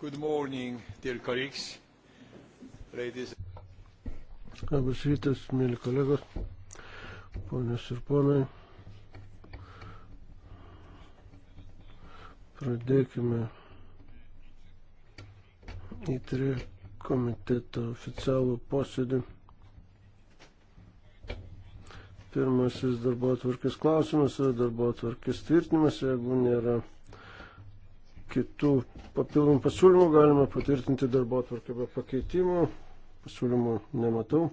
Good morning, dear colleagues, ladies. Labas rytas, mėly kolegos, ponios ir ponai. Pradėkime į tri komiteto oficialų posėdį. Pirmasis darbo atvarkės klausimas yra darbo atvarkės tvirtinimas, jeigu nėra kitų papildomų pasiūlymų, galime patvirtinti darbo atvarkę be pakeitimų. Pasiūlymų nematau.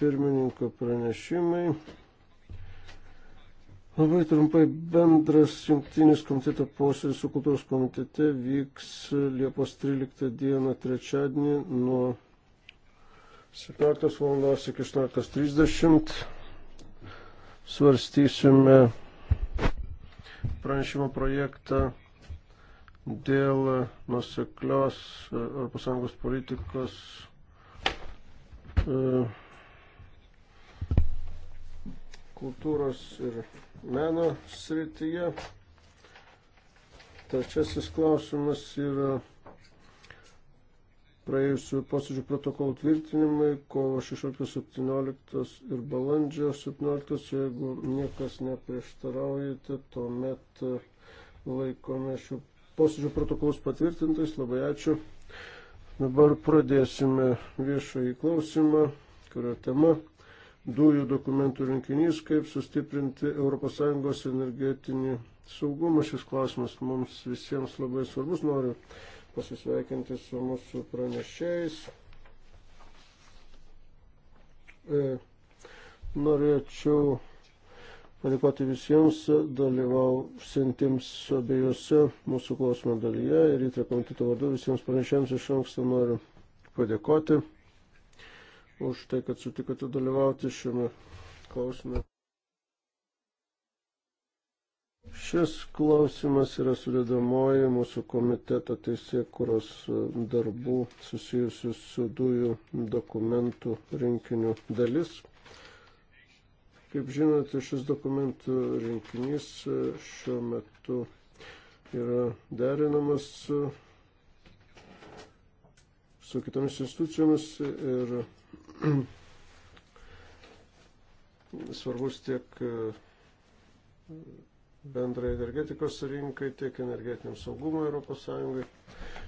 Pirmininko pranešimai. Labai trumpai bendras jungtinis komiteto posėdis su kultūros komitete vyks Liepos 13 dieną trečiadienį nuo 17 val. iki 18.30. Svarstysime pranešimo projektą dėl nuseklios e, ES politikos e, kultūros ir meno srityje. Trečiasis klausimas yra praėjusių posėdžių protokolų tvirtinimai kovo 16-17 ir balandžio 17. Jeigu niekas neprieštaraujate, tuomet laikome šių posėdžių protokolus patvirtintais. Labai ačiū. Dabar pradėsime viešąjį klausimą, kurio tema dujų dokumentų rinkinys, kaip sustiprinti ES energetinį saugumą. Šis klausimas mums visiems labai svarbus. Noriu pasisveikinti su mūsų pranešėjais. E, norėčiau padėkoti visiems dalyvausiantiems abiejose mūsų klausimo dalyje ir įtrė komiteto vardu visiems pranešėjams iš anksto noriu padėkoti už tai, kad sutikote dalyvauti šiame klausime. Šis klausimas yra sudėdamoji mūsų komiteto teisėkuros darbų susijusių su dujų dokumentų rinkiniu dalis. Kaip žinote, šis dokumentų rinkinys e, šiuo metu yra derinamas su, e, su kitomis institucijomis ir svarbus tiek e, bendrai energetikos rinkai, tiek energetiniam saugumui Europos Sąjungai.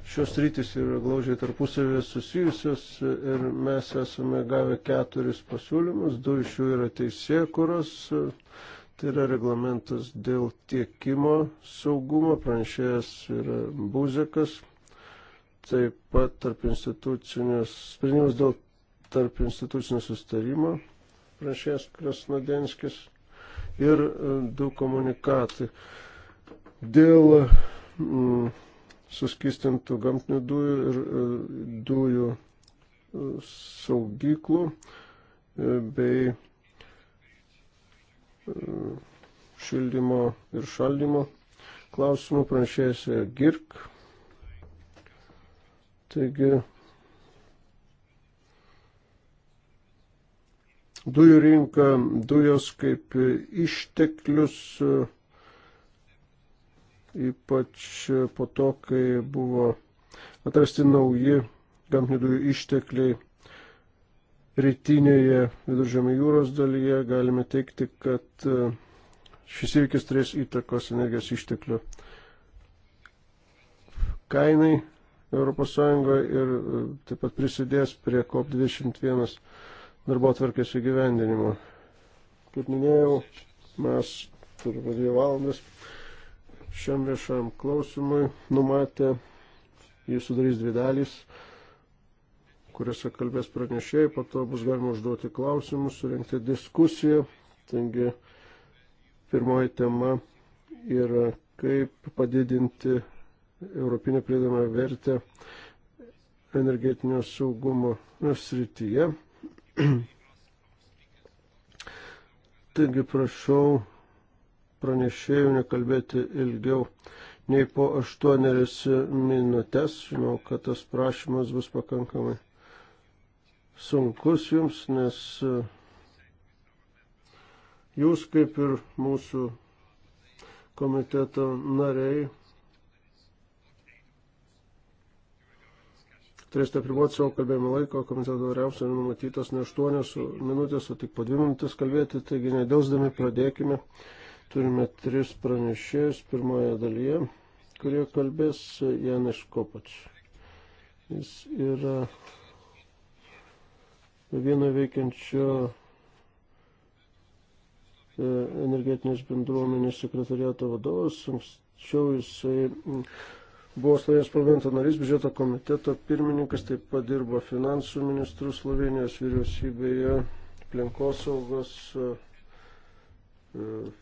Šios rytis yra glaužiai tarpusavėje susijusios ir mes esame gavę keturis pasiūlymus, du iš jų yra teisėkuros, tai yra reglamentas dėl tiekimo saugumo, pranešėjas yra Buzekas, taip pat tarp institucinės, sprendimas dėl tarp institucinio sustarimo, pranešėjas Krasnodenskis ir e, du komunikatai. Dėl mm, suskistintų gamtinių dujų ir e, dujų e, saugyklų e, bei šildymo ir šaldymo klausimų pranešėjas GIRK. Taigi dujų rinka, dujos kaip išteklius ypač po to, kai buvo atrasti nauji gamtinių dujų ištekliai rytinėje viduržėmio jūros dalyje, galime teikti, kad e, šis įvykis turės įtakos energijos išteklių kainai ES ir e, taip pat prisidės prie COP21 darbo atvarkės įgyvendinimo. Kaip minėjau, mes turime dvi valandas šiam viešam klausimui numatė, jis sudarys dvi dalys, kuriuose kalbės pranešėjai, po to bus galima užduoti klausimus, surinkti diskusiją. Taigi, pirmoji tema yra, kaip padidinti Europinę pridamą vertę energetinio saugumo srityje. Taigi prašau pranešėjų nekalbėti ilgiau nei po aštuoneris minutės. Žinau, kad tas prašymas bus pakankamai sunkus jums, nes e, jūs kaip ir mūsų komiteto nariai turėsite apriboti savo kalbėjimo laiko, komiteto variams yra numatytas ne 8 minutės, o tik po 2 minutės kalbėti, taigi nedelsdami pradėkime Turime tris pranešėjus pirmoje dalyje, kurie kalbės Janis Kopač. Jis yra vieno veikiančio e, energetinės bendruomenės sekretariato vadovas. Anksčiau jisai buvo Slovenijos parlamento narys, biudžeto komiteto pirmininkas, taip pat dirbo finansų ministrų Slovenijos vyriausybėje, aplinkosaugos. Uh,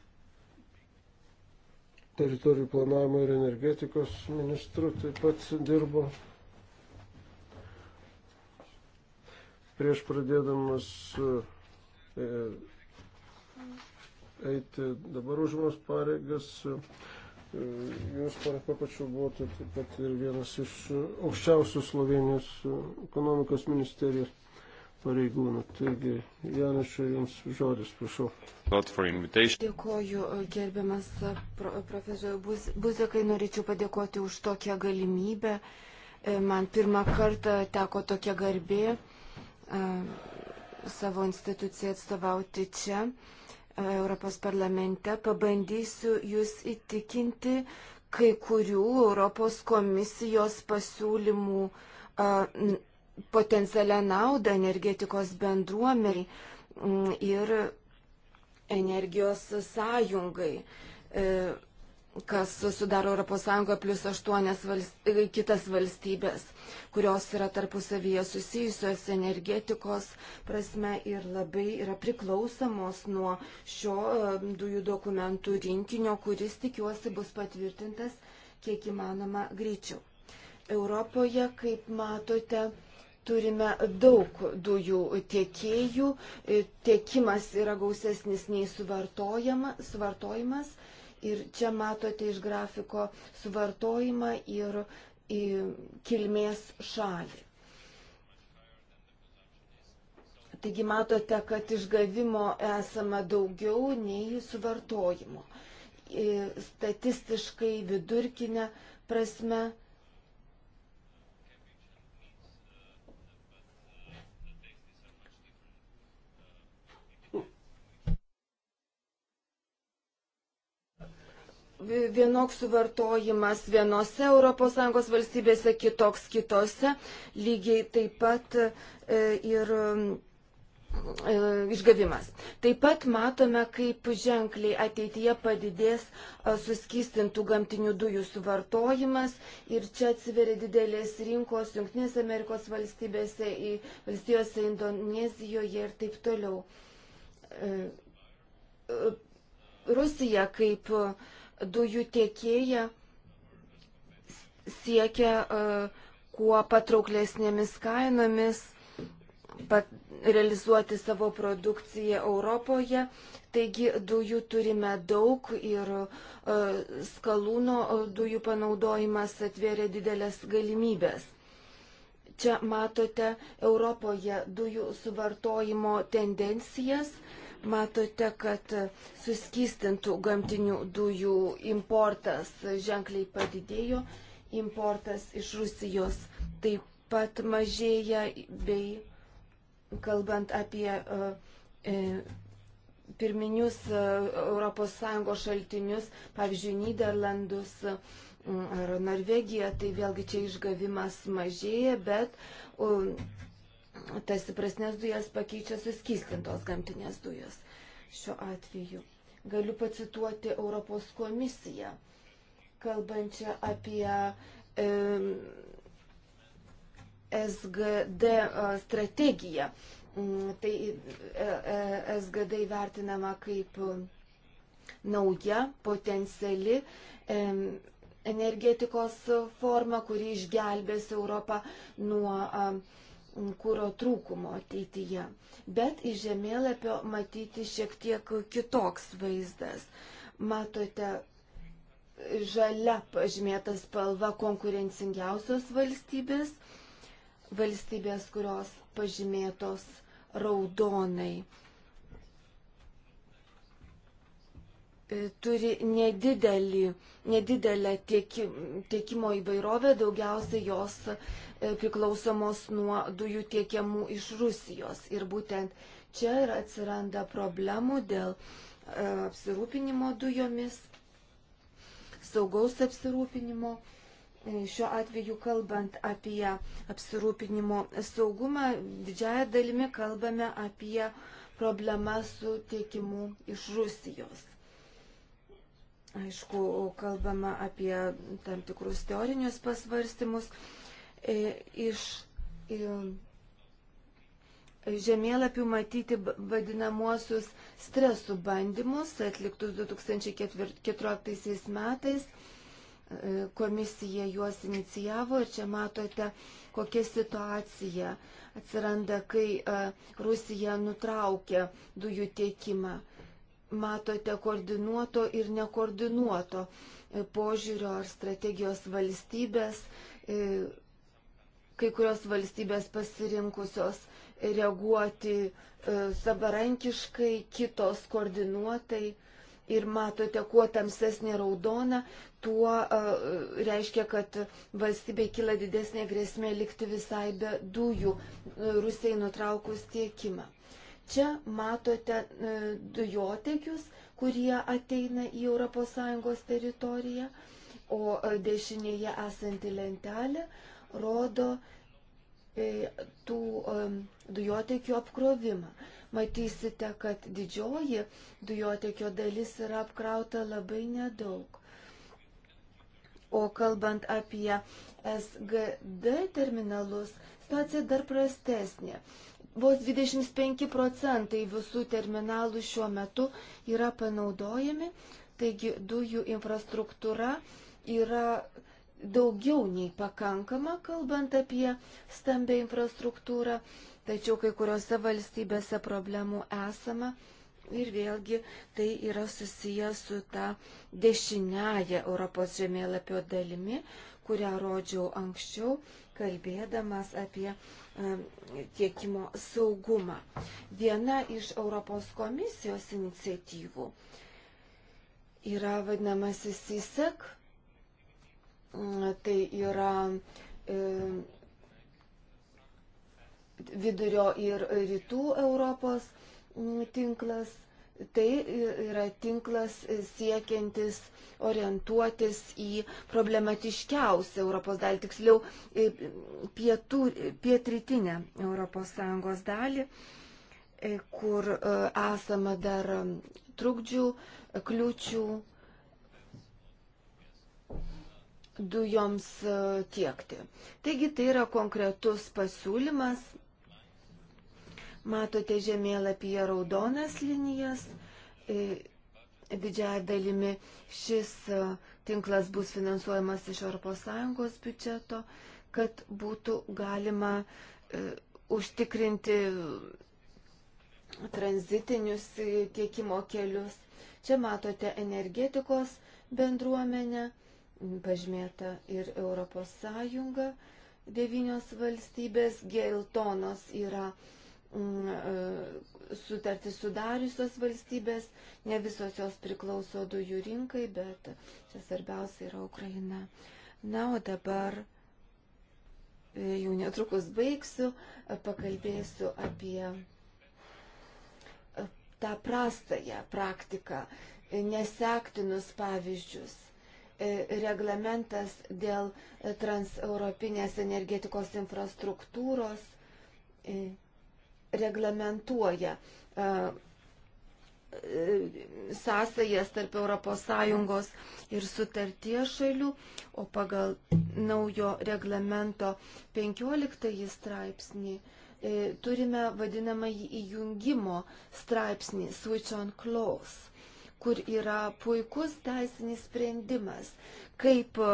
teritorijų planavimo ir energetikos ministru taip pat dirbo. Prieš pradėdamas e, eiti dabar užimas pareigas, e, Jūs, pana Papačiu, buvote taip pat ir vienas iš aukščiausių Slovenijos e, ekonomikos ministerijos pareigūnų. Taigi, Janaša, jums žodis, prašau. Dėkoju, gerbiamas profesorius Buzekai, norėčiau padėkoti už tokią galimybę. E, man pirmą kartą teko tokia garbė e, savo instituciją atstovauti čia, e, Europos parlamente. Pabandysiu jūs įtikinti kai kurių Europos komisijos pasiūlymų potencialią naudą energetikos bendruomeniai mm, ir energijos sąjungai e, kas sudaro ES plus aštuonias valst... E, kitas valstybės, kurios yra tarpusavyje susijusios energetikos prasme ir labai yra priklausomos nuo šio e, dujų dokumentų rinkinio, kuris tikiuosi bus patvirtintas kiek įmanoma greičiau. Europoje, kaip matote, turime daug dujų tiekėjų, e, tiekimas yra gausesnis nei suvartojimas. Ir čia matote iš grafiko suvartojimą ir kilmės šalį. Taigi matote, kad išgavimo esama daugiau nei suvartojimo. E, statistiškai vidurkinė prasme vienoks suvartojimas vienose ES valstybėse, kitoks kitose, lygiai taip pat e, ir e, išgavimas. Taip pat matome, kaip ženkliai ateityje padidės e, suskistintų gamtinių dujų suvartojimas ir čia atsiveria didelės rinkos Junktinėse Amerikos valstybėse, valstijose, Indonezijoje ir taip toliau. Rusija kaip dujų tiekėja siekia e, kuo patrauklesnėmis kainomis pat, realizuoti savo produkciją Europoje. Taigi dujų turime daug ir e, skalūno e, dujų panaudojimas atvėrė didelės galimybės. Čia matote Europoje dujų suvartojimo tendencijas matote, kad suskystintų gamtinių dujų importas ženkliai padidėjo, importas iš Rusijos taip pat mažėja, bei kalbant apie e, e, pirminius ES šaltinius, pavyzdžiui, Niderlandus mm, ar Norvegiją, tai vėlgi čia išgavimas mažėja, bet tas įprasnės dujas pakeičia suskistintos gamtinės dujos. Šiuo atveju galiu pacituoti Europos komisiją, kalbančią apie e, SGD strategiją. Mm, tai e, e, SGD įvertinama kaip nauja, potenciali energetikos forma, kuri išgelbės Europą nuo Mm, kūro trūkumo ateityje. Bet iš žemėlapio matyti šiek tiek kitoks vaizdas. Matote žalia pažymėta spalva konkurencingiausios valstybės, valstybės, kurios pažymėtos raudonai. E, turi nedidelį, nedidelę tieki, tiekimo įvairovę, daugiausia jos e, priklausomos nuo dujų tiekiamų iš Rusijos. Ir būtent čia ir atsiranda problemų dėl e, apsirūpinimo dujomis, saugaus apsirūpinimo. Šiuo atveju kalbant apie apsirūpinimo saugumą, didžiaja dalimi kalbame apie problemą su tiekimu iš Rusijos. Aišku, kalbama apie tam tikrus teorinius pasvarstymus. E, iš e, žemėlapių matyti vadinamuosius stresų bandymus atliktus 2014 metais. E, komisija juos inicijavo ir čia matote, kokia situacija atsiranda, kai Rusija nutraukia dujų tiekimą matote koordinuoto ir nekoordinuoto požiūrio ar strategijos valstybės, e, kai kurios valstybės pasirinkusios reaguoti e, savarankiškai, kitos koordinuotai. Ir matote, kuo tamsesnė raudona, tuo uh, reiškia, kad valstybė kyla didesnė grėsmė likti visai be dujų, Rusijai nutraukus tiekimą. Čia matote e, dujotekius, kurie ateina į ES teritoriją, o e, dešinėje esanti lentelė rodo e, tų dujotekių apkrovimą. Matysite, kad didžioji dujotekio dalis yra apkrauta labai nedaug. O kalbant apie SGD terminalus, situacija dar prastesnė vos 25 procentai visų terminalų šiuo metu yra panaudojami, taigi dujų infrastruktūra yra daugiau nei pakankama, kalbant apie stambę infrastruktūrą, tačiau kai kuriuose valstybėse problemų esama. Ir vėlgi tai yra susiję su ta dešiniaja Europos žemėlapio dalimi, kurią rodžiau anksčiau, kalbėdamas apie tiekimo saugumą. Viena iš Europos komisijos iniciatyvų yra vadinamasis įsek, mm, tai yra e, vidurio ir rytų Europos mm, tinklas Tai yra tinklas siekiantis orientuotis į problematiškiausią Europos dalį, tiksliau pietų, pietrytinę ES dalį, e, kur e, esama dar trukdžių, kliūčių dujoms e, tiekti. Taigi tai yra konkretus pasiūlymas Matote žemėlapyje raudonas linijas. E, Didžiaja dalimi šis e, tinklas bus finansuojamas iš ES biudžeto, kad būtų galima e, užtikrinti tranzitinius tiekimo kelius. Čia matote energetikos bendruomenę, pažymėta ir Europos Sąjunga, devynios valstybės, geltonos yra Mm, e, sutartį sudariusios valstybės, ne visos jos priklauso dujų rinkai, bet čia svarbiausia yra Ukraina. Na, o dabar e, jau netrukus baigsiu, e, pakalbėsiu apie tą prastąją praktiką, nesektinus pavyzdžius reglamentas dėl transeuropinės energetikos infrastruktūros reglamentuoja e, e, sąsajas tarp ES ir sutarties šalių, o pagal naujo reglamento 15 straipsnį e, turime vadinamąjį įjungimo straipsnį Switch on Clause, kur yra puikus teisinis sprendimas kaip e,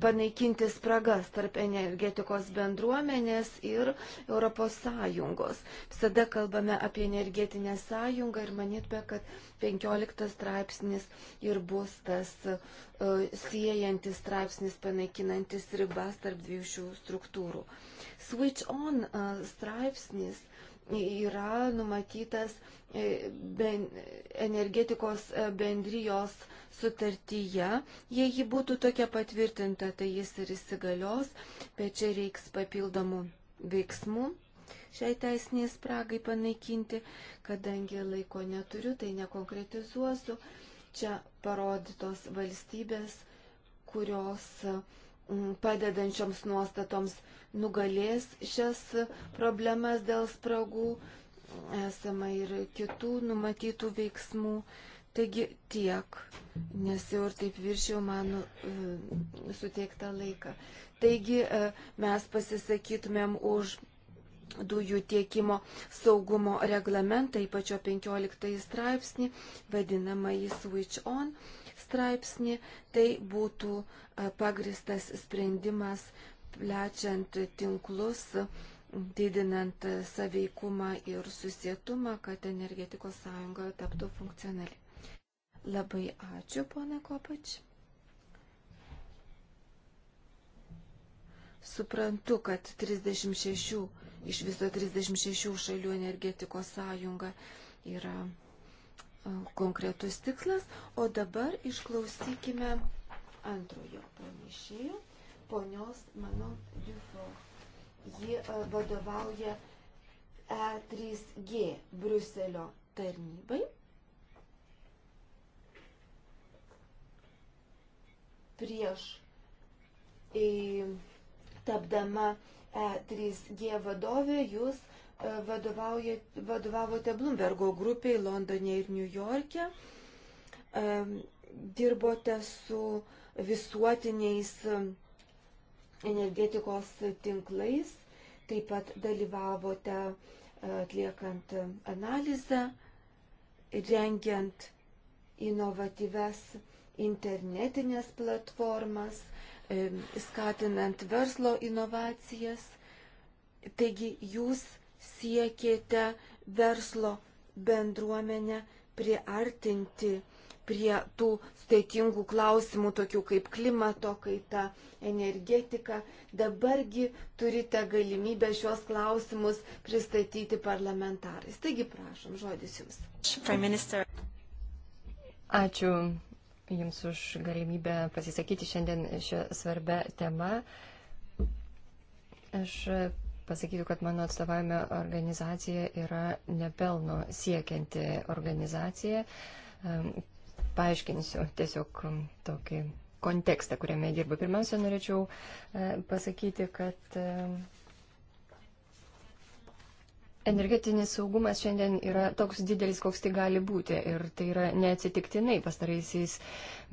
panaikinti spragas tarp energetikos bendruomenės ir ES. Visada kalbame apie energetinę sąjungą ir manytume, kad 15 straipsnis ir bus tas e, siejantis straipsnis panaikinantis ribas tarp dviejų šių struktūrų. Switch on e, straipsnis uh, yra numatytas e, ben, energetikos e, bendrijos sutartyje. Jei ji būtų tokia patvirtinta, tai jis ir įsigalios, bet čia reiks papildomų veiksmų šiai teisiniai spragai panaikinti, kadangi laiko neturiu, tai nekonkretizuosiu. Čia parodytos valstybės, kurios mm, padedančioms nuostatoms nugalės šias problemas dėl spragų, esama ir kitų numatytų veiksmų. Taigi tiek, nes jau ir taip viršiau mano e, suteiktą laiką. Taigi e, mes pasisakytumėm už dujų tiekimo saugumo reglamentą, ypač jo 15 straipsnį, vadinamąjį switch on straipsnį, tai būtų e, pagristas sprendimas plečiant tinklus, didinant saveikumą ir susietumą, kad energetikos sąjunga taptų funkcionali. Labai ačiū, pana Kopač. Suprantu, kad 36, iš viso 36 šalių energetikos sąjunga yra konkretus tikslas, o dabar išklausykime antrojo pranešėjo ponios Manon Dufo. Ji e, vadovauja E3G Bruselio tarnybai. Prieš į, tapdama E3G vadovė jūs e, vadovavote Bloombergo grupiai Londone ir New York'e. E, dirbote su visuotiniais energetikos tinklais, taip pat dalyvavote e, atliekant analizą, rengiant inovatyves internetinės platformas, e, skatinant verslo inovacijas. Taigi jūs siekėte verslo bendruomenę priartinti prie tų sudėtingų klausimų, tokių kaip klimato kaita, energetika. Dabargi turite galimybę šios klausimus pristatyti parlamentarais. Taigi prašom, žodis jums. Ačiū Jums už galimybę pasisakyti šiandien šią svarbę temą. Aš pasakytų, kad mano atstovavime organizacija yra nepelno siekianti organizacija paaiškinsiu tiesiog um, tokį kontekstą, kuriame dirbu. Pirmiausia, norėčiau e, pasakyti, kad e, Energetinis saugumas šiandien yra toks didelis, koks tai gali būti. Ir tai yra neatsitiktinai. Pastaraisiais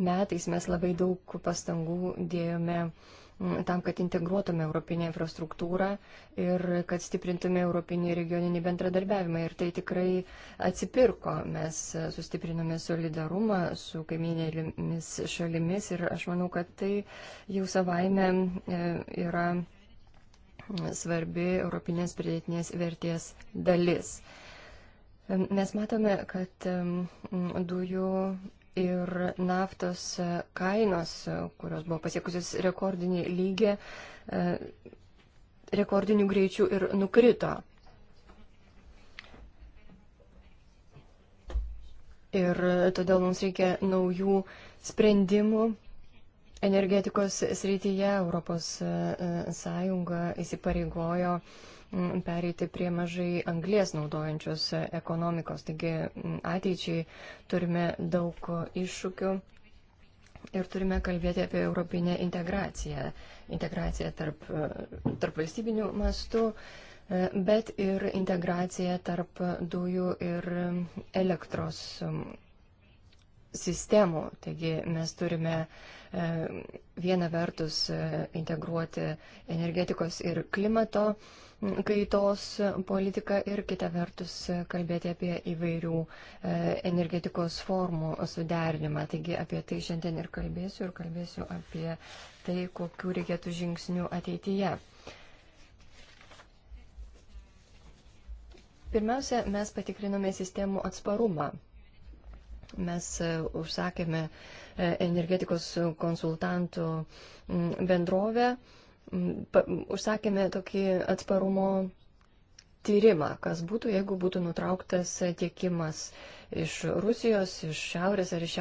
metais mes labai daug pastangų dėjome uh, tam, kad integruotume europinę infrastruktūrą ir kad stiprintume europinį regioninį bendradarbiavimą. Ir tai tikrai atsipirko. Mes e, sustiprinome solidarumą su kaiminėmis šalimis ir aš manau, kad tai jau savaime e, yra svarbi europinės pridėtinės vertės dalis. Mes matome, kad dujų ir naftos kainos, kurios buvo pasiekusios rekordinį lygį, e, rekordinių greičių ir nukrito. Ir todėl mums reikia naujų sprendimų energetikos srityje. Europos e, e, Sąjunga įsipareigojo uh, pereiti prie mažai anglės naudojančios ekonomikos. Taigi ateičiai turime daug iššūkių ir turime kalbėti apie europinę integraciją. Integraciją tarp, tarp valstybinių mastų, e, bet ir integraciją tarp dujų ir elektros sistemų. Taigi mes turime e, vieną vertus e, integruoti energetikos ir klimato kaitos politiką ir kitą vertus kalbėti apie įvairių e, energetikos formų suderinimą. Taigi apie tai šiandien ir kalbėsiu ir kalbėsiu apie tai, kokiu reikėtų žingsnių ateityje. Pirmiausia, mes patikrinome sistemų atsparumą. Mes e, užsakėme e, energetikos konsultantų bendrovę užsakėme tokį atsparumo tyrimą, kas būtų, jeigu būtų nutrauktas tiekimas iš Rusijos, iš Šiaurės ar iš,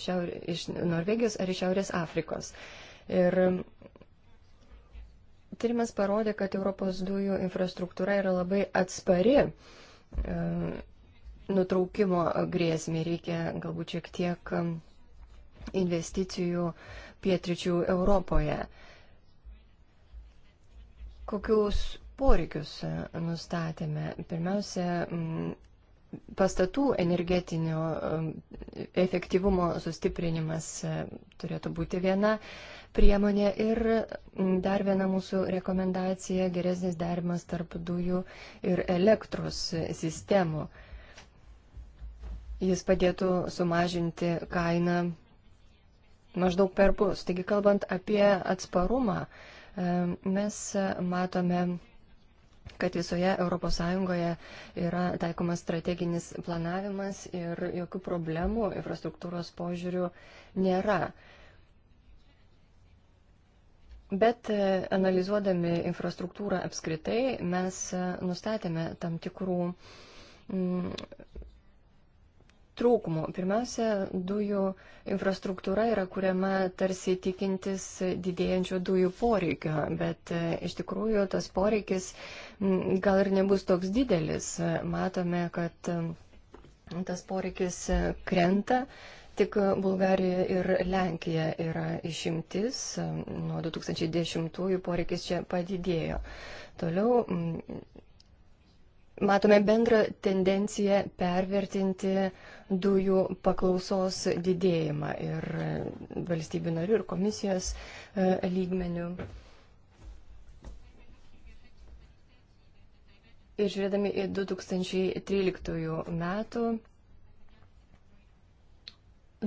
šiaurė, iš Norvegijos ar iš Šiaurės Afrikos. Ir tyrimas parodė, kad Europos dujų infrastruktūra yra labai atspari e, nutraukimo grėsmė. Reikia galbūt šiek tiek investicijų pietričių Europoje. E, Kokius poreikius e, nustatėme? Pirmiausia, pastatų energetinio e, efektyvumo sustiprinimas e, turėtų būti viena priemonė ir dar viena mūsų rekomendacija - geresnis darimas tarp dujų ir elektros sistemų. Jis padėtų sumažinti kainą maždaug per pus. Taigi, kalbant apie atsparumą, mes matome kad visoje ES yra taikomas strateginis planavimas ir jokių problemų infrastruktūros požiūrių nėra. Bet e, analizuodami infrastruktūrą apskritai, mes e, nustatėme tam tikrų trūkumų. Pirmiausia, dujų infrastruktūra yra kuriama tarsi tikintis didėjančio dujų poreikio, bet e, iš tikrųjų tas poreikis gal ir nebus toks didelis. Matome, kad tas poreikis e, krenta. Tik Bulgarija ir Lenkija yra išimtis. Nuo 2010-ųjų poreikis čia padidėjo. Toliau matome bendrą tendenciją pervertinti dujų paklausos didėjimą ir valstybių narių ir komisijos e, lygmenių. Ir žiūrėdami į 2013 metų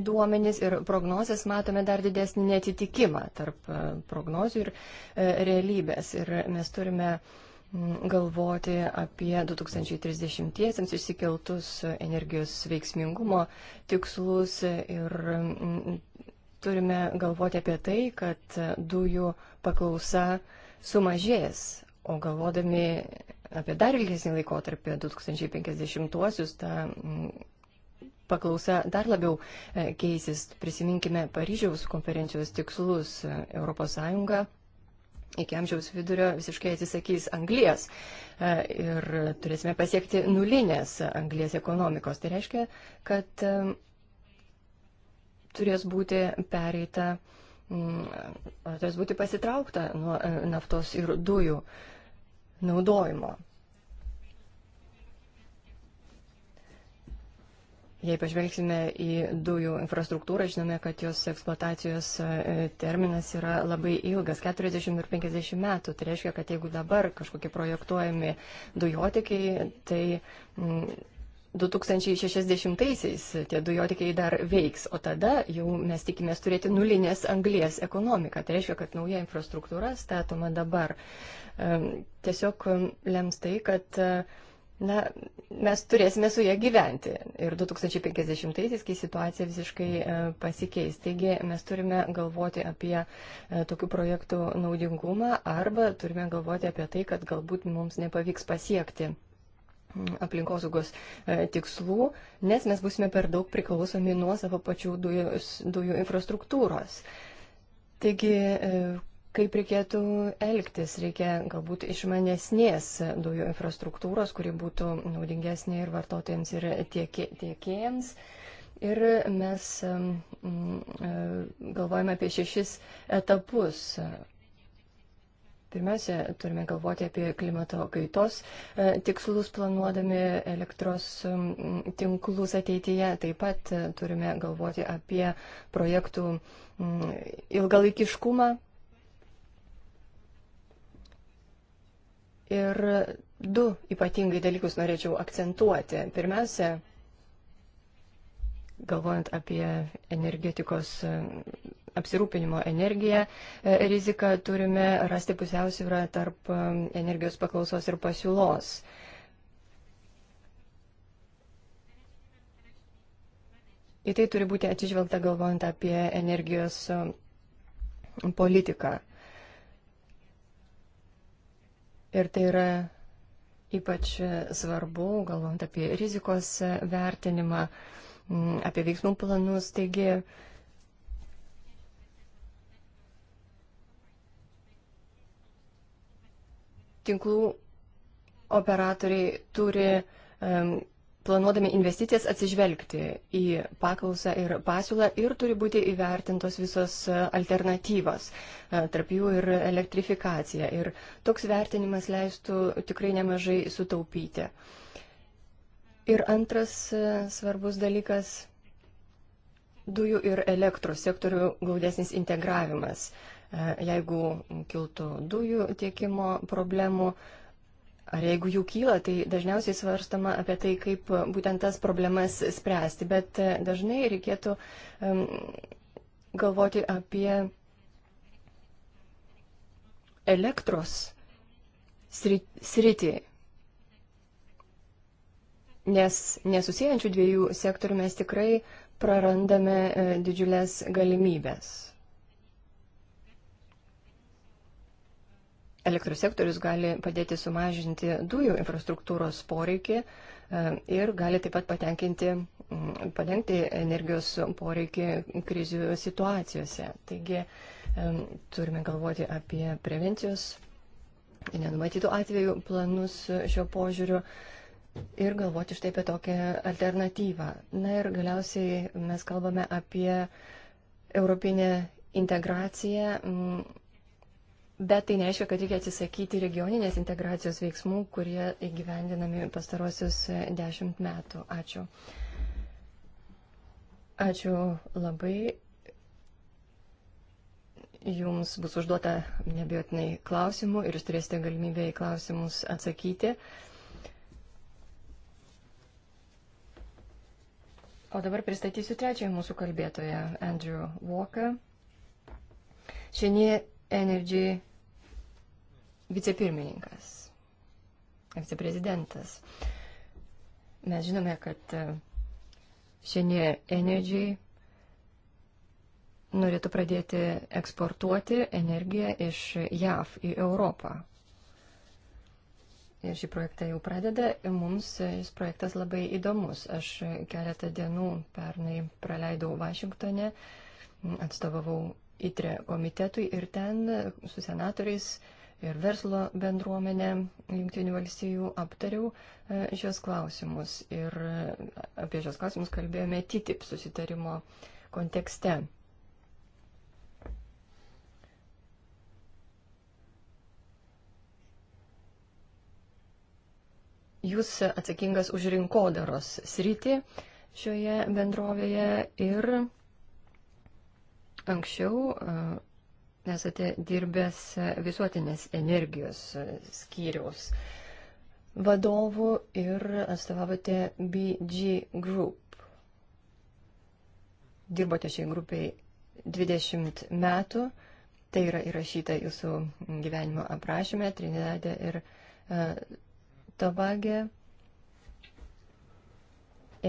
duomenys ir prognozes matome dar didesnį netitikimą tarp e, prognozių ir e, realybės. Ir mes turime uh, galvoti apie 2030-iesiams išsikeltus energijos veiksmingumo tikslus ir mm, turime galvoti apie tai, kad dujų paklausa sumažės, o galvodami apie dar ilgesnį laikotarpį 2050-uosius, ta mm, paklausa dar labiau e, keisis. Prisiminkime Paryžiaus konferencijos tikslus ES iki amžiaus vidurio visiškai atsisakys anglijas e, ir turėsime pasiekti nulinės anglijas ekonomikos. Tai reiškia, kad e, turės būti pereita, mm, turės būti pasitraukta nuo e, naftos ir dujų naudojimo. Jei pažvelgsime į dujų infrastruktūrą, žinome, kad jos eksploatacijos e, terminas yra labai ilgas - 40 ir 50 metų. Tai reiškia, kad jeigu dabar kažkokie projektuojami dujotikiai, tai 2060-aisiais tie dujotikiai dar veiks, o tada jau mes tikimės turėti nulinės anglės ekonomiką. Tai reiškia, kad nauja infrastruktūra statoma dabar. Tiesiog lems tai, kad na, mes turėsime su jie gyventi. Ir 2050-aisiais, kai situacija visiškai e, pasikeis. Taigi mes turime galvoti apie e, tokių projektų naudingumą arba turime galvoti apie tai, kad galbūt mums nepavyks pasiekti aplinkosaugos e, tikslų, nes mes būsime per daug priklausomi nuo savo pačių dujų, dujų infrastruktūros. Taigi, kaip reikėtų elgtis. Reikia galbūt išmanesnės dujų infrastruktūros, kuri būtų naudingesnė ir vartotojams, ir tiekėjams. Ir mes mm, mm, galvojame apie šešis etapus. Pirmiausia, turime galvoti apie klimato kaitos e, tikslus planuodami elektros mm, tinklus ateityje. Taip pat turime galvoti apie projektų ilgalaikiškumą, Ir du ypatingai dalykus norėčiau akcentuoti. Pirmiausia, galvojant apie energetikos mm, apsirūpinimo energiją, e, riziką turime rasti pusiausvyrą tarp mm, energijos paklausos ir pasiūlos. Į tai turi būti atsižvelgta galvojant apie energijos mm, politiką. Ir tai yra ypač svarbu, galvant apie rizikos vertinimą, apie veiksmų planus. Taigi, tinklų operatoriai turi um, planuodami investicijas atsižvelgti į paklausą ir pasiūlą ir turi būti įvertintos visos e, alternatyvos, e, tarp jų ir elektrifikacija. Ir toks vertinimas leistų tikrai nemažai sutaupyti. Ir antras e, svarbus dalykas - dujų ir elektros sektorių glaudesnis integravimas. Jeigu kiltų dujų tiekimo problemų, ar jeigu jų kyla, tai dažniausiai svarstama apie tai, kaip e, būtent tas problemas spręsti, bet e, dažnai reikėtų um, galvoti apie elektros sritį, nes nesusijančių dviejų sektorių mes tikrai prarandame e, didžiulės galimybės. elektros sektorius gali padėti sumažinti dujų infrastruktūros poreikį e, ir gali taip pat patenkinti, padengti energijos poreikį krizių situacijose. Taigi e, turime galvoti apie prevencijos nenumatytų atvejų planus šio požiūriu ir galvoti štai apie tokią alternatyvą. Na ir galiausiai mes kalbame apie europinę integraciją Bet tai nereiškia, kad reikia atsisakyti regioninės integracijos veiksmų, kurie įgyvendinami pastarosius e, dešimt metų. Ačiū. Ačiū labai. Jums bus užduota nebijotinai klausimų ir jūs turėsite galimybę į klausimus atsakyti. O dabar pristatysiu trečiąją mūsų kalbėtoją, Andrew Walker. Šiandien Energy vicepirmininkas, viceprezidentas. Mes žinome, kad e, šiandien Energy norėtų pradėti eksportuoti energiją iš JAV į Europą. Ir šį projektą jau pradeda. Mums šis projektas labai įdomus. Aš keletą dienų pernai praleidau Vašingtone, atstovavau ITRE komitetui ir ten su senatoriais ir verslo bendruomenė Junktinių valstybių aptariau e, šios klausimus ir e, apie šios klausimus kalbėjome TTIP susitarimo kontekste. Jūs atsakingas už rinkodaros sritį šioje bendrovėje ir Anksčiau e, esate dirbęs visuotinės energijos skyriaus vadovų ir atstovavote BG Group. Dirbote šiai grupiai 20 metų. Tai yra įrašyta jūsų gyvenimo aprašyme Trinidadė ir uh, e, Tobagė.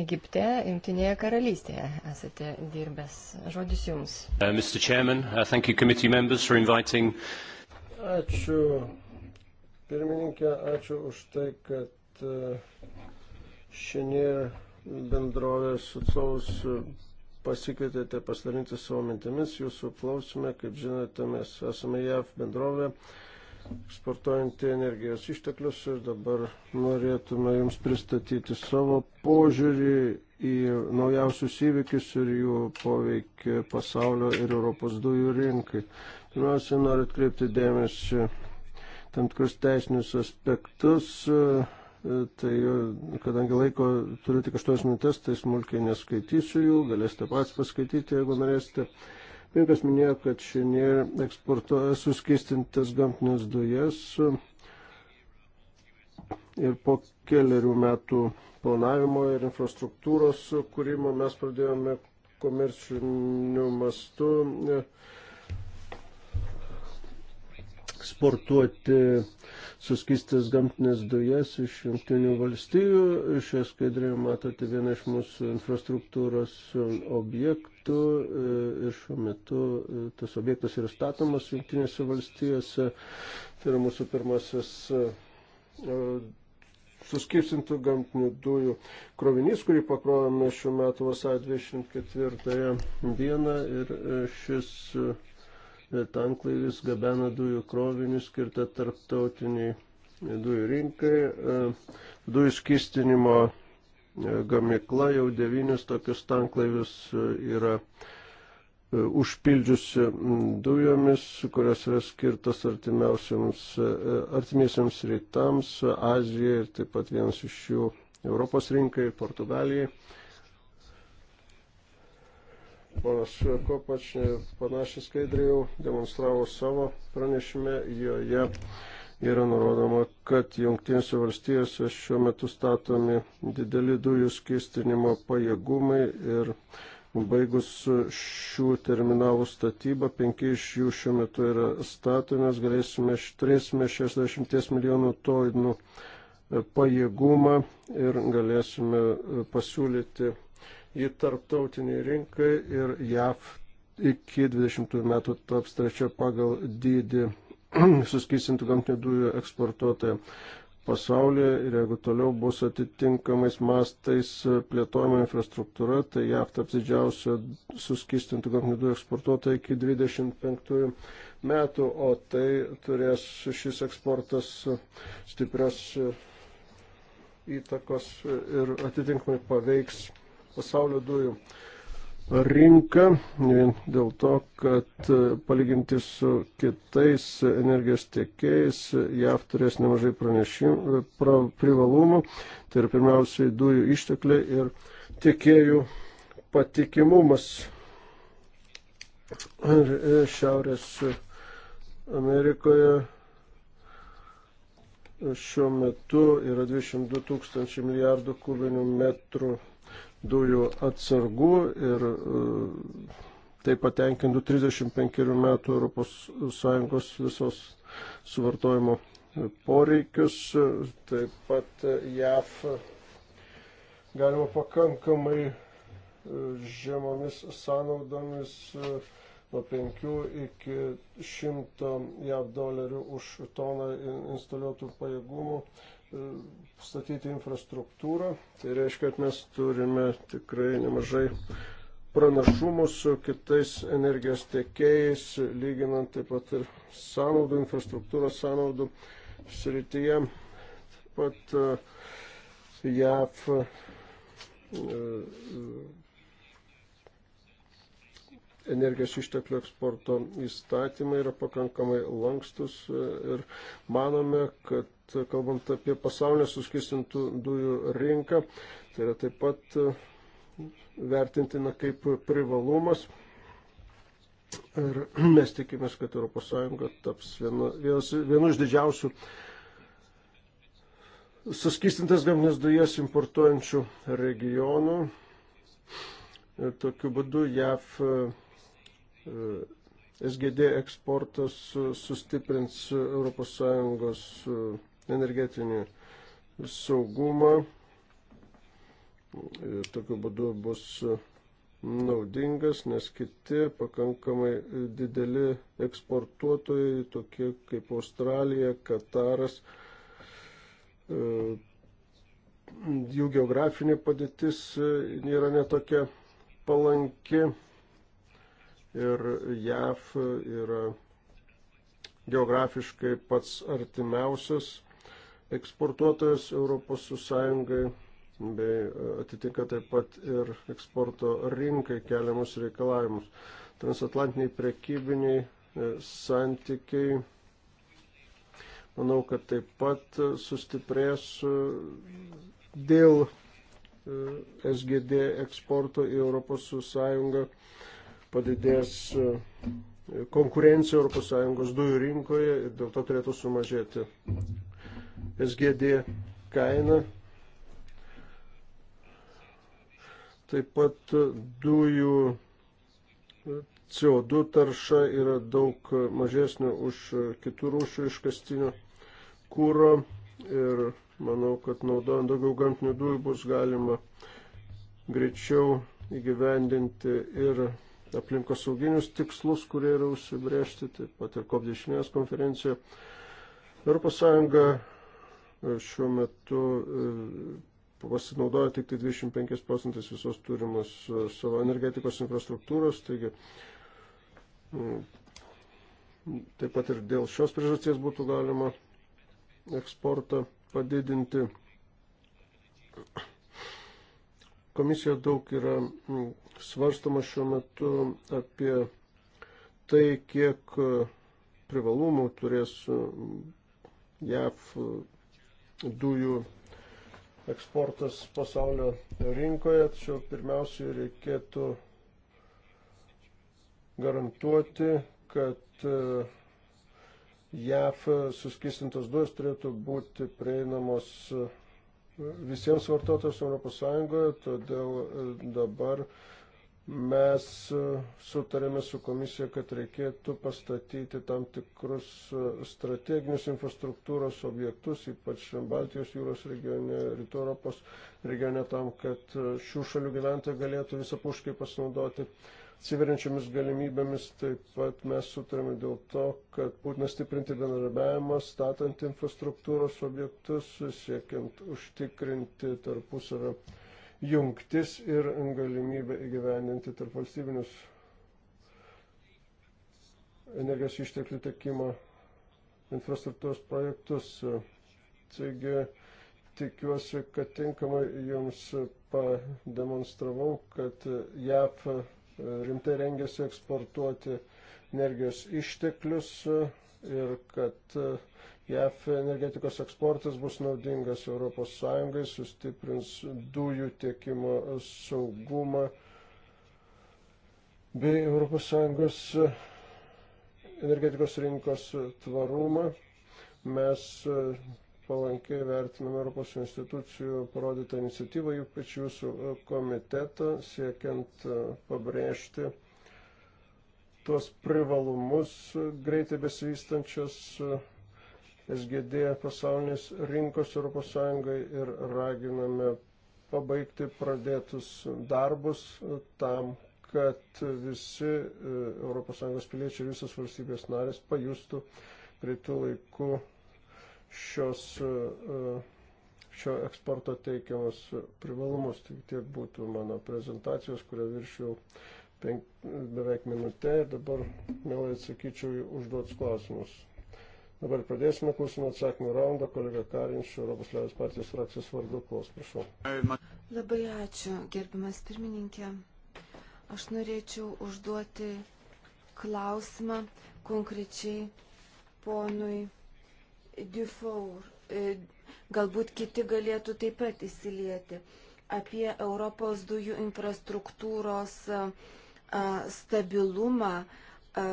Egipte, Junktinėje karalystėje esate dirbęs. Žodis jums. Uh, Mr. Chairman, uh, thank you committee members for inviting. Ačiū pirmininkė, ačiū už tai, kad uh, šiandien bendrovės atsovus uh, pasikvietėte pasidalinti savo mintimis. Jūsų klausime, kaip žinote, mes esame JAV bendrovė. Uh, eksportuojantį energijos išteklius ir dabar norėtume Jums pristatyti savo požiūrį į naujausius įvykius ir jų poveikį pasaulio ir Europos dujų rinkai. Pirmiausia, noriu atkreipti dėmesį tam tikrus teisinius aspektus. Tai kadangi laiko turiu tik 8 minutės, tai smulkiai neskaitysiu jų, galėsite pats paskaityti, jeigu norėsite. Pirkas minėjo, kad šiandien eksportuoja suskistintas gamtinės dujas ir po keliarių metų planavimo ir infrastruktūros kūrimo mes pradėjome komerciniu mastu e, sportuoti suskistas gamtinės dujas iš jungtinių valstybių. Šioje skaidrėje matote vieną iš mūsų infrastruktūros objektų e, ir šiuo metu e, tas objektas yra statomas jungtinėse valstijose. Tai yra mūsų pirmasis e, suskirsintų gamtinių dujų krovinys, kurį pakrovėme šiuo metu vasarą 24 dieną ir šis tanklaivis gabena dujų krovinį skirtą tarptautiniai dujų rinkai. E, dujų skistinimo e, gamikla jau devynis tokius tanklaivius e, yra užpildžiusi dujomis, kurios yra skirtos artimiesiams rytams, Azijai ir taip pat vienas iš jų Europos rinkai, Portugalijai. Ponas Kopač panašią skaidrį jau demonstravo savo pranešime, joje yra nurodoma, kad Junktinėse valstijose šiuo metu statomi dideli dujų skistinimo pajėgumai ir baigus šių terminalų statybą, penki iš jų šiuo metu yra statomi, galėsime, turėsime 60 milijonų toidų pajėgumą ir galėsime pasiūlyti į tarptautinį rinką ir JAV iki 20 metų taps trečia pagal dydį suskysintų gamtinių dujų eksportuotoja pasaulyje ir jeigu toliau bus atitinkamais mastais plėtojama infrastruktūra, tai JAV taps didžiausio suskistintų gamtinių dujų eksportuotoja iki 25 metų, o tai turės šis eksportas stiprios įtakos ir atitinkamai paveiks pasaulio dujų rinką, vien dėl to, kad e, palyginti su kitais energijos tiekėjais JAV turės nemažai pranešimų, e, pra, privalumų, tai yra pirmiausiai dujų ištekliai ir tiekėjų patikimumas. Ir e, Šiaurės Amerikoje šiuo metu yra 22 tūkstančių milijardų kubinių metrų dujų atsargų ir e, tai patenkintų 35 metų ES visos suvartojimo poreikius. Taip pat JAV galima pakankamai e, žemomis sąnaudomis e, nuo 5 iki 100 JAV dolerių už toną instaliuotų pajėgumų E, statyti infrastruktūrą. Tai reiškia, kad mes turime tikrai nemažai pranašumų su kitais energijos tiekėjais, lyginant taip pat ir sąnaudų, infrastruktūros sąnaudų srityje. Taip pat e, JAV e, energijos išteklių eksporto įstatymai yra pakankamai lankstus ir manome, kad E, kalbant apie pasaulinę suskistintų dujų rinką, tai yra taip pat e, vertintina kaip privalumas. Ir mes tikimės, kad ES taps vienu, vienu iš didžiausių suskistintas gamtinės dujas importuojančių regionų. Ir e, tokiu būdu JAV SGD eksportas sustiprins ES energetinį saugumą. Ir tokiu būdu bus naudingas, nes kiti pakankamai dideli eksportuotojai, tokie kaip Australija, Kataras, e, jų geografinė padėtis nėra netokia palanki ir JAF yra geografiškai pats artimiausias eksportuotojas Europos Sąjungai bei e, atitinka taip pat ir eksporto rinkai keliamus reikalavimus. Transatlantiniai prekybiniai e, santykiai, manau, kad taip pat e, sustiprės dėl SGD eksporto į Europos Sąjungą, padidės konkurencija Europos Sąjungos dujų rinkoje ir dėl to turėtų sumažėti SGD kaina. Taip pat dujų CO2 tarša yra daug mažesnė už kitų rūšių iškastinio kūro ir manau, kad naudojant daugiau gamtinių dujų bus galima greičiau įgyvendinti ir aplinkos sauginius tikslus, kurie yra užsibrėžti, taip pat ir COP10 konferencija. ES šiuo metu e, pasinaudoja tik tai 25 procentais visos turimos e, savo energetikos infrastruktūros, taigi taip pat ir dėl šios priežasties būtų galima eksportą padidinti. Komisija daug yra svarstama šiuo metu apie tai, kiek privalumų turės JAV dujų eksportas pasaulio rinkoje, tačiau pirmiausiai reikėtų garantuoti, kad e, JAF suskistintos dujos turėtų būti prieinamos e, visiems vartotojams ES, todėl e, dabar uh, mes e, sutarėme su komisija, kad reikėtų pastatyti tam tikrus e, strateginius infrastruktūros objektus, ypač Baltijos jūros regione, Rytų Europos regione, tam, kad e, šių šalių gyventojai galėtų visapuškai pasinaudoti atsiveriančiamis galimybėmis. Taip pat mes sutarėme dėl to, kad būtina stiprinti bendradarbiavimą, statant infrastruktūros objektus, siekiant užtikrinti tarpusavio jungtis ir galimybę įgyveninti tarp valstybinius energijos išteklių tekimo infrastruktūros projektus. Taigi tikiuosi, kad tinkamai jums pademonstravau, kad JAP rimtai rengiasi eksportuoti energijos išteklius ir kad uh, JAF energetikos eksportas bus naudingas ES, sustiprins dujų tiekimo saugumą bei ES energetikos rinkos tvarumą. Mes palankiai vertiname Europos institucijų parodytą iniciatyvą, ypač jūsų komiteto, siekiant pabrėžti tuos privalumus greitai besivystančios SGD pasaulinės rinkos ES ir raginame pabaigti pradėtus darbus tam, kad visi ES piliečiai ir visos valstybės narės pajustų greitų laikų šios, e, e, šio eksporto teikiamus privalumus. Tik tiek būtų mano prezentacijos, kurią viršiau penk, beveik minutę ir dabar mielai atsakyčiau į užduotus klausimus. Dabar pradėsime klausimą atsakymą raundą. Kolega Karinčių, Europos Liaudės partijos frakcijos vardu, klaus, prašau. Labai ačiū, gerbimas pirmininkė. Aš norėčiau užduoti klausimą konkrečiai ponui Dufour. E, galbūt kiti galėtų taip pat įsilieti apie Europos dujų infrastruktūros e, stabilumą e,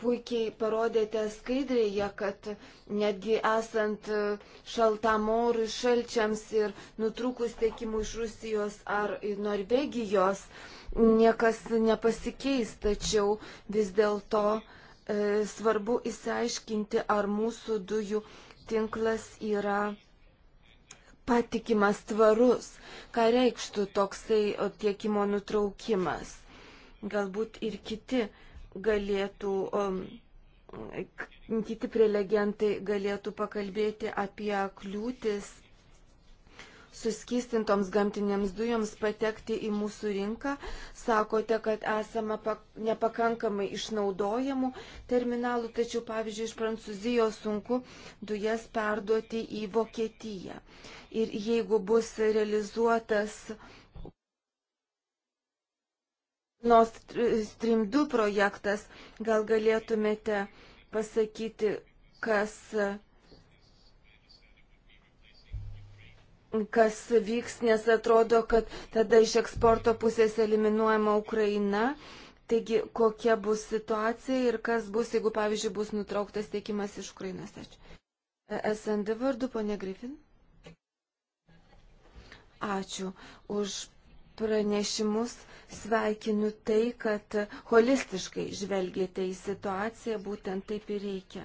puikiai parodėte skaidrėje, kad netgi esant šaltam orui, šalčiams ir nutrūkus tiekimui iš Rusijos ar Norvegijos, niekas nepasikeis, tačiau vis dėlto e, svarbu įsiaiškinti, ar mūsų dujų tinklas yra patikimas, tvarus, ką reikštų toksai tiekimo nutraukimas. Galbūt ir kiti galėtų, um, kiti prelegentai galėtų pakalbėti apie kliūtis suskistintoms gamtinėms dujoms patekti į mūsų rinką. Sakote, kad esame nepakankamai išnaudojamų terminalų, tačiau pavyzdžiui iš Prancūzijos sunku dujas perduoti į Vokietiją. Ir jeigu bus realizuotas uh, Nord Stream 2 projektas, gal galėtumėte pasakyti, kas, kas vyks, nes atrodo, kad tada iš eksporto pusės eliminuojama Ukraina. Taigi, kokia bus situacija ir kas bus, jeigu, pavyzdžiui, bus nutrauktas tiekimas iš Ukrainos. Ačiū. SND vardu, ponė Grifin. Ačiū už pranešimus sveikinu tai, kad holistiškai žvelgėte į situaciją, būtent taip ir reikia.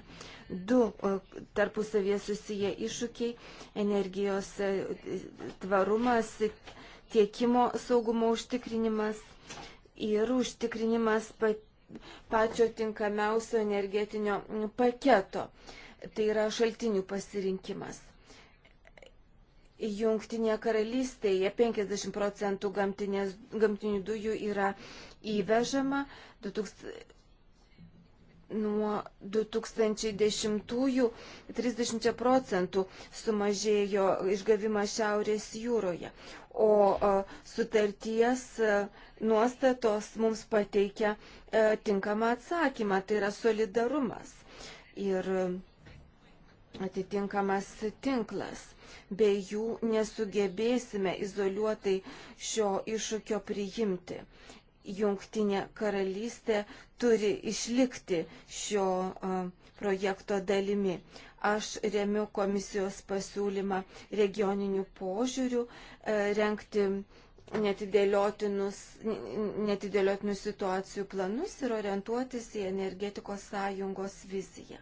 Du e, tarpusavie susiję iššūkiai - energijos e, tvarumas, tiekimo saugumo užtikrinimas ir užtikrinimas pačio tinkamiausio energetinio paketo. Tai yra šaltinių pasirinkimas. Jungtinėje karalystėje 50 procentų gamtinės, gamtinių dujų yra įvežama. 2000, nuo 2010-ųjų 30 procentų sumažėjo išgavimas Šiaurės jūroje. O sutarties nuostatos mums pateikia tinkamą atsakymą, tai yra solidarumas. Ir atitinkamas tinklas. Be jų nesugebėsime izoliuotai šio iššūkio priimti. Jungtinė karalystė turi išlikti šio projekto dalimi. Aš remiu komisijos pasiūlymą regioninių požiūrių e, renkti netidėliotinus, netidėliotinus situacijų planus ir orientuotis į energetikos sąjungos viziją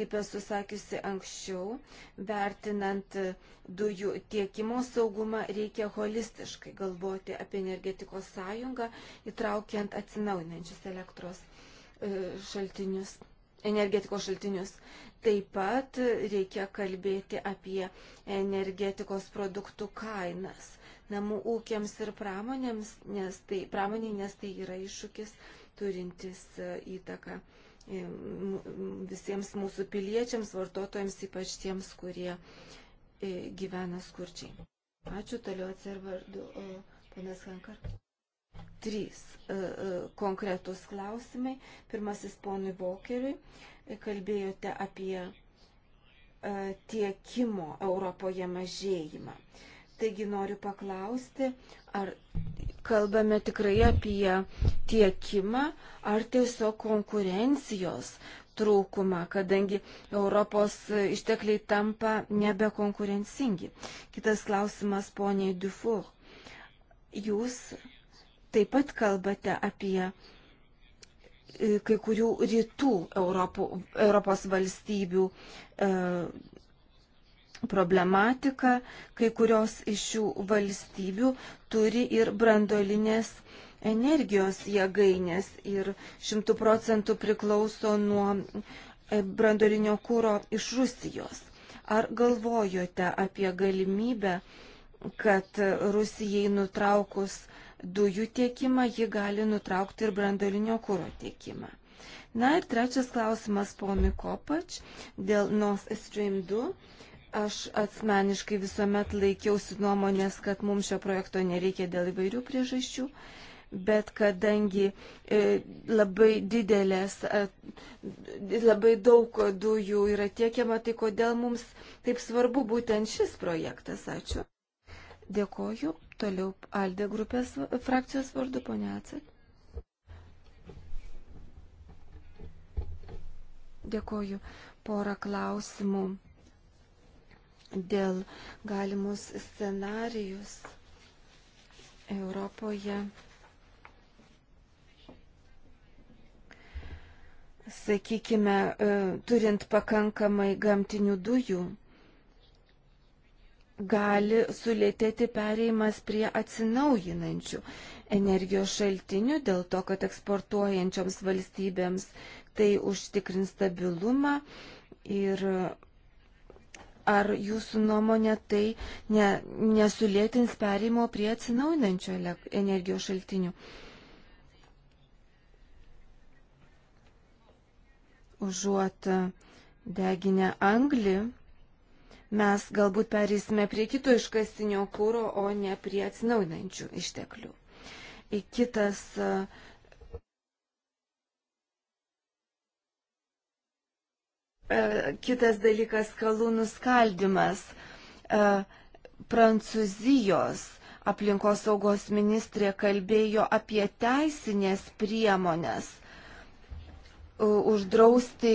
kaip esu sakiusi anksčiau, vertinant dujų tiekimo saugumą reikia holistiškai galvoti apie energetikos sąjungą, įtraukiant atsinaujinančius elektros e, šaltinius, energetikos šaltinius. Taip pat reikia kalbėti apie energetikos produktų kainas namų ūkiams ir pramonėms, nes tai, pramonė, nes tai yra iššūkis turintis e, įtaką visiems mūsų piliečiams, vartotojams, ypač tiems, kurie e, gyvena skurčiai. Ačiū, toliau atsirvardu, panas Hankar. Trys e, e, konkretus klausimai. Pirmasis ponui Vokeriui. Kalbėjote apie tiekimo Europoje mažėjimą. Taigi noriu paklausti, ar kalbame tikrai apie tiekimą ar tiesiog konkurencijos trūkumą, kadangi Europos ištekliai tampa nebekonkurencingi. Kitas klausimas, poniai Dufour. Jūs taip pat kalbate apie e, kai kurių rytų Europų, Europos valstybių e, problematiką, kai kurios iš šių valstybių turi ir brandolinės energijos jėgainės ir šimtų procentų priklauso nuo e, brandolinio kūro iš Rusijos. Ar galvojote apie galimybę, kad Rusijai nutraukus dujų tiekimą, ji gali nutraukti ir brandolinio kūro tiekimą? Na ir trečias klausimas po Mikopač dėl NOS Stream 2 Aš asmeniškai visuomet laikiausi nuomonės, kad mums šio projekto nereikia dėl įvairių priežasčių, bet kadangi e, labai didelės, e, labai daug dujų yra tiekiama, tai kodėl mums taip svarbu būtent šis projektas. Ačiū. Dėkoju. Toliau Alde grupės frakcijos vardu, ponia Atsat. Dėkoju. Porą klausimų dėl galimus scenarijus Europoje. Sakykime, e, turint pakankamai gamtinių dujų, gali sulėtėti pereimas prie atsinaujinančių energijos šaltinių dėl to, kad eksportuojančioms valstybėms tai užtikrins stabilumą ir Ar jūsų nuomonė tai ne, nesulėtins perimo prie atsinaujinančio energijos šaltinių? Užuot e, deginę anglį, mes galbūt perėsime prie kito iškastinio kūro, o ne prie atsinaujinančių išteklių. Kitas uh, E, kitas dalykas - kalų nuskaldimas. E, Prancūzijos aplinkosaugos ministrė kalbėjo apie teisinės priemonės e, uždrausti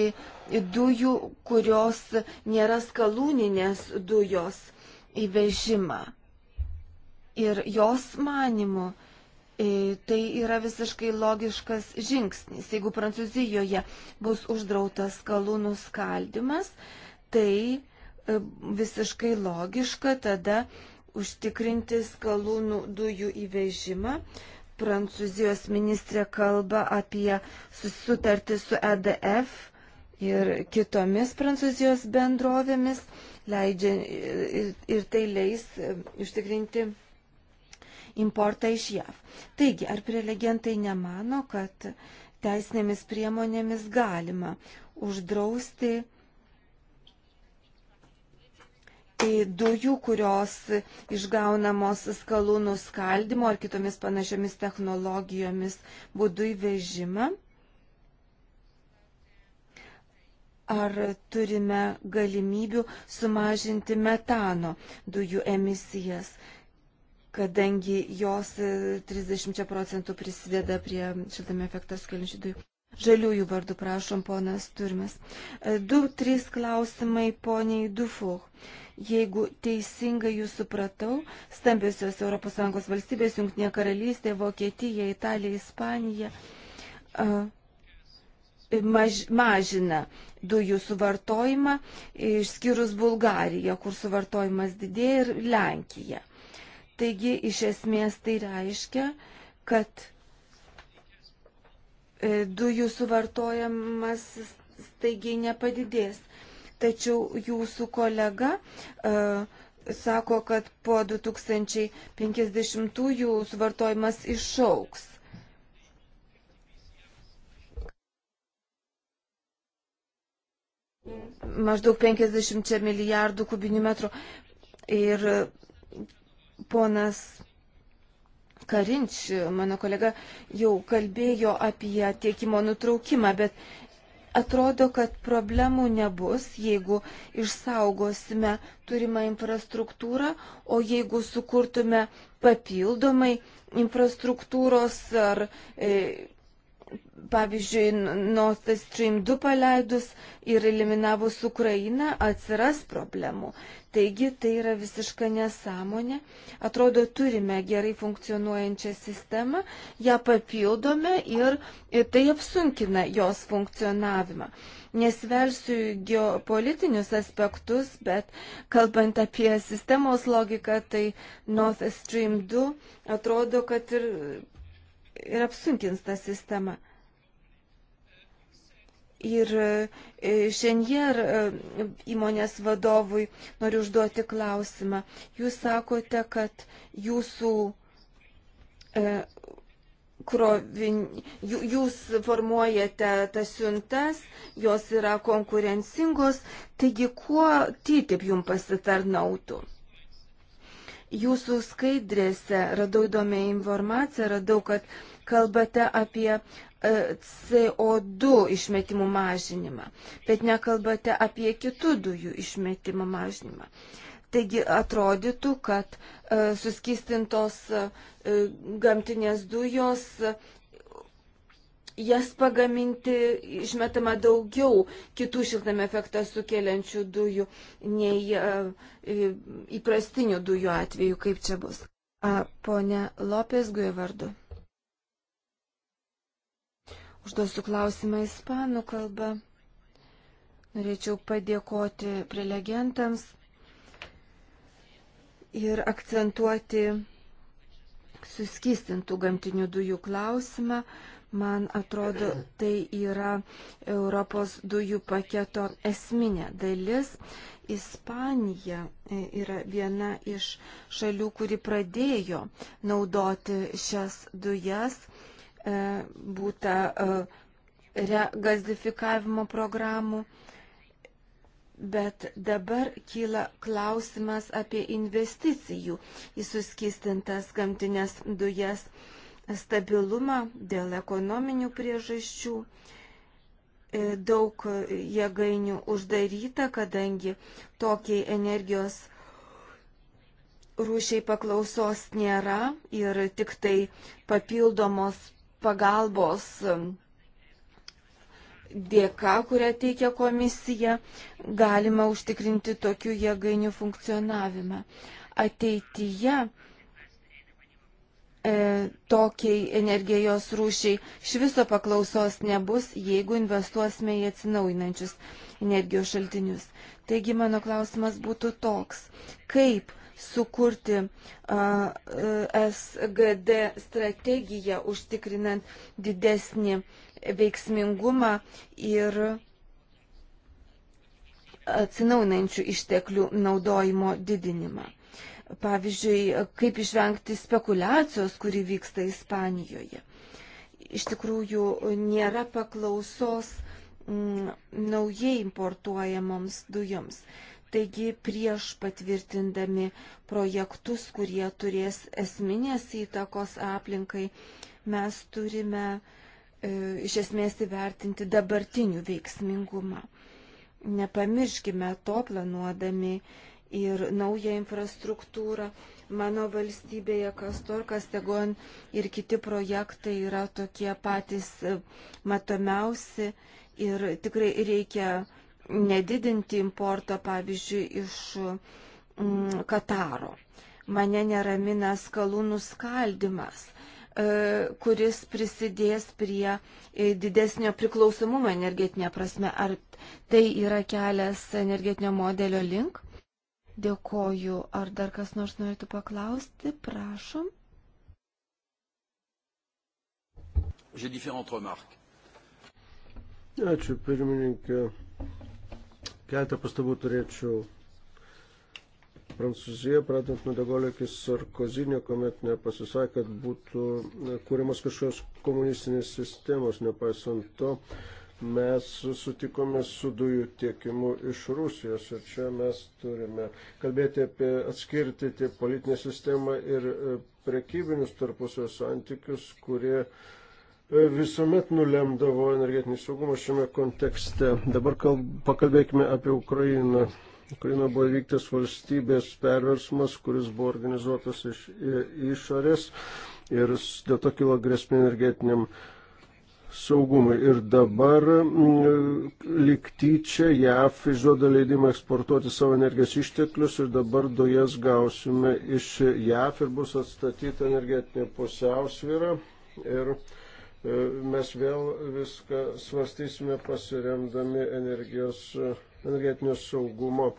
dujų, kurios nėra skalūninės dujos įvežimą. Ir jos manimu E, tai yra visiškai logiškas žingsnis. Jeigu Prancūzijoje bus uždrautas skalūnų skaldimas, tai e, visiškai logiška tada užtikrinti skalūnų dujų įvežimą. Prancūzijos ministrė kalba apie sutartį su EDF ir kitomis Prancūzijos bendrovėmis, leidžia e, ir tai leis užtikrinti importą iš JAV. Taigi, ar prelegentai nemano, kad teisinėmis priemonėmis galima uždrausti dujų, kurios išgaunamos skalūnų skaldimo ar kitomis panašiomis technologijomis būdu įvežimą? Ar turime galimybių sumažinti metano dujų emisijas? kadangi jos 30 e, procentų prisideda prie šiltame efektą sukeliančių dujų. Žaliųjų vardų prašom, ponas Turmes. E, du, trys klausimai poniai Dufuch. Jeigu teisingai jūs supratau, stambiosios ES valstybės, Junktinė karalystė, Vokietija, Italija, Ispanija e, maž, mažina dujų suvartojimą, išskyrus Bulgariją, kur suvartojimas didėja, ir Lenkiją. Taigi, iš esmės tai reiškia, kad e, dujų suvartojamas staigiai nepadidės. Tačiau jūsų kolega uh, sako, kad po 2050-ųjų suvartojimas išauks. Maždaug 50 milijardų kubinių metrų. Ir Ponas Karinč, mano kolega, jau kalbėjo apie tiekimo nutraukimą, bet atrodo, kad problemų nebus, jeigu išsaugosime turimą infrastruktūrą, o jeigu sukurtume papildomai infrastruktūros ar e, pavyzdžiui, Nord Stream 2 paleidus ir eliminavus Ukrainą, atsiras problemų. Taigi tai yra visiška nesąmonė. Atrodo, turime gerai funkcionuojančią sistemą, ją papildome ir, ir tai apsunkina jos funkcionavimą. Nesvelsiu į geopolitinius aspektus, bet kalbant apie sistemos logiką, tai North Stream 2 atrodo, kad ir ir apsunkins tą sistemą. Ir šiandien e, e, įmonės vadovui noriu užduoti klausimą. Jūs sakote, kad jūsų e, krovin, jūs formuojate tas siuntas, jos yra konkurencingos, taigi kuo TTIP jums pasitarnautų? Jūsų skaidrėse radau įdomią informaciją, radau, kad kalbate apie e, CO2 išmetimų mažinimą, bet nekalbate apie kitų dujų išmetimų mažinimą. Taigi atrodytų, kad e, suskistintos e, gamtinės dujos jas pagaminti išmetama daugiau kitų šiltame efektą sukeliančių dujų nei e, e, įprastinių dujų atveju. Kaip čia bus? Pone Lopės Guė vardu. Užduosiu klausimą ispanų kalbą. Norėčiau padėkoti prelegentams ir akcentuoti suskystintų gamtinių dujų klausimą. Uh, Man atrodo, tai yra Europos dujų paketo esminė dalis. Ispanija e, yra viena iš šalių, kuri pradėjo naudoti šias dujas. E, būta e, regazifikavimo programų. Bet dabar kyla klausimas apie investicijų į suskistintas gamtinės dujas stabilumą dėl ekonominių priežasčių. E, daug jėgainių uždaryta, kadangi tokiai energijos rūšiai paklausos nėra ir tik tai papildomos pagalbos dėka, kurią teikia komisija, galima užtikrinti tokių jėgainių funkcionavimą. Ateityje tokiai energijos rūšiai. Iš viso paklausos nebus, jeigu investuosime į atsinaujinančius energijos šaltinius. Taigi mano klausimas būtų toks. Kaip sukurti e, SGD strategiją, užtikrinant didesnį veiksmingumą ir atsinaunančių išteklių naudojimo didinimą pavyzdžiui, kaip išvengti spekulacijos, kuri vyksta Ispanijoje. Iš tikrųjų, nėra paklausos m, mm, naujai importuojamoms dujoms. Taigi prieš patvirtindami projektus, kurie turės esminės įtakos aplinkai, mes turime e, iš esmės įvertinti dabartinių veiksmingumą. Nepamirškime to planuodami ir naują infrastruktūrą. Mano valstybėje Kastor, Kastegon ir kiti projektai yra tokie patys e, matomiausi ir tikrai reikia nedidinti importo, pavyzdžiui, iš mm, Kataro. Mane neramina skalūnų skaldimas, e, kuris prisidės prie e, didesnio priklausomumo energetinė prasme. Ar tai yra kelias energetinio modelio link? Dėkoju. Ar dar kas nors norėtų paklausti? Prašom. Ačiū, pirmininkė. Keletą pastabų turėčiau. Prancūzija, pradant nuo Degolio iki Sarkozinio, kuomet nepasisakė, kad būtų kūrimas kažkokios komunistinės sistemos, nepaisant to, mes sutikome su dujų tiekimu iš Rusijos. Ir čia mes turime kalbėti apie atskirti politinę sistemą ir e, prekybinius tarpusio santykius, kurie e, visuomet nulemdavo energetinį saugumą šiame kontekste. Dabar kalb, pakalbėkime apie Ukrainą. Ukraina buvo įvyktas valstybės perversmas, kuris buvo organizuotas iš e, išorės ir dėl to kilo grėsmė energetiniam saugumui. Ir dabar liktyčia JAF išduoda leidimą eksportuoti savo energijos išteklius ir dabar dujas gausime iš JAF ir bus atstatyta energetinė pusiausvyrą. Ir e, mes vėl viską svarstysime pasiremdami energijos, energetinio saugumo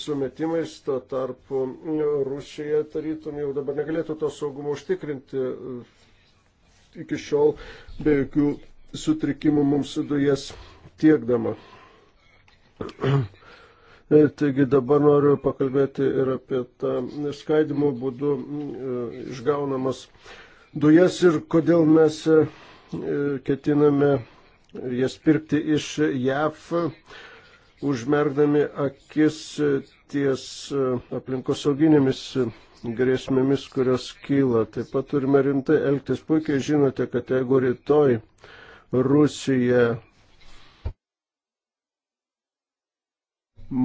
sumetimais, tuo tarpu Rusija tarytum jau dabar negalėtų to saugumo užtikrinti iki šiol be jokių sutrikimų mums dujas tiekdama. Taigi dabar noriu pakalbėti ir apie tą skaidimo būdu e, išgaunamas dujas ir kodėl mes e, ketiname jas pirkti iš JAV, užmergdami akis ties e, aplinkosauginėmis grėsmėmis, kurios kyla. Taip pat turime rimtai elgtis. Puikiai žinote, kad jeigu rytoj Rusija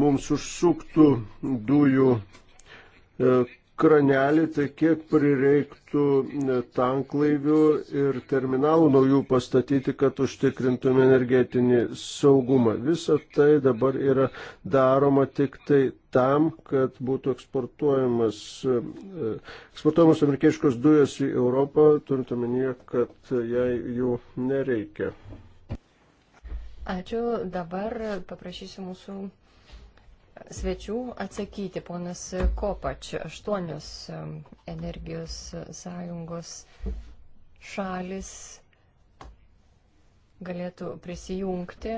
mums užsuktų dujų e, kranelį, tai kiek prireiktų e, tanklaivių ir terminalų naujų pastatyti, kad užtikrintume energetinį saugumą. Visa tai dabar yra daroma tik tai tam, kad būtų eksportuojamas, e, eksportuojamas amerikieškos dujos į Europą, turint omenyje, kad jai jų nereikia. Ačiū. Dabar paprašysiu mūsų svečių atsakyti. Ponas Kopač, aštuonios energijos sąjungos šalis galėtų prisijungti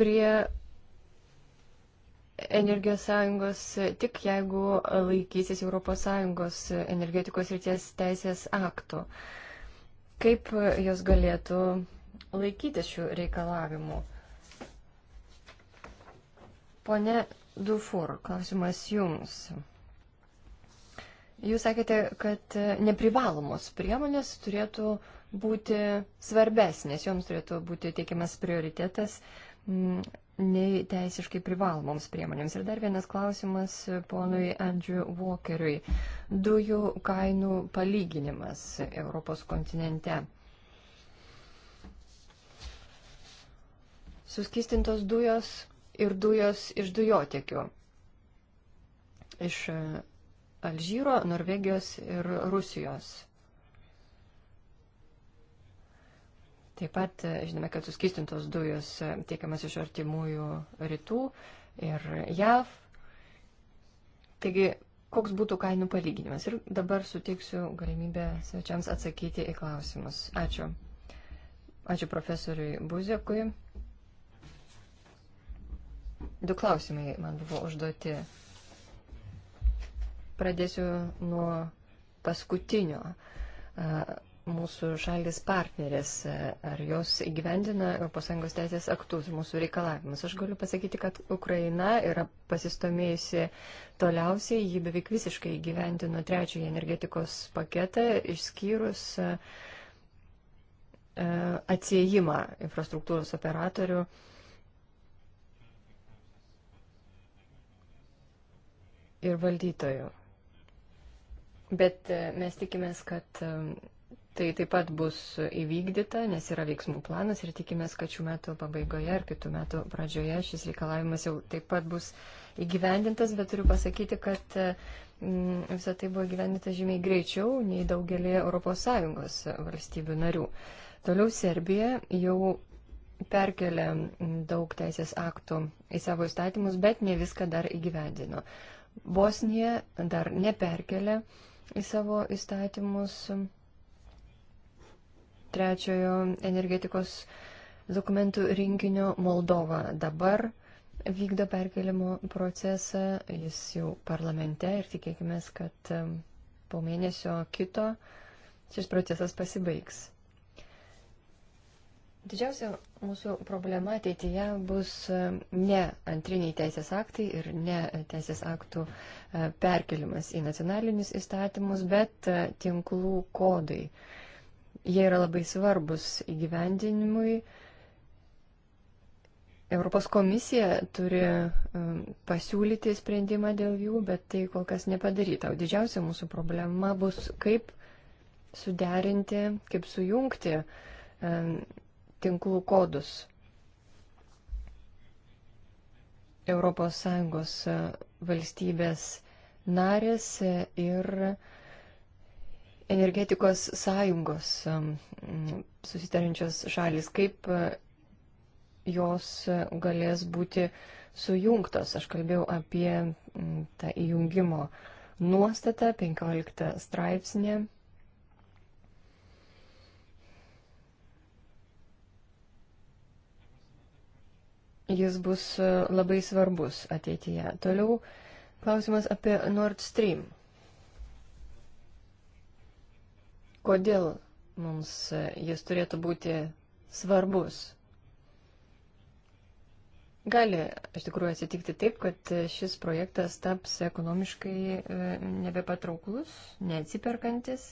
prie energijos sąjungos tik jeigu laikysis ES energetikos ryties teisės aktų. Kaip jos galėtų laikytis šių reikalavimų? Pone Dufur, klausimas jums. Jūs sakėte, kad neprivalomos priemonės turėtų būti svarbesnės, joms turėtų būti teikiamas prioritetas nei teisiškai privalomoms priemonėms. Ir dar vienas klausimas ponui Andrew Walkeriui. Dujų kainų palyginimas Europos kontinente. Suskistintos dujos ir dujos iš dujotekių iš e, Alžyro, Norvegijos ir Rusijos. Taip pat e, žinome, kad suskistintos dujos e, tiekiamas iš artimųjų rytų ir JAV. Taigi, koks būtų kainų palyginimas? Ir dabar suteiksiu galimybę svečiams atsakyti į klausimus. Ačiū. Ačiū profesoriui Buzekui. Du klausimai man buvo užduoti. Pradėsiu nuo paskutinio. Mūsų šalis partnerės, ar jos įgyvendina ES teisės aktus ir mūsų reikalavimus. Aš galiu pasakyti, kad Ukraina yra pasistomėjusi toliausiai, ji beveik visiškai įgyvendino trečiąjį energetikos paketą, išskyrus atsiejimą infrastruktūros operatorių uh, ir valdytojų. Bet e, mes tikimės, kad e, tai taip pat bus įvykdyta, nes yra veiksmų planas ir tikimės, kad šių metų pabaigoje ar kitų metų pradžioje šis reikalavimas jau taip pat bus įgyvendintas, bet turiu pasakyti, kad e, visą tai buvo įgyvendinta žymiai greičiau nei daugelį ES valstybių narių. Toliau Serbija jau perkelia daug teisės aktų į savo įstatymus, bet ne viską dar įgyvendino. Bosnija dar neperkelia į savo įstatymus trečiojo energetikos dokumentų rinkinio Moldova. Dabar vykdo perkelimo procesą, jis jau parlamente ir tikėkime, kad po mėnesio kito šis procesas pasibaigs. Didžiausia mūsų problema ateityje bus e, ne antriniai teisės aktai ir ne e, teisės aktų e, perkelimas į nacionalinius įstatymus, bet tinklų kodai. Jie yra labai svarbus įgyvendinimui. Europos komisija turi pasiūlyti sprendimą dėl jų, bet tai kol kas nepadaryta. O didžiausia mūsų problema bus, kaip suderinti, kaip sujungti tinklų kodus. ES e, valstybės narės e, ir energetikos sąjungos e, susitarinčios šalis, kaip jos galės būti sujungtos. Aš kalbėjau apie tą įjungimo nuostatą 15 straipsnė jis bus e, labai svarbus ateityje. Toliau klausimas apie Nord Stream. Kodėl mums e, jis turėtų būti svarbus? Gali iš tikrųjų atsitikti taip, kad e, šis projektas taps ekonomiškai nebepatrauklus, neatsiperkantis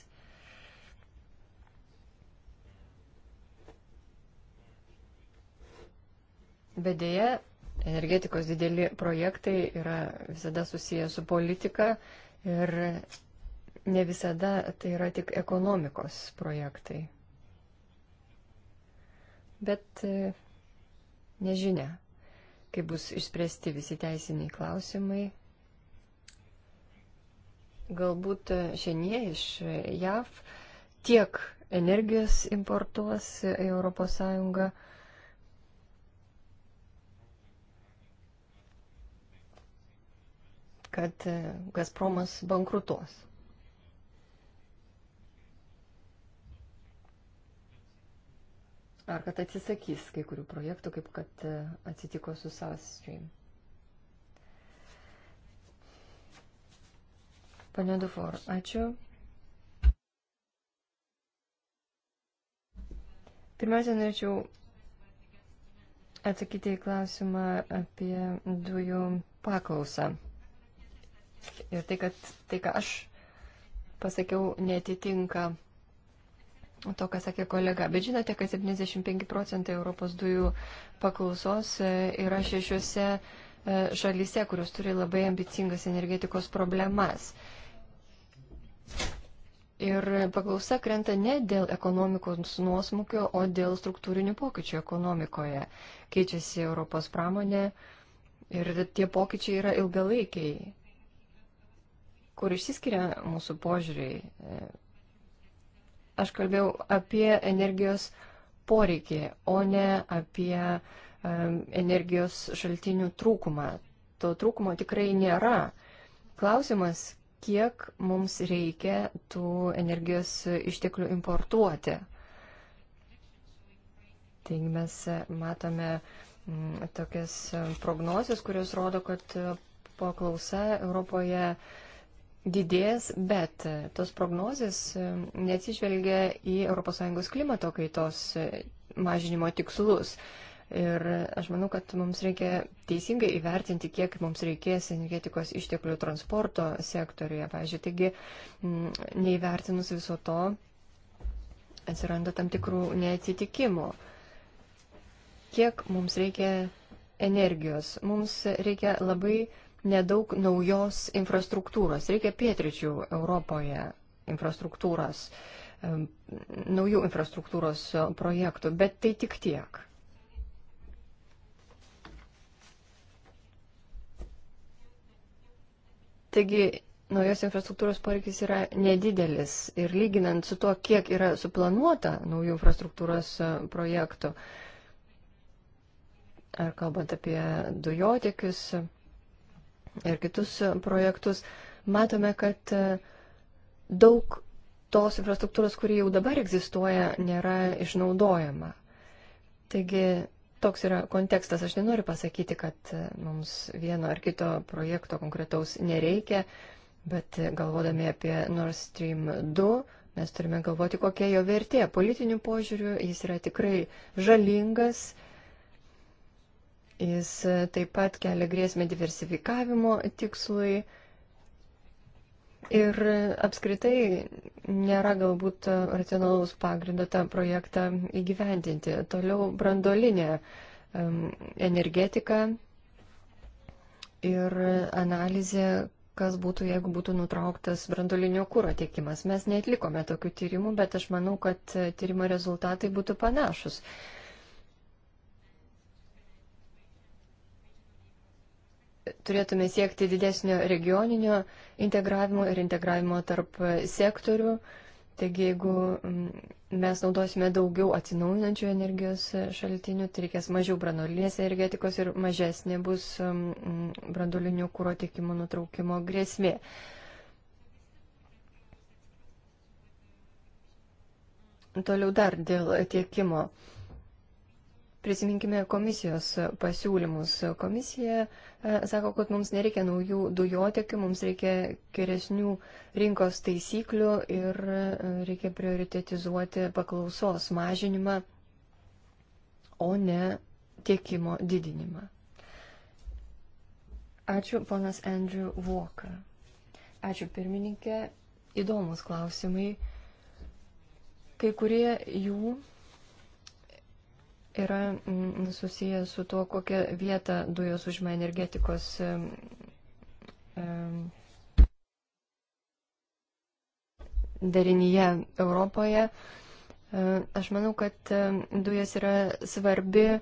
Bet dėja, energetikos dideli projektai yra visada susiję su politika ir ne visada tai yra tik ekonomikos projektai. Bet e, nežinia, kaip bus išspręsti visi teisiniai klausimai. Galbūt e, šiandien iš e, JAV tiek energijos importuos į ES kad e, Gazpromas bankrutuos. Ar kad atsisakys kai kurių projektų, kaip kad e, atsitiko su South Stream. Pane Dufor, ačiū. Pirmiausia, norėčiau atsakyti į klausimą apie dujų paklausą. Ir tai, kad tai, ką aš pasakiau, netitinka to, ką sakė kolega. Bet žinote, kad 75 procentai Europos dujų paklausos e, yra šešiuose e, šalyse, kurios turi labai ambicingas energetikos problemas. Ir paklausa krenta ne dėl ekonomikos nuosmukio, o dėl struktūrinių pokyčių ekonomikoje. Keičiasi Europos pramonė ir tie pokyčiai yra ilgalaikiai kur išsiskiria mūsų požiūriai. Aš kalbėjau apie energijos poreikį, o ne apie energijos šaltinių trūkumą. To trūkumo tikrai nėra. Klausimas, kiek mums reikia tų energijos išteklių importuoti. Taigi mes matome mm, tokias prognozes, kurios rodo, kad paklausa Europoje uh, didės, bet e, tos prognozės e, neatsižvelgia į ES klimato kaitos e, mažinimo tikslus. Ir aš manau, kad mums reikia teisingai įvertinti, kiek mums reikės energetikos išteklių transporto sektoriuje. Pavyzdžiui, taigi neįvertinus viso to atsiranda tam tikrų neatitikimų. Kiek mums reikia energijos? Mums reikia labai nedaug naujos infrastruktūros. Reikia pietričių Europoje infrastruktūros, naujų infrastruktūros projektų, bet tai tik tiek. Taigi naujos infrastruktūros poreikis yra nedidelis ir lyginant su tuo, kiek yra suplanuota naujų infrastruktūros e, projektų, ar kalbant apie dujotekius, ir kitus e, projektus, matome, kad e, daug tos infrastruktūros, kuri jau dabar egzistuoja, nėra išnaudojama. Taigi toks yra kontekstas. Aš nenoriu pasakyti, kad e, mums vieno ar kito projekto konkretaus nereikia, bet galvodami apie Nord Stream 2, mes turime galvoti, kokia jo vertė. Politiniu požiūriu jis yra tikrai žalingas Jis taip pat kelia grėsmę diversifikavimo tikslui ir apskritai nėra galbūt racionalaus pagrindo tą projektą įgyvendinti. Toliau brandolinė energetika ir analizė, kas būtų, jeigu būtų nutrauktas brandolinio kūro tiekimas. Mes netlikome tokių tyrimų, bet aš manau, kad tyrimo rezultatai būtų panašus. turėtume siekti didesnio regioninio integravimo ir integravimo tarp sektorių. Taigi, jeigu mm, mes naudosime daugiau atsinaujinančių energijos šaltinių, tai reikės mažiau branolinės energetikos ir mažesnė bus mm, brandolinio kūro tiekimo nutraukimo grėsmė. Toliau dar dėl tiekimo. Prisiminkime komisijos pasiūlymus. Komisija e, sako, kad mums nereikia naujų dujotekių, mums reikia geresnių rinkos taisyklių ir e, reikia prioritetizuoti paklausos mažinimą, o ne tiekimo didinimą. Ačiū, ponas Andrew Walker. Ačiū, pirmininkė. Įdomus klausimai. Kai kurie jų yra mm, susijęs su tuo, kokią vietą dujos užima energetikos darinyje Europoje. E, aš manau, kad dujas yra svarbi e,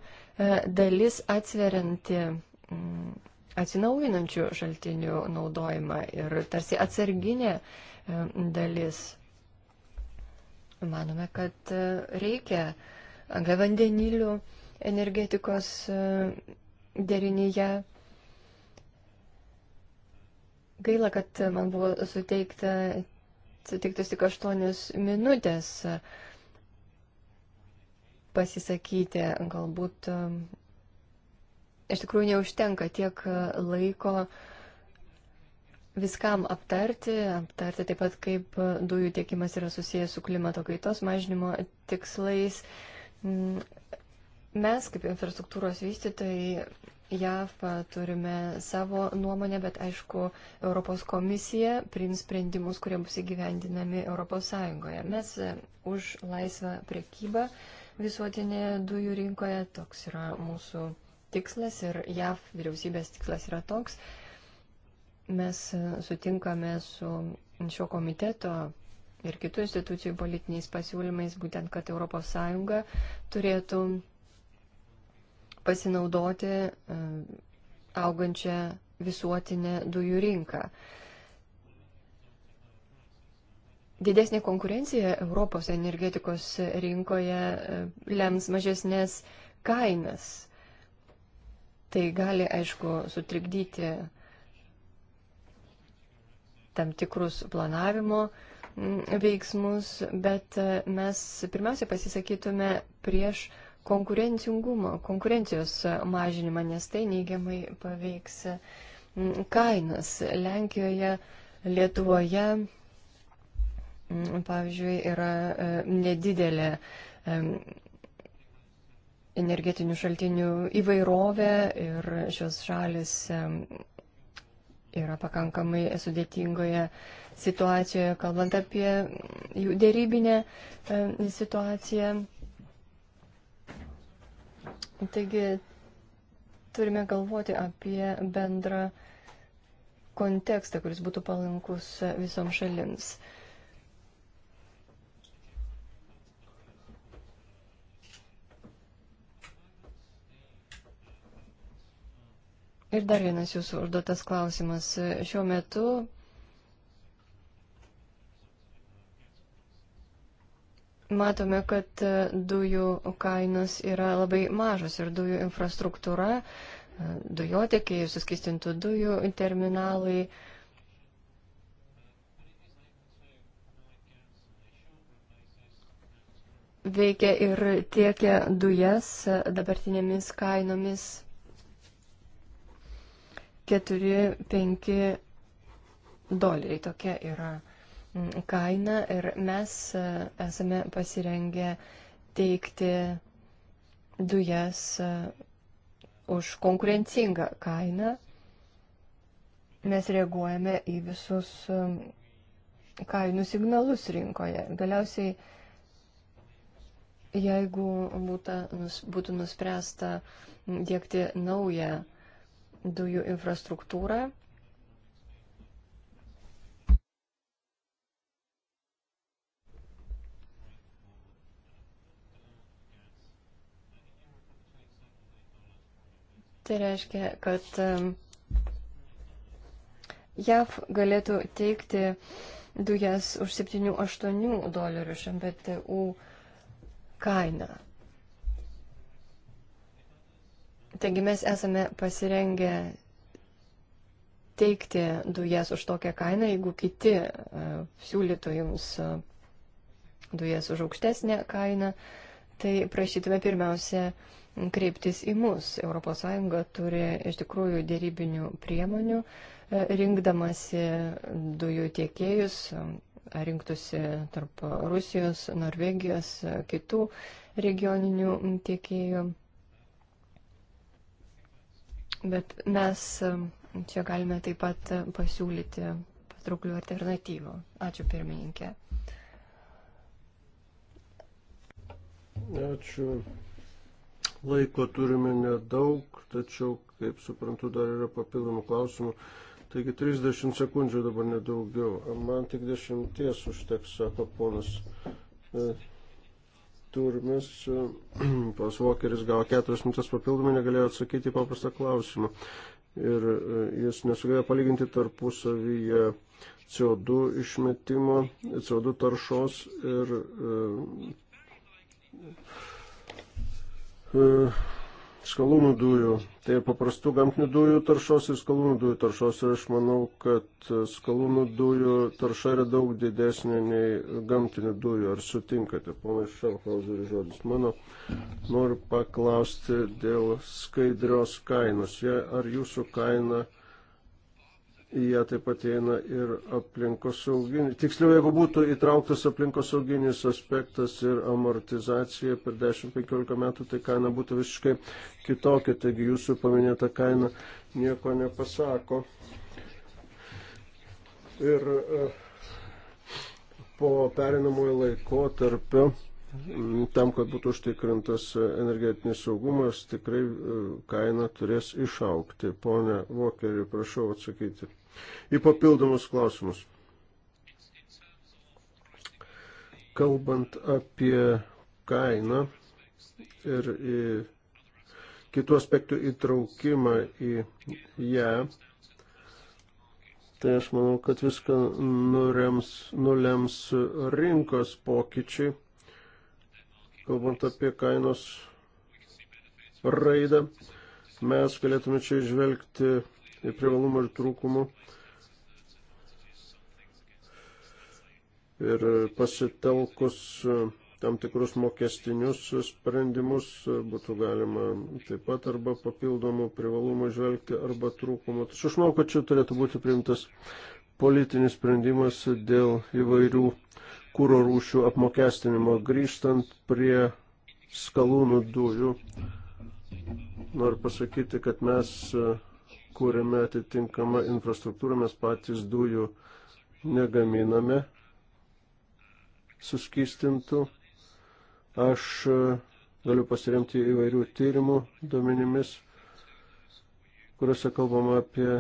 dalis atsverianti mm, atsinaujinančių šaltinių naudojimą ir tarsi atsarginė dalis. Manome, kad e, reikia uh, angliavandenilių energetikos e, derinyje. Gaila, kad man buvo suteikta, suteiktas tik aštuonius minutės pasisakyti. Galbūt e, iš tikrųjų neužtenka tiek laiko viskam aptarti, aptarti taip pat, kaip dujų tiekimas yra susijęs su klimato kaitos mažinimo tikslais. Uh, Mes, kaip infrastruktūros vystytojai, JAV turime savo nuomonę, bet aišku, Europos komisija priims sprendimus, kurie bus įgyvendinami ES. Mes e, už laisvą priekybą visuotinėje dujų rinkoje, toks yra mūsų tikslas ir JAV vyriausybės tikslas yra toks. Mes e, sutinkame su šio komiteto ir kitų institucijų politiniais pasiūlymais, būtent, kad ES turėtų pasinaudoti e, augančią visuotinę dujų rinką. Didesnė konkurencija Europos energetikos rinkoje e, lems mažesnės kainas. Tai gali, aišku, sutrikdyti tam tikrus planavimo uh, veiksmus, bet e, mes pirmiausia pasisakytume prieš konkurencingumą, konkurencijos mažinimą, nes tai neigiamai paveiks kainas. Lenkijoje, Lietuvoje, pavyzdžiui, yra e, nedidelė e, energetinių šaltinių įvairovė ir šios šalis yra pakankamai sudėtingoje situacijoje, kalbant apie jų dėrybinę e, situaciją. Taigi turime galvoti apie bendrą kontekstą, kuris būtų palankus visoms šalims. Uh, Ir dar vienas jūsų užduotas klausimas. Šiuo metu matome, kad dujų kainos yra labai mažos ir dujų infrastruktūra, dujotiekiai, suskistintų dujų terminalai. Veikia ir tiekia dujas dabartinėmis kainomis. 4-5 doleriai. Tokia yra mm, kaina ir mes e, esame pasirengę teikti dujas e, už konkurencingą kainą. Mes reaguojame į visus e, kainų signalus rinkoje. Galiausiai, jeigu būtų nuspręsta dėkti naują dujų infrastruktūrą. Tai reiškia, kad um, JAV galėtų teikti dujas už 7-8 dolerių šiam BTU kainą. Taigi mes esame pasirengę teikti dujas už tokią kainą, jeigu kiti e, siūlytų jums e, dujas už aukštesnę kainą, tai prašytume pirmiausia kreiptis į mus. ES turi iš tikrųjų dėrybinių priemonių, e, rinkdamasi dujų tiekėjus, ar rinktusi tarp Rusijos, Norvegijos, kitų regioninių tiekėjų. Bet mes čia galime taip pat pasiūlyti patrauklių alternatyvų. Ačiū pirmininkė. Ačiū. Laiko turime nedaug, tačiau, kaip suprantu, dar yra papildomų klausimų. Taigi 30 sekundžių dabar nedaugiau. Man tik dešimties užteks, sako ponas. E. Turmes, pas Vokeris gavo keturias minutės papildomai, negalėjo atsakyti į paprastą klausimą. Ir e, jis nesugebėjo palyginti tarpusavyje CO2 išmetimo, CO2 taršos ir e, e, skalūnų dujų, tai paprastų gamtinių dujų taršos ir skalūnų dujų taršos. Ir aš manau, kad skalūnų dujų tarša yra daug didesnė nei gamtinių dujų. Ar sutinkate, ponai Šalhauseris žodis? Mano noriu paklausti dėl skaidrios kainos. Ja, ar jūsų kaina jie taip pat eina ir aplinkosauginis. Tiksliau, jeigu būtų įtrauktas aplinkosauginis aspektas ir amortizacija per 10-15 metų, tai kaina būtų visiškai kitokia. Taigi jūsų paminėta kaina nieko nepasako. Ir e, po perinamojo laiko tarpio, tam, kad būtų užtikrintas energetinis saugumas, tikrai e, kaina turės išaukti. Pone Vokerį, prašau atsakyti į papildomus klausimus. Kalbant apie kainą ir kitų aspektų įtraukimą į ją, tai aš manau, kad viską nurems, nulems rinkos pokyčiai, kalbant apie kainos raidą. Mes galėtume čia išvelgti privalumų ir trūkumų. Ir pasitelkus tam tikrus mokestinius sprendimus būtų galima taip pat arba papildomų privalumų žvelgti arba trūkumų. Tačiau aš manau, kad čia turėtų būti priimtas politinis sprendimas dėl įvairių kūro rūšių apmokestinimo. Grįžtant prie skalūnų dujų, noriu pasakyti, kad mes kūrėme atitinkamą infrastruktūrą, mes patys dujų negaminame suskistintų. Aš e, galiu pasiremti įvairių tyrimų duomenimis, kuriuose kalbama apie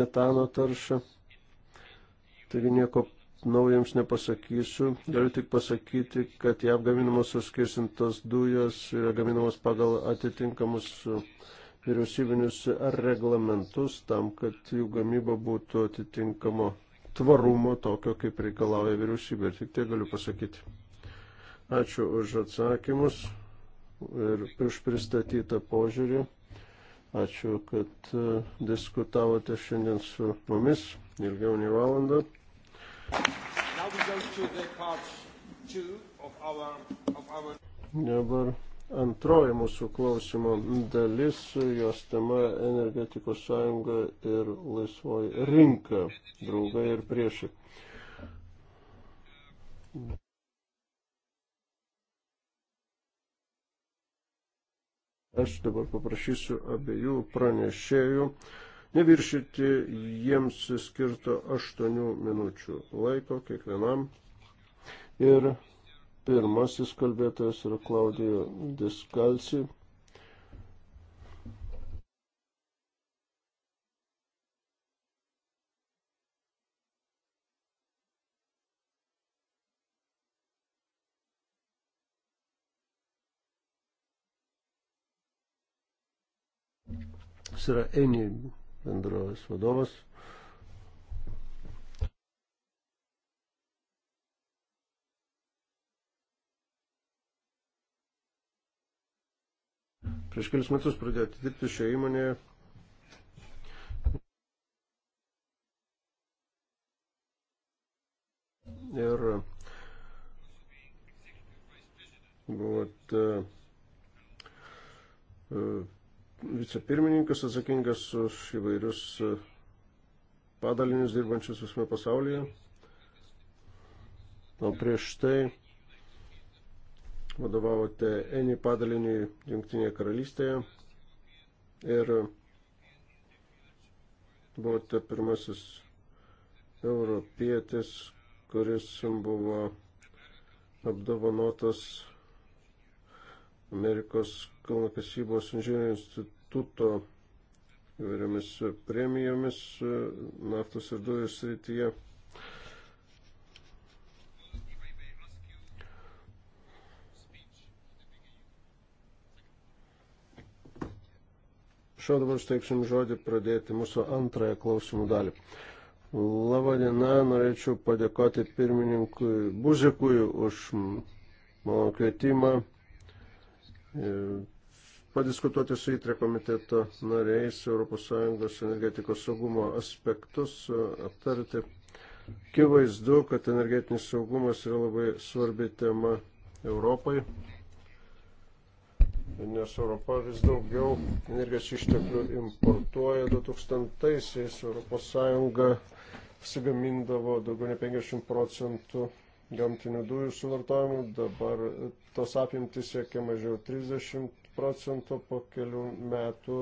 metano taršą. Taigi nieko naujams nepasakysiu. Galiu tik pasakyti, kad jav gaminamos suskirsintos dujos yra gaminamos pagal atitinkamus uh, vyriausybinius reglamentus tam, kad jų gamyba būtų atitinkamo tvarumo tokio, kaip reikalauja vyriausybė. Ir tik tai galiu pasakyti. Ačiū už atsakymus ir už pristatytą požiūrį. Ačiū, kad e, diskutavote šiandien su mumis ilgiau nei valandą. Dabar Antroji mūsų klausimo dalis, jos tema energetikos sąjunga ir laisvoji rinka, draugai ir priešai. Aš dabar paprašysiu abiejų pranešėjų neviršyti jiems skirto 8 minučių laiko kiekvienam ir Pirmasis kalbėtojas yra Klaudijo Diskalci. Jis yra Eni bendrovės vadovas. Prieš kelis metus pradėti dirbti šioje įmonėje. Ir buvote e, vicepirmininkas atsakingas už įvairius e, padalinius dirbančius visame pasaulyje. O prieš tai vadovavote ENI padaliniui Junktinėje karalystėje ir buvote pirmasis europietis, kuris buvo apdovanotas Amerikos kalnakasybos inžinierių instituto įvairiomis premijomis naftos ir dujų srityje. Prašau, dabar steiksim žodį pradėti mūsų antrąją klausimų dalį. Labadiena, norėčiau padėkoti pirmininkui Buzikui už mano kvietimą e, padiskutuoti su įtre komiteto nariais ES energetikos saugumo aspektus, e, aptarti. Kivaizdu, kad energetinis saugumas yra labai svarbi tema Europai nes Europa vis daugiau energijos išteklių importuoja. 2000-aisiais Europos Sąjunga sugamindavo daugiau nei 50 procentų gamtinių dujų suvartojimų, dabar tos apimtis siekia mažiau 30 procentų, po kelių metų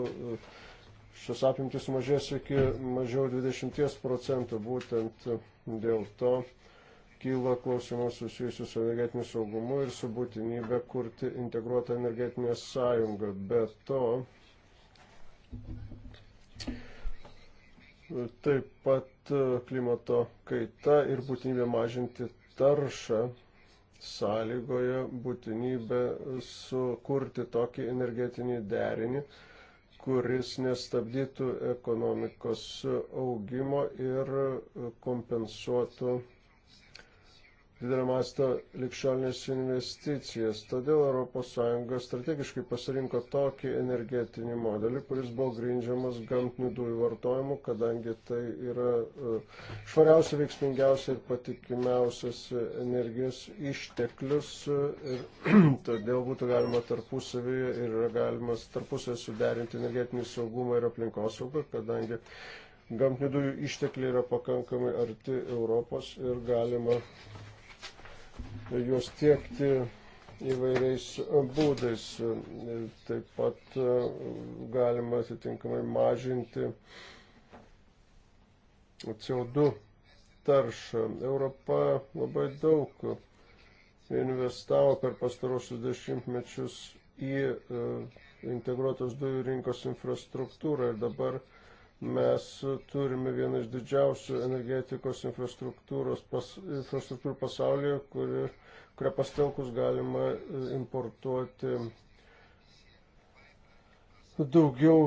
šios apimtis mažės iki mažiau 20 procentų būtent dėl to kyla klausimų susijusių su energetiniu saugumu ir su būtinybė kurti integruotą energetinę sąjungą. Be to, taip pat e, klimato kaita ir būtinybė mažinti taršą sąlygoja būtinybę sukurti tokį energetinį derinį, kuris nestabdytų ekonomikos augimo ir kompensuotų didelio masto likščiolinės investicijas. Todėl ES strategiškai pasirinko tokį energetinį modelį, kuris buvo grindžiamas gamtinių dujų vartojimu, kadangi tai yra e, švariausia, veiksmingiausia ir patikimiausias energijos išteklius e, ir todėl būtų galima tarpusavyje ir galima tarpusavyje suderinti energetinį saugumą ir aplinkosaugą, kadangi gamtinių dujų ištekliai yra pakankamai arti Europos ir galima juos tiekti įvairiais būdais. Taip pat e, galima atitinkamai mažinti CO2 taršą. Europa labai daug investavo per pastarosius dešimtmečius į e, integruotos dujų rinkos infrastruktūrą ir dabar Mes turime vieną iš didžiausių energetikos infrastruktūros pas, infrastruktūrų pasaulyje, kuri, kurią pastelkus galima e, importuoti daugiau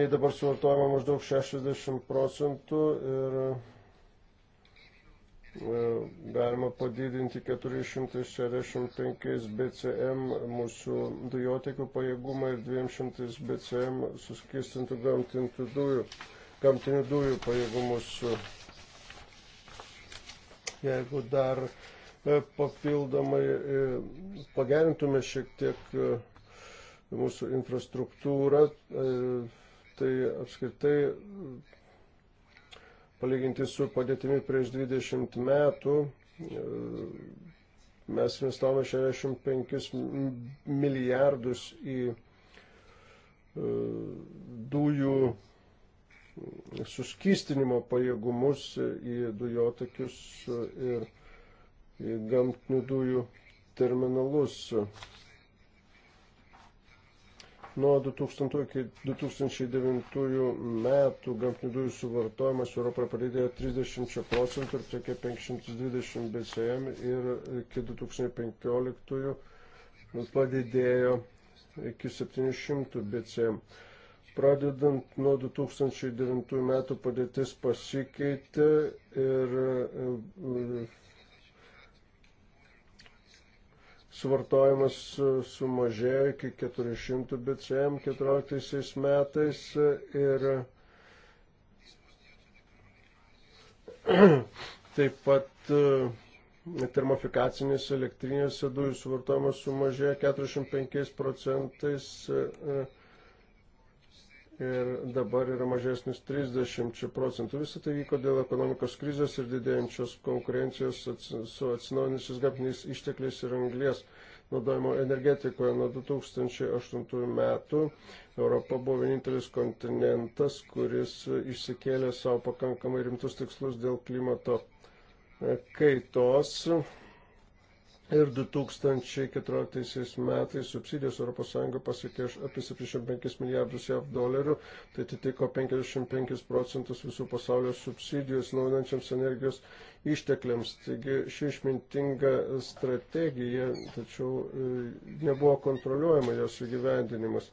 nei dabar suvartojama maždaug 60 procentų ir E, galima padidinti 465 BCM mūsų dujotekio pajėgumą ir 200 BCM suskistintų gamtinių dujų, gamtinių dujų pajėgumus. Jeigu dar e, papildomai e, pagerintume šiek tiek mūsų infrastruktūrą, tai apskritai Palyginti su padėtimi prieš 20 metų, e, mes investavome 65 milijardus į e, dujų e, suskystinimo pajėgumus į dujotakius ir į gamtinių dujų terminalus. Nuo 2000 iki 2009 metų gamtinių dujų suvartojimas Europoje padidėjo 30 procentų ir tokie 520 BCM ir iki 2015 padidėjo iki 700 BCM. Pradedant nuo 2009 metų padėtis pasikeitė ir suvartojimas e, sumažėjo iki 400 BCM 14 metais e, ir taip pat e, termofikacinėse elektrinėse dujų suvartojimas sumažėjo 45 procentais ir dabar yra mažesnis 30 procentų. Visą tai vyko dėl ekonomikos krizės ir didėjančios konkurencijos su atsinaujančiais gamtiniais ištekliais ir anglės naudojimo energetikoje nuo 2008 metų. Europa buvo vienintelis kontinentas, kuris išsikėlė savo pakankamai rimtus tikslus dėl klimato kaitos Ir 2014 metais subsidijos ES pasiekė apie 75 milijardus JAV dolerių, tai atitiko 55 procentus visų pasaulio subsidijų atsinaujinančiams energijos ištekliams. Taigi ši išmintinga strategija, tačiau e, nebuvo kontroliuojama jos įgyvendinimas.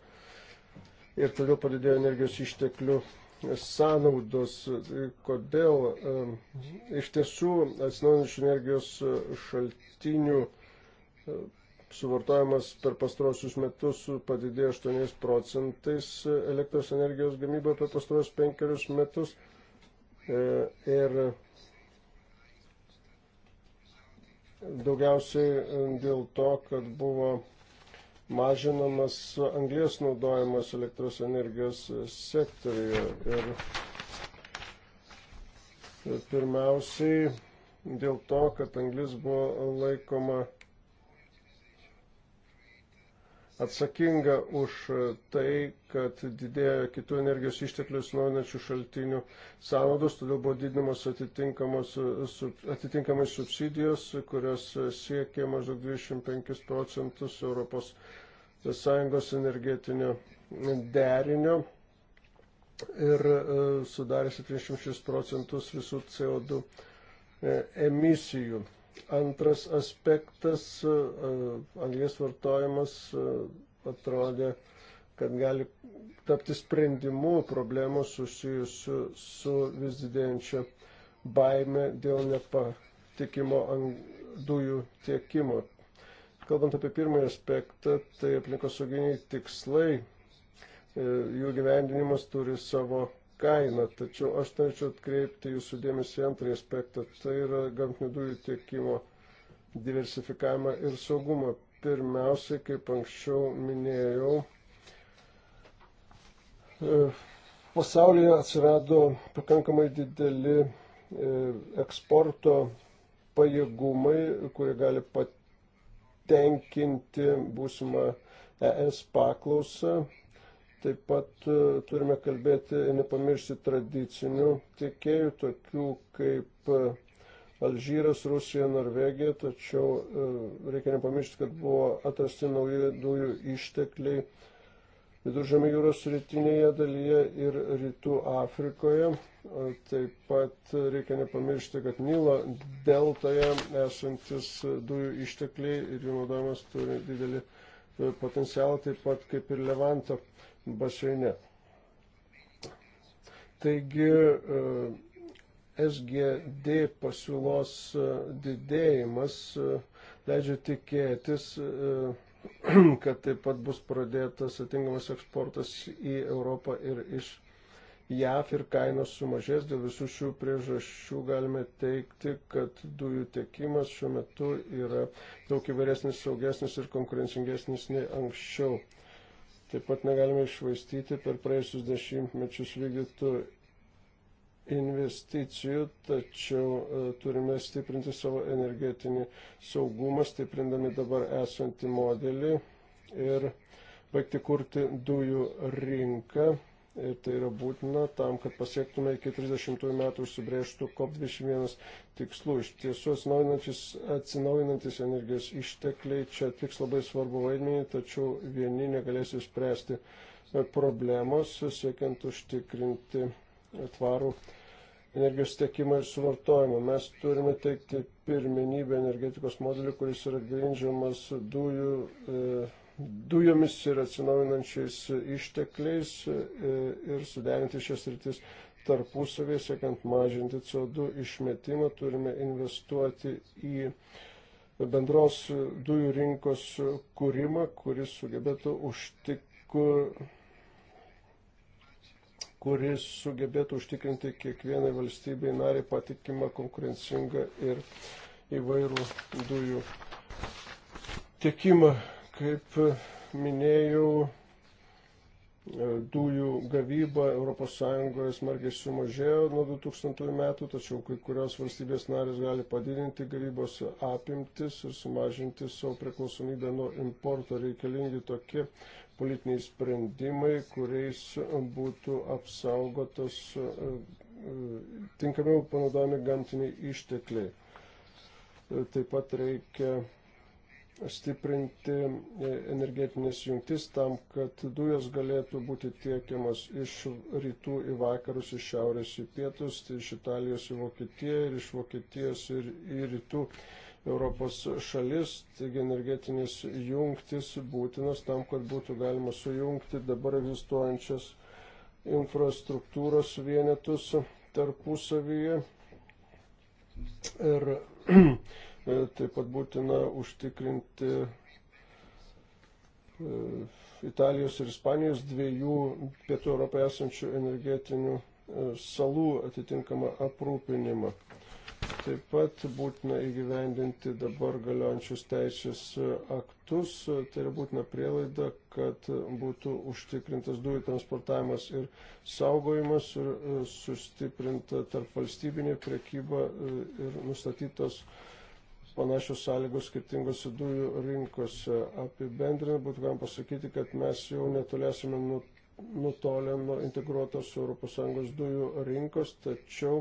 Ir todėl padidėjo energijos išteklių sąnaudos, kodėl iš tiesų atsinaujinančių energijos šaltinių suvartojimas per pastrosius metus padidėjo 8 procentais elektros energijos gamyba per pastrosius penkerius metus. E, ir daugiausiai dėl to, kad buvo mažinamas anglės naudojimas elektros energijos sektoriuje. Ir pirmiausiai dėl to, kad anglis buvo laikoma atsakinga už tai, kad didėjo kitų energijos išteklių atsinaujinančių šaltinių sąnaudos, todėl buvo didinamos atitinkamos, atitinkamai subsidijos, kurios siekė maždaug 25 procentus Europos Sąjungos energetinio derinio ir e, sudarė 76 procentus visų CO2 e, emisijų. Antras aspektas, anglės vartojimas atrodė, kad gali tapti sprendimu problemų susijusių su vis didėjančia baime dėl nepatikimo dujų tiekimo. Kalbant apie pirmąjį aspektą, tai aplinkosauginiai tikslai, e, jų gyvendinimas turi savo kainą. Tačiau aš norėčiau atkreipti jūsų dėmesį į antrąjį aspektą. Tai yra gamtinių dujų tiekimo diversifikavimą ir saugumą. Pirmiausiai, kaip anksčiau minėjau, e, pasaulyje atsirado pakankamai dideli e, eksporto pajėgumai, kurie gali patenkinti būsimą ES paklausą Taip pat e, turime kalbėti ir nepamiršti tradicinių tiekėjų, tokių kaip e, Alžyras, Rusija, Norvegija, tačiau e, reikia nepamiršti, kad buvo atrasti nauji dujų ištekliai Viduržėmio jūros rytinėje dalyje ir rytų Afrikoje. Taip pat reikia nepamiršti, kad Nilo deltoje esantis dujų ištekliai ir jų naudojimas turi didelį potencialą, taip pat kaip ir Levanto baseine. Taigi e, SGD pasiūlos e, didėjimas e, leidžia tikėtis, kad taip pat bus pradėtas atingamas eksportas į Europą ir iš JAF ir kainos sumažės. Dėl visų šių priežasčių galime teikti, kad dujų tiekimas šiuo metu yra daug įvairesnis, saugesnis ir konkurencingesnis nei anksčiau. Taip pat negalime išvaistyti per praėjusius dešimtmečius vykdytų investicijų, tačiau e, turime stiprinti savo energetinį saugumą, stiprindami dabar esantį modelį ir baigti kurti dujų rinką ir tai yra būtina tam, kad pasiektume iki 30 metų užsibrėžtų COP21 tikslų. Iš tiesų atsinaujinantis, atsinaujinantis energijos ištekliai čia atliks labai svarbu vaidmenį, tačiau vieni negalės išspręsti e, problemos, siekiant užtikrinti tvarų energijos tiekimą ir suvartojimą. Mes turime teikti pirmenybę energetikos modeliu, kuris yra grindžiamas dujų. E, dujomis ir atsinaujinančiais ištekliais e, ir suderinti šias rytis tarpusavėje, siekiant mažinti CO2 išmetimą, turime investuoti į bendros dujų rinkos kūrimą, kuris sugebėtų užtikrinti kuris sugebėtų užtikrinti kiekvienai valstybei nariai patikimą, konkurencingą ir įvairų dujų tiekimą Kaip minėjau, dujų gavyba ES smarkiai sumažėjo nuo 2000 metų, tačiau kai kurios valstybės narės gali padidinti gavybos apimtis ir sumažinti savo priklausomybę nuo importo. Reikalingi tokie politiniai sprendimai, kuriais būtų apsaugotos tinkamiau panaudojami gamtiniai ištekliai. Taip pat reikia stiprinti e, energetinės jungtis tam, kad dujos galėtų būti tiekiamas iš rytų į vakarus, iš šiaurės į pietus, tai iš Italijos į Vokietiją ir iš Vokietijos ir į rytų Europos šalis. Taigi energetinės jungtis būtinos tam, kad būtų galima sujungti dabar egzistuojančias infrastruktūros vienetus tarpusavyje. Ir E, taip pat būtina užtikrinti e, Italijos ir Ispanijos dviejų pietų Europoje esančių energetinių e, salų atitinkamą aprūpinimą. Taip pat būtina įgyvendinti dabar galiojančius teisės aktus, tai yra būtina prielaida, kad būtų užtikrintas dujų transportavimas ir saugojimas ir sustiprinta tarp valstybinė priekyba ir nustatytos uh, panašios sąlygos skirtingose dujų rinkose. Apibendrinant būtų galima pasakyti, kad mes jau netolėsime nu, nutolę nuo integruotos ES dujų rinkos, tačiau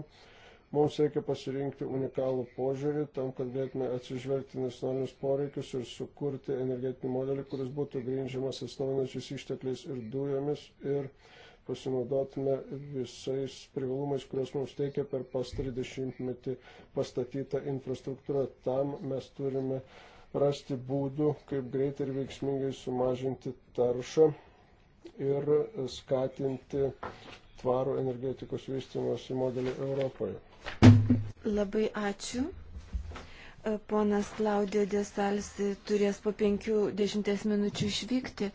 mums reikia pasirinkti unikalų požiūrį tam, kad galėtume atsižvelgti nacionalinius poreikius ir sukurti energetinį modelį, kuris būtų grindžiamas atsinaujinančiais ištekliais ir dujomis ir pasinaudotume visais privalumais, kuriuos mums teikia per pastarį dešimtmetį pastatyta infrastruktūra. Tam mes turime rasti būdų, kaip greitai ir veiksmingai sumažinti taršą ir skatinti tvarų energetikos vystimosi modelį Europoje. Labai ačiū. Ponas Klaudijo Desalsi turės po 50 minučių išvykti.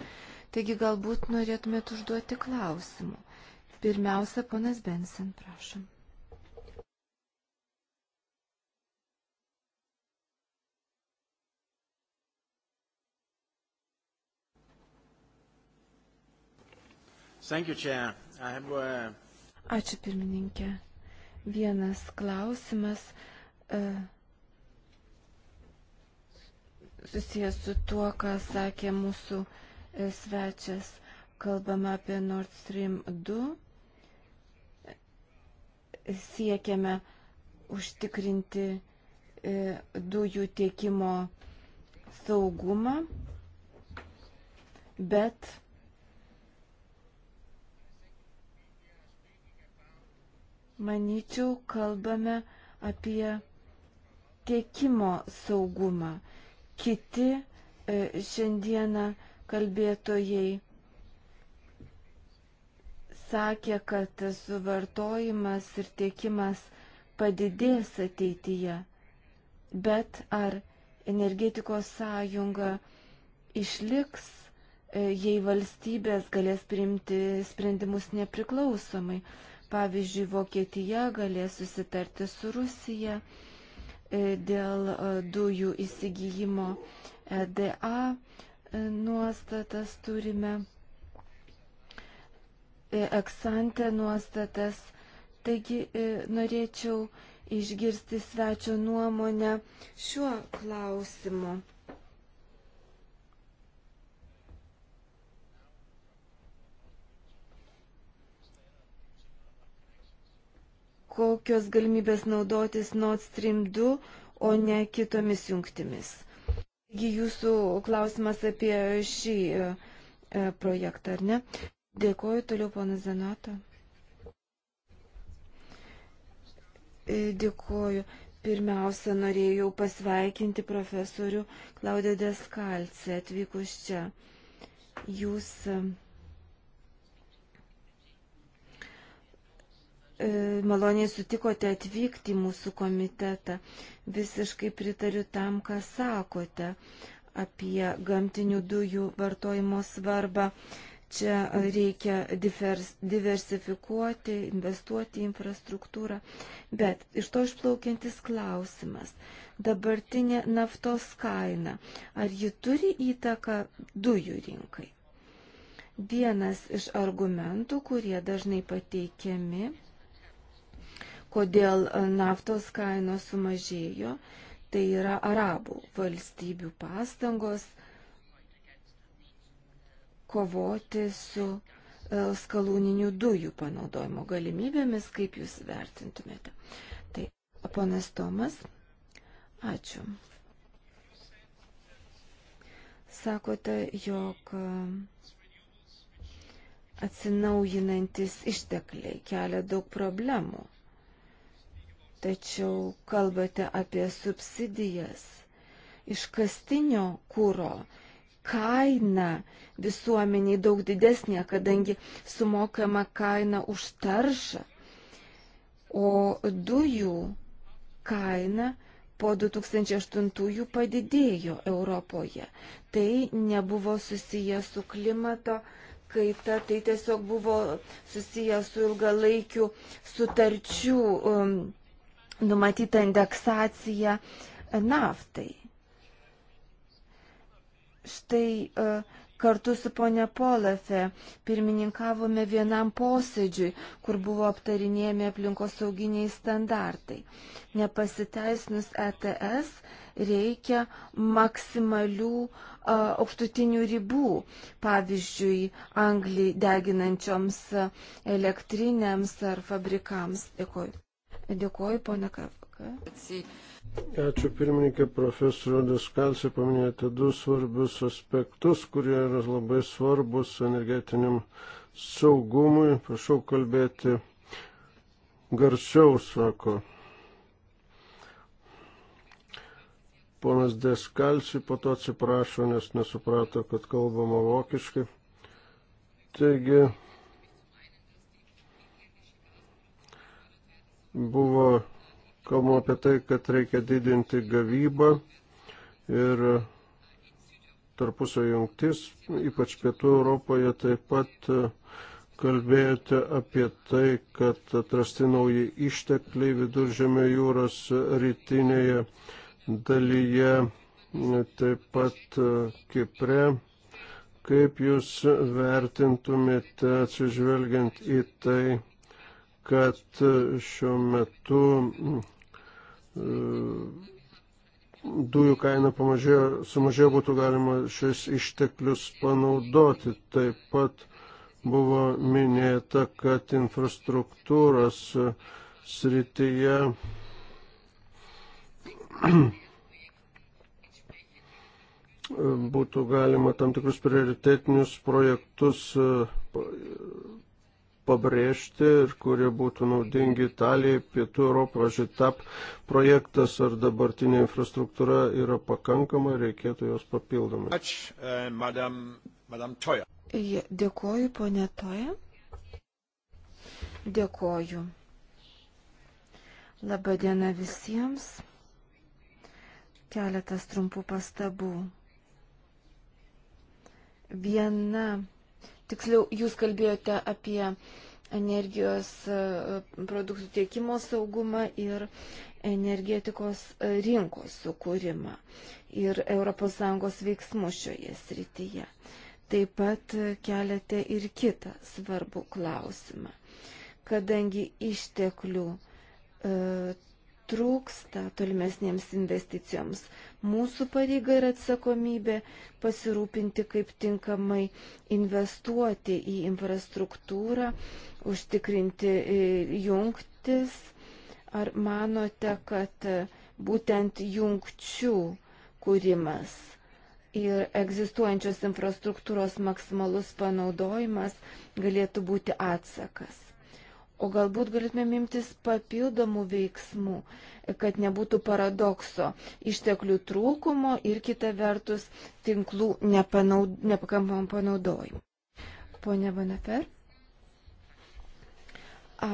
Taigi galbūt norėtumėt užduoti klausimų. Pirmiausia, ponas Bensen, prašom. Thank you, Chair. I have, uh... Ačiū pirmininkė. Vienas klausimas uh, susijęs su tuo, ką sakė mūsų uh, svečias. Kalbame apie Nord Stream 2. Siekiame užtikrinti e, dujų tiekimo saugumą, bet manyčiau, kalbame apie tiekimo saugumą. Kiti e, šiandieną kalbėtojai sakė, kad suvartojimas ir tiekimas padidės ateityje, bet ar energetikos sąjunga išliks, e, jei valstybės galės priimti sprendimus nepriklausomai. Pavyzdžiui, Vokietija galės susitarti su Rusija e, dėl e, dujų įsigijimo EDA, nuostatas turime, e, eksantę nuostatas. Taigi e, norėčiau išgirsti svečio nuomonę šiuo klausimu. kokios galimybės naudotis Nord Stream 2, o ne kitomis jungtimis. Jūsų klausimas apie šį e, e, projektą, ar ne? Dėkoju toliau, ponas Zanato. E, dėkoju. Pirmiausia, norėjau pasveikinti profesorių Klaudiją Deskalcį atvykus čia. Jūs E, maloniai sutikote atvykti į mūsų komitetą. Visiškai pritariu tam, ką sakote apie gamtinių dujų vartojimo svarbą. Čia reikia diversifikuoti, investuoti į infrastruktūrą. Bet iš to išplaukiantis klausimas. Dabartinė naftos kaina, ar ji turi įtaką dujų rinkai? Vienas iš argumentų, kurie dažnai pateikiami, kodėl e, naftos kainos sumažėjo, tai yra arabų valstybių pastangos kovoti su e, skalūninių dujų panaudojimo galimybėmis, kaip jūs vertintumėte. Tai, ponas Tomas, ačiū. Sakote, jog e, atsinaujinantis ištekliai kelia daug problemų tačiau kalbate apie subsidijas iškastinio kūro kaina visuomeniai daug didesnė, kadangi sumokama kaina už taršą, o dujų kaina po 2008 padidėjo Europoje. Tai nebuvo susiję su klimato kaita, tai tiesiog buvo susiję su ilgalaikiu sutarčių um, numatyta indeksacija naftai. Štai e, kartu su ponia Polefe pirmininkavome vienam posėdžiui, kur buvo aptarinėjami aplinkosauginiai standartai. Nepasiteisnus ETS reikia maksimalių a, e, aukštutinių ribų, pavyzdžiui, anglį deginančioms elektrinėms ar fabrikams. Dėkuoju. Dėkuoju, ponia Kafka. Ačiū pirmininkė profesorio Deskalsė, paminėjote du svarbius aspektus, kurie yra labai svarbus energetiniam saugumui. Prašau kalbėti garsiau, sako. Ponas Deskalsi po to atsiprašo, nes nesuprato, kad kalbama vokiškai. Taigi, Buvo kalbama apie tai, kad reikia didinti gavybą ir tarpusio jungtis, ypač Pietų Europoje taip pat e, kalbėjote apie tai, kad atrasti nauji ištekliai viduržėmio jūros rytinėje dalyje, taip pat e, Kipre. Kaip jūs vertintumėte atsižvelgiant į tai, kad šiuo metu mm, e, dujų kaina pamažėjo, sumažėjo būtų galima šis išteklius panaudoti. Taip pat buvo minėta, kad infrastruktūros srityje būtų galima tam tikrus prioritetinius projektus e, pabrėžti ir kurie būtų naudingi Italijai, Pietų Europoje, pažiūrėjau, TAP projektas ar dabartinė infrastruktūra yra pakankama, reikėtų jos papildomai. Ačiū, e, madam, madam Toja. Dėkoju, ponė Toja. Dėkoju. Labadiena visiems. Keletas trumpų pastabų. Viena Tiksliau, jūs kalbėjote apie energijos e, produktų tiekimo saugumą ir energetikos e, rinkos sukūrimą ir ES veiksmus šioje srityje. Taip pat keliate ir kitą svarbų klausimą, kadangi išteklių e, trūksta tolimesnėms investicijoms. Mūsų pareiga ir atsakomybė pasirūpinti, kaip tinkamai investuoti į infrastruktūrą, užtikrinti e, jungtis. Ar manote, kad e, būtent jungčių kūrimas ir egzistuojančios infrastruktūros maksimalus panaudojimas galėtų būti atsakas? O galbūt galėtumėm imtis papildomų veiksmų, kad nebūtų paradokso išteklių trūkumo ir kita vertus tinklų nepanaud... nepakankamam panaudojimui. Pone Bonafer.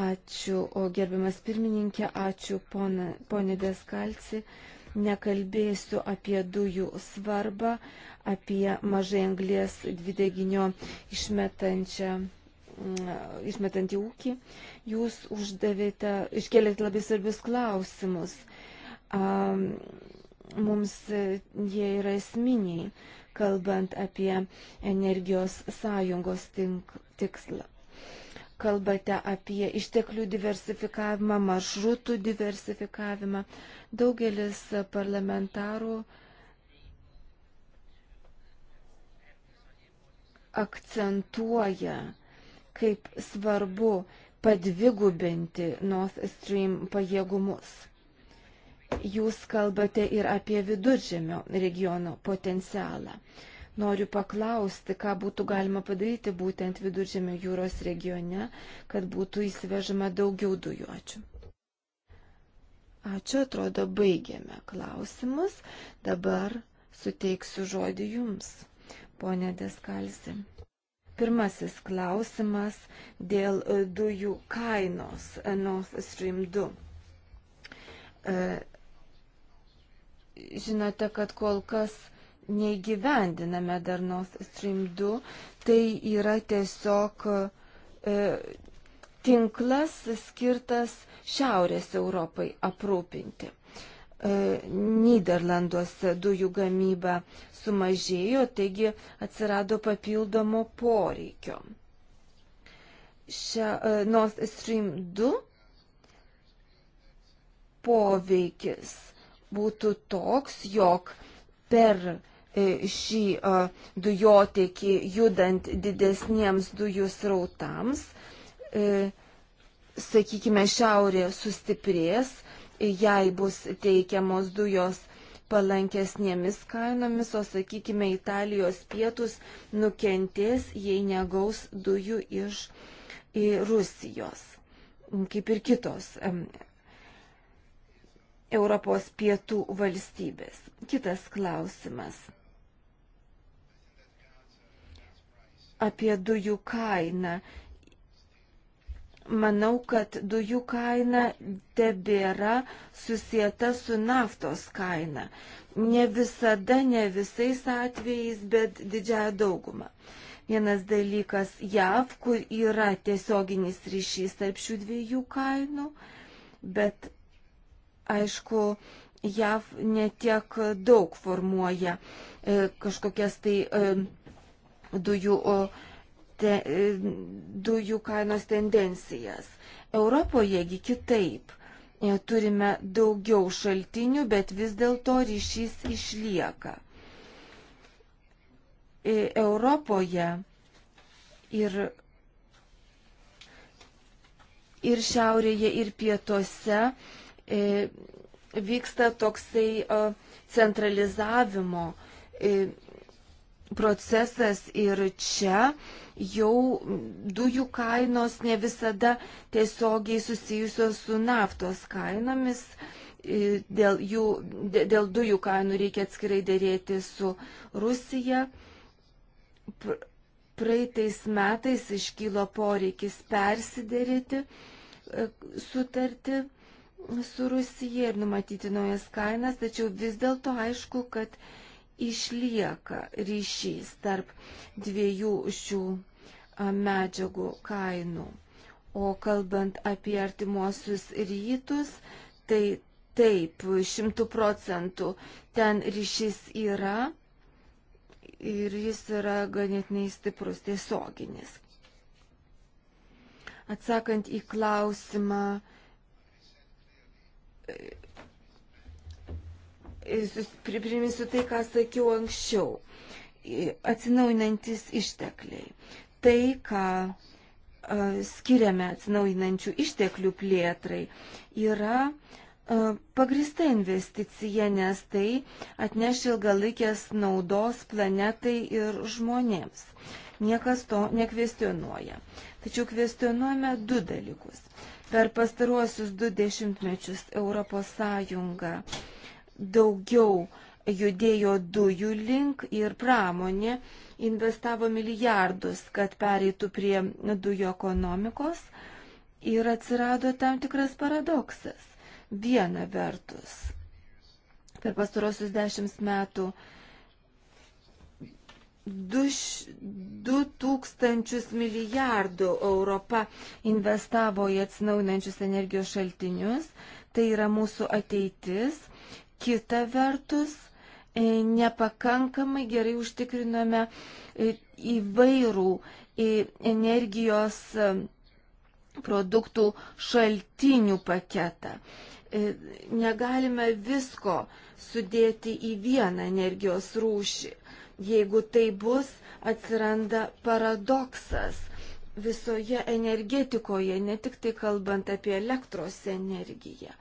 Ačiū, o gerbiamas pirmininkė, ačiū pona, ponė Deskalci. Nekalbėsiu apie dujų svarbą, apie mažai anglės dvideginio išmetančią išmetant į ūkį, jūs uždavėte, iškelėte labai svarbius klausimus. Mums e, jie yra esminiai, kalbant apie energijos sąjungos tink, tikslą. Kalbate apie išteklių diversifikavimą, maršrutų diversifikavimą. Daugelis parlamentarų akcentuoja kaip svarbu padvigubinti North Stream pajėgumus. Jūs kalbate ir apie viduržėmio regiono potencialą. Noriu paklausti, ką būtų galima padaryti būtent viduržėmio jūros regione, kad būtų įsivežama daugiau dujų. Ačiū. Ačiū, atrodo, baigėme klausimus. Dabar suteiksiu žodį jums, ponė Deskalsi. Pirmasis klausimas dėl e, dujų kainos e, Nord Stream 2. E, žinote, kad kol kas neįgyvendiname dar Nord Stream 2, tai yra tiesiog tinklas skirtas Šiaurės Europai aprūpinti. E, Niderlanduose dujų gamyba sumažėjo, taigi atsirado papildomo poreikio. Šia, e, Nord Stream 2 poveikis būtų toks, jog per e, šį dujotiekį judant didesniems dujų srautams, sakykime, šiaurė sustiprės, jai bus teikiamos dujos palankesnėmis kainomis, o sakykime, Italijos pietus nukentės, jei negaus dujų iš Rusijos, kaip ir kitos Europos pietų valstybės. Kitas klausimas. Apie dujų kainą Manau, kad dujų kaina tebėra susijęta su naftos kaina. Ne visada, ne visais atvejais, bet didžiąją daugumą. Vienas dalykas JAV, kur yra tiesioginis ryšys tarp šių dviejų kainų, bet aišku, JAV netiek daug formuoja e, kažkokias tai e, dujų. O, te, e, dujų kainos tendencijas. Europojegi kitaip. E, turime daugiau šaltinių, bet vis dėlto ryšys išlieka. E, Europoje ir, ir šiaurėje, ir pietuose vyksta toksai centralizavimo procesas ir čia jau dujų kainos ne visada tiesiogiai susijusios su naftos kainomis. Dėl, jų, dėl dujų kainų reikia atskirai dėrėti su Rusija. Praeitais metais iškylo poreikis persidėrėti e, sutartį su Rusija ir numatyti naujas kainas, tačiau vis dėlto aišku, kad išlieka ryšys tarp dviejų šių medžiagų kainų. O kalbant apie artimuosius rytus, tai taip, šimtų procentų ten ryšys yra ir jis yra ganėtinai stiprus tiesioginis. Atsakant į klausimą, priminsiu tai, ką sakiau anksčiau. Atsinaujinantis ištekliai. Tai, ką skiriame atsinaujinančių išteklių plėtrai, yra pagrista investicija, nes tai atneš ilgalaikės naudos planetai ir žmonėms. Niekas to nekvestionuoja. Tačiau kvestionuojame du dalykus. Per pastaruosius du dešimtmečius ES daugiau judėjo dujų link ir pramonė investavo milijardus, kad pereitų prie dujų ekonomikos ir atsirado tam tikras paradoksas. Viena vertus, per pastarosius dešimt metų 2000 milijardų Europa investavo į atsinaujinančius energijos šaltinius, tai yra mūsų ateitis – Kita vertus, e, nepakankamai gerai užtikrinome e, įvairų e, energijos produktų šaltinių paketą. Negalime visko sudėti į vieną energijos rūšį. Jeigu tai bus, atsiranda paradoksas visoje energetikoje, ne tik tai kalbant apie elektros energiją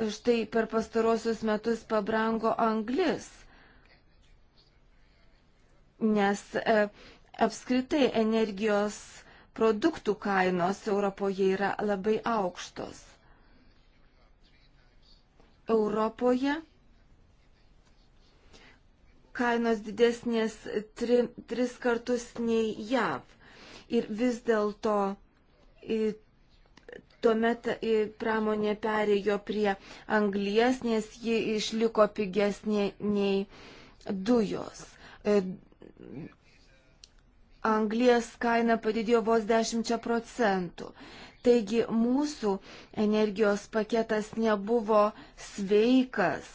štai per pastarosius metus pabrango anglis, nes e, apskritai energijos produktų kainos Europoje yra labai aukštos. Europoje kainos didesnės tri, tris kartus nei JAV. Ir vis dėlto Tuomet pramonė perėjo prie anglies, nes ji išliko pigesnė nei dujos. E, anglies kaina padidėjo vos 10 procentų. Taigi mūsų energijos paketas nebuvo sveikas,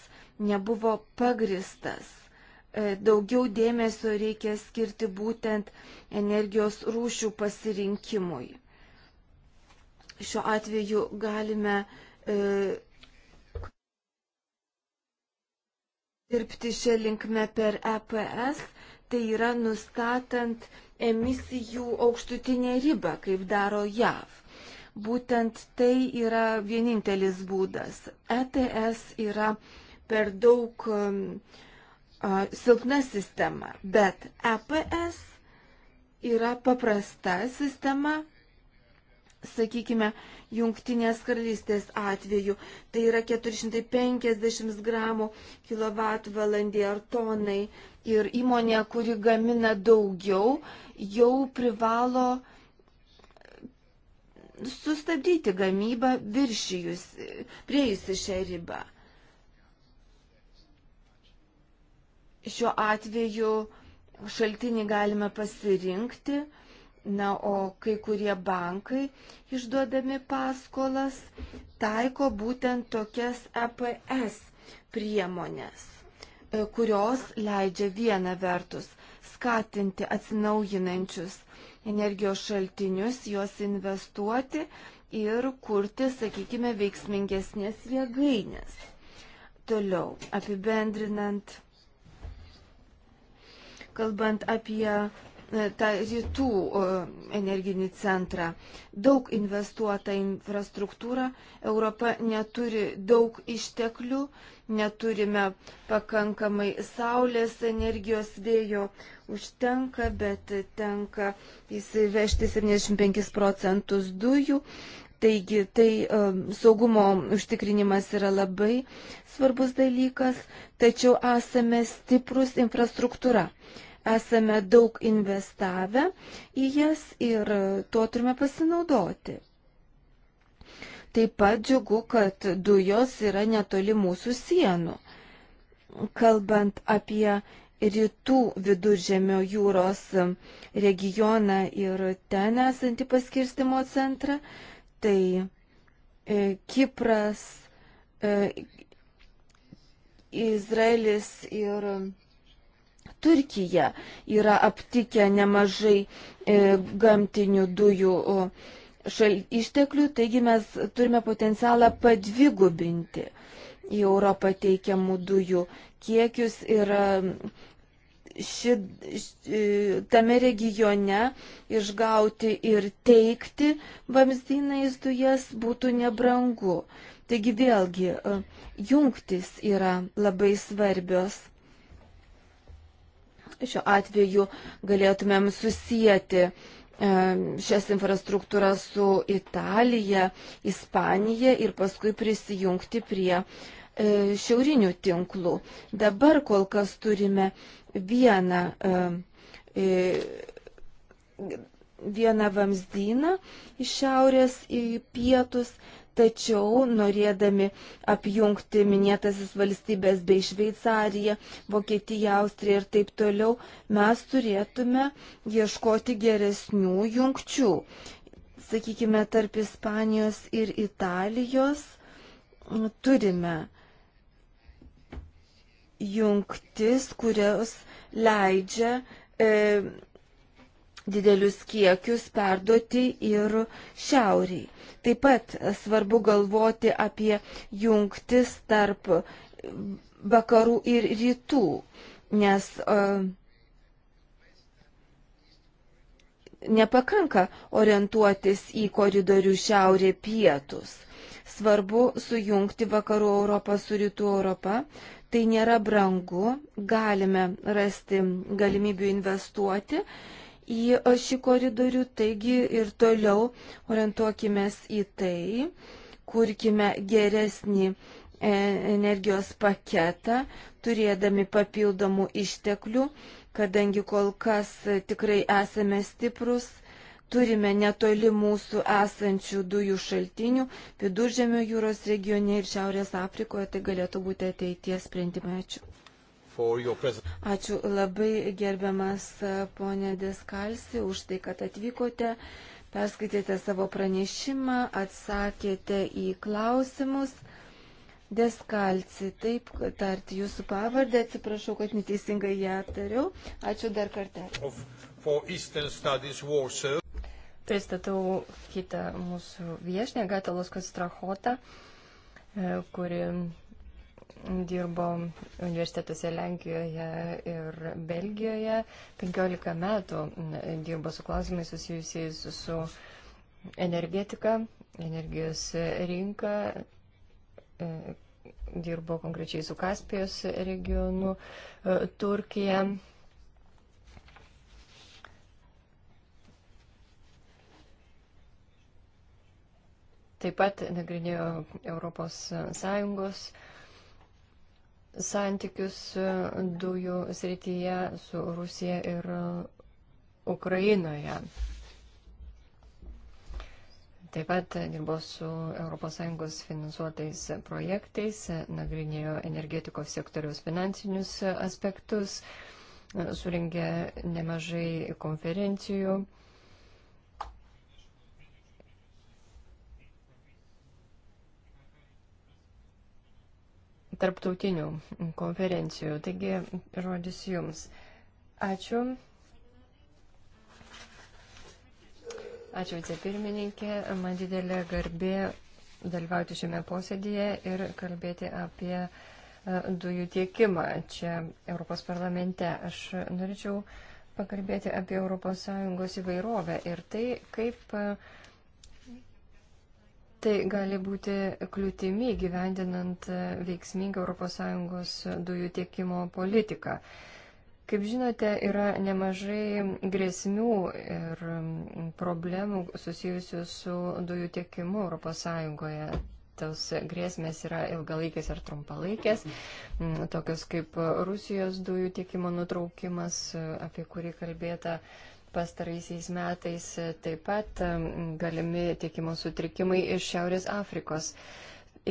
nebuvo pagristas e, daugiau dėmesio reikia skirti būtent energijos rūšių pasirinkimui šiuo atveju galime e, dirbti šią linkmę per EPS, tai yra nustatant emisijų aukštutinę ribą, kaip daro JAV. Būtent tai yra vienintelis būdas. ETS yra per daug um, uh, silpna sistema, bet EPS yra paprasta sistema, sakykime, jungtinės karalystės atveju. Tai yra 450 gramų kWh ar tonai. Ir įmonė, kuri gamina daugiau, jau privalo sustabdyti gamybą viršijus, priejusi šią ribą. Šiuo atveju šaltinį galime pasirinkti Na, o kai kurie bankai išduodami paskolas taiko būtent tokias APS e priemonės, e, kurios leidžia viena vertus skatinti atsinaujinančius energijos šaltinius, juos investuoti ir kurti, sakykime, veiksmingesnės jėgainės. Toliau, apibendrinant, kalbant apie E, tą rytų e, energinį centrą. Daug investuota infrastruktūra, Europa neturi daug išteklių, neturime pakankamai saulės energijos vėjo, užtenka, bet tenka įsivežti 75 procentus dujų. Taigi tai um, saugumo užtikrinimas yra labai svarbus dalykas, tačiau esame stiprus infrastruktūra. Uh, Esame daug investavę į jas ir tuo turime pasinaudoti. Taip pat džiugu, kad dujos yra netoli mūsų sienų. Kalbant apie rytų viduržėmio jūros regioną ir ten esantį paskirstimo centrą, tai e, Kipras, e, Izraelis ir Turkija yra aptikę nemažai e, gamtinių dujų šal, išteklių, taigi mes turime potencialą padvigubinti į Europą teikiamų dujų kiekius ir e, ši, ši, e, tame regione išgauti ir teikti vamzdynais dujas būtų nebrangu. Taigi vėlgi jungtis yra labai svarbios Šiuo atveju galėtumėm susijęti e, šias infrastruktūras su Italija, Ispanija ir paskui prisijungti prie e, šiaurinių tinklų. Dabar kol kas turime vieną, e, vieną vamzdyną iš šiaurės į pietus tačiau norėdami apjungti minėtasis valstybės bei Šveicariją, Vokietiją, Austriją ir taip toliau, mes turėtume ieškoti geresnių jungčių. Sakykime, tarp Ispanijos ir Italijos turime jungtis, kurios leidžia e, didelius kiekius perduoti ir šiauriai. Taip pat svarbu galvoti apie jungtis tarp vakarų ir rytų, nes uh, nepakanka orientuotis į koridorių šiaurė pietus. Svarbu sujungti vakarų Europą su rytų Europą. Tai nėra brangu, galime rasti galimybių investuoti į šį koridorių, taigi ir toliau orientuokime į tai, kurkime geresnį e, energijos paketą, turėdami papildomų išteklių, kadangi kol kas tikrai esame stiprus, turime netoli mūsų esančių dujų šaltinių, viduržėmio jūros regione ir Šiaurės Afrikoje, tai galėtų būti ateities sprendimai. Ačiū. Ačiū labai gerbiamas e, ponė Deskalsi už tai, kad atvykote, perskaitėte savo pranešimą, atsakėte į klausimus. Deskalci, taip tarti jūsų pavardę, atsiprašau, kad neteisingai ją tariau. Ačiū dar kartą. Pristatau kitą mūsų viešnę, Gatalos Kostrahotą, e, kuri dirbo universitetuose Lenkijoje ir Belgijoje. 15 metų dirbo su klausimais susijusiais su energetika, energijos rinka. E, dirbo konkrečiai su Kaspijos regionu, e, Turkija. Taip pat nagrinėjo ES santykius e, dujų srityje su Rusija ir e, Ukrainoje. Taip pat dirbo su ES finansuotais projektais, nagrinėjo energetikos sektoriaus finansinius aspektus, e, suringė nemažai konferencijų tarptautinių konferencijų. Taigi, žodis jums. Ačiū. Ačiū vicepirmininkė. Man didelė garbė dalyvauti šiame posėdėje ir kalbėti apie e, dujų tiekimą čia Europos parlamente. Aš norėčiau pakalbėti apie ES įvairovę ir tai, kaip e, Tai gali būti kliūtimi gyvendinant veiksmingą ES dujų tiekimo politiką. Kaip žinote, yra nemažai grėsmių ir problemų susijusių su dujų tiekimu ES. Tos grėsmės yra ilgalaikės ir trumpalaikės, mm, tokios kaip Rusijos dujų tiekimo nutraukimas, apie kurį kalbėta Pastaraisiais metais taip pat galimi tiekimo sutrikimai iš Šiaurės Afrikos.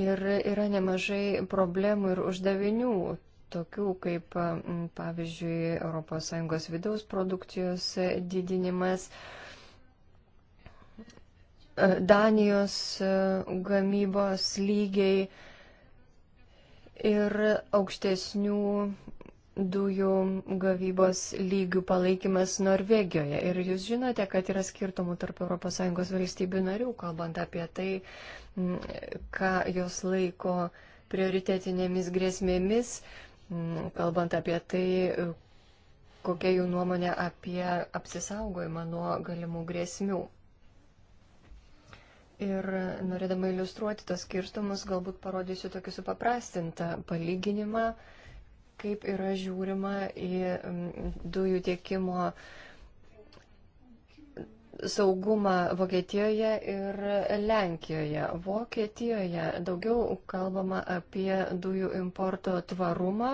Ir yra nemažai problemų ir uždavinių, tokių kaip, pavyzdžiui, ES vidaus produkcijos didinimas, e, Danijos e, gamybos lygiai ir aukštesnių dujų gavybos lygių palaikymas Norvegijoje. Ir jūs žinote, kad yra skirtumų tarp ES valstybių narių, kalbant apie tai, ką jos laiko prioritetinėmis grėsmėmis, kalbant apie tai, kokia jų nuomonė apie apsisaugojimą nuo galimų grėsmių. Ir norėdama iliustruoti tos skirtumus, galbūt parodysiu tokį supaprastintą palyginimą kaip yra žiūrima į dujų tiekimo saugumą Vokietijoje ir Lenkijoje. Vokietijoje daugiau kalbama apie dujų importo tvarumą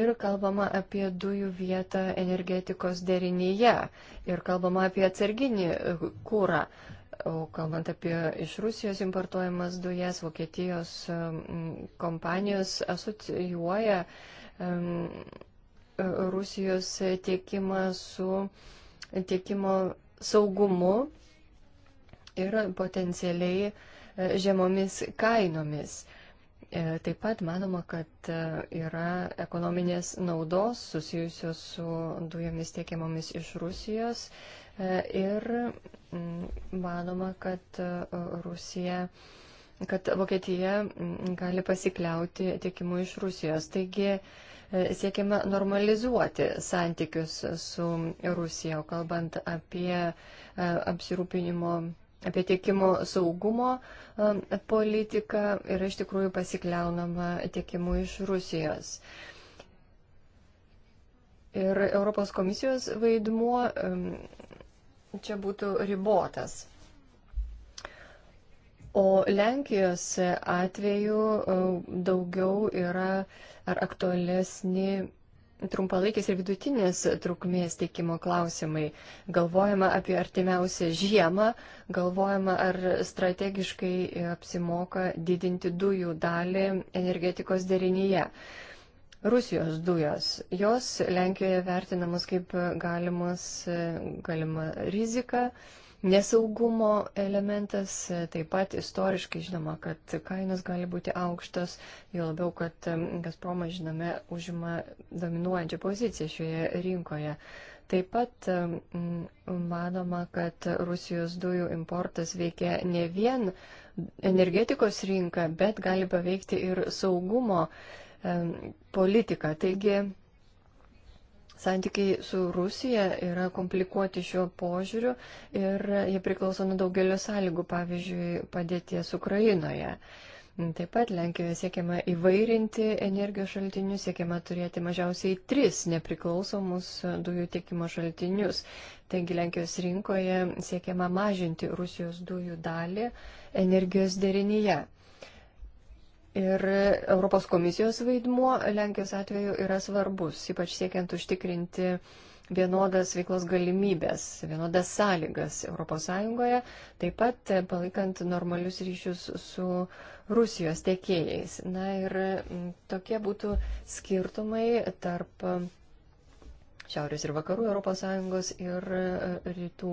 ir kalbama apie dujų vietą energetikos derinyje ir kalbama apie atsarginį kūrą. O kalbant apie iš Rusijos importuojamas dujas, Vokietijos kompanijos asocijuoja Rusijos tiekimą su tiekimo saugumu ir potencialiai e, žemomis kainomis. E, taip pat manoma, kad e, yra ekonominės naudos susijusios su dujomis tiekiamomis iš Rusijos ir mm, manoma, kad e, Rusija kad Vokietija mm, gali pasikliauti tiekimu iš Rusijos. Taigi e, siekiame normalizuoti santykius su Rusija, o kalbant apie e, apsirūpinimo, apie tiekimo saugumo politiką, yra iš tikrųjų pasikliaunama tiekimu iš Rusijos. Ir Europos komisijos vaidmuo čia būtų ribotas. O Lenkijos atveju e, daugiau yra ar aktualesni trumpalaikis ir vidutinės trukmės teikimo klausimai. Galvojama apie artimiausią žiemą, galvojama ar strategiškai apsimoka didinti dujų dalį energetikos derinyje. Rusijos dujos, jos Lenkijoje vertinamos kaip galimas, galima rizika, nesaugumo elementas, taip pat istoriškai žinoma, kad kainos gali būti aukštos, jo labiau, kad Gazpromas, žinome, užima dominuojančią poziciją šioje rinkoje. Taip pat mm, manoma, kad Rusijos dujų importas veikia ne vien energetikos rinką, bet gali paveikti ir saugumo politiką. Taigi santykiai su Rusija yra komplikuoti šiuo požiūriu ir jie priklauso nuo daugelio sąlygų, pavyzdžiui, padėties Ukrainoje. Taip pat Lenkijoje siekiama įvairinti energijos šaltinius, siekiama turėti mažiausiai tris nepriklausomus dujų tiekimo šaltinius. Taigi Lenkijos rinkoje siekiama mažinti Rusijos dujų dalį energijos derinyje. Ir Europos komisijos vaidmuo Lenkijos atveju yra svarbus, ypač siekiant užtikrinti vienodas veiklos galimybės, vienodas sąlygas ES, taip pat palaikant normalius ryšius su Rusijos tiekėjais. Na ir tokie būtų skirtumai tarp Šiaurės ir Vakarų ES ir e, Rytų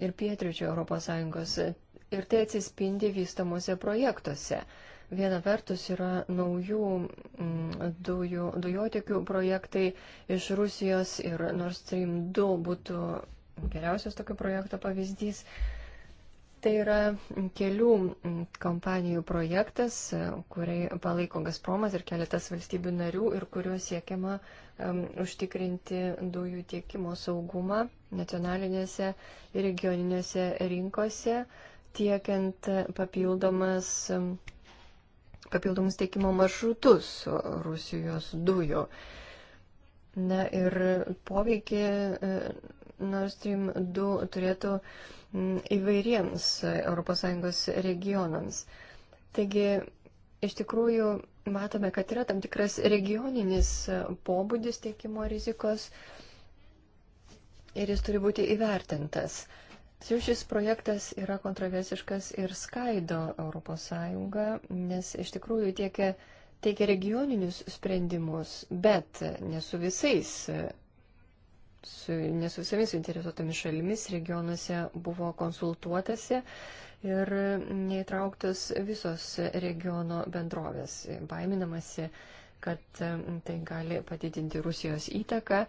ir Pietričių ES. Ir tai atsispindi vystamuose projektuose. Viena vertus yra naujų mm, dujų, dujotekių projektai iš Rusijos ir Nord Stream 2 būtų geriausias tokio projekto pavyzdys. Tai yra kelių mm, kompanijų projektas, kurį palaiko Gazpromas ir keletas valstybių narių ir kuriuo siekiama um, užtikrinti dujų tiekimo saugumą nacionalinėse ir regioninėse rinkose, tiekiant papildomas. Um, papildomus teikimo maršrutus Rusijos dujų. Na ir poveikį e, Nord Stream 2 turėtų įvairiems ES regionams. Taigi, iš tikrųjų, matome, kad yra tam tikras regioninis pobūdis teikimo rizikos ir jis turi būti įvertintas. Tačiau šis projektas yra kontroversiškas ir skaido ES, nes iš tikrųjų tiekia, teikia regioninius sprendimus, bet ne su visais, su, ne su visomis interesuotomis šalimis regionuose buvo konsultuotasi ir neįtrauktos visos regiono bendrovės. Baiminamasi, kad tai gali padidinti Rusijos įtaką,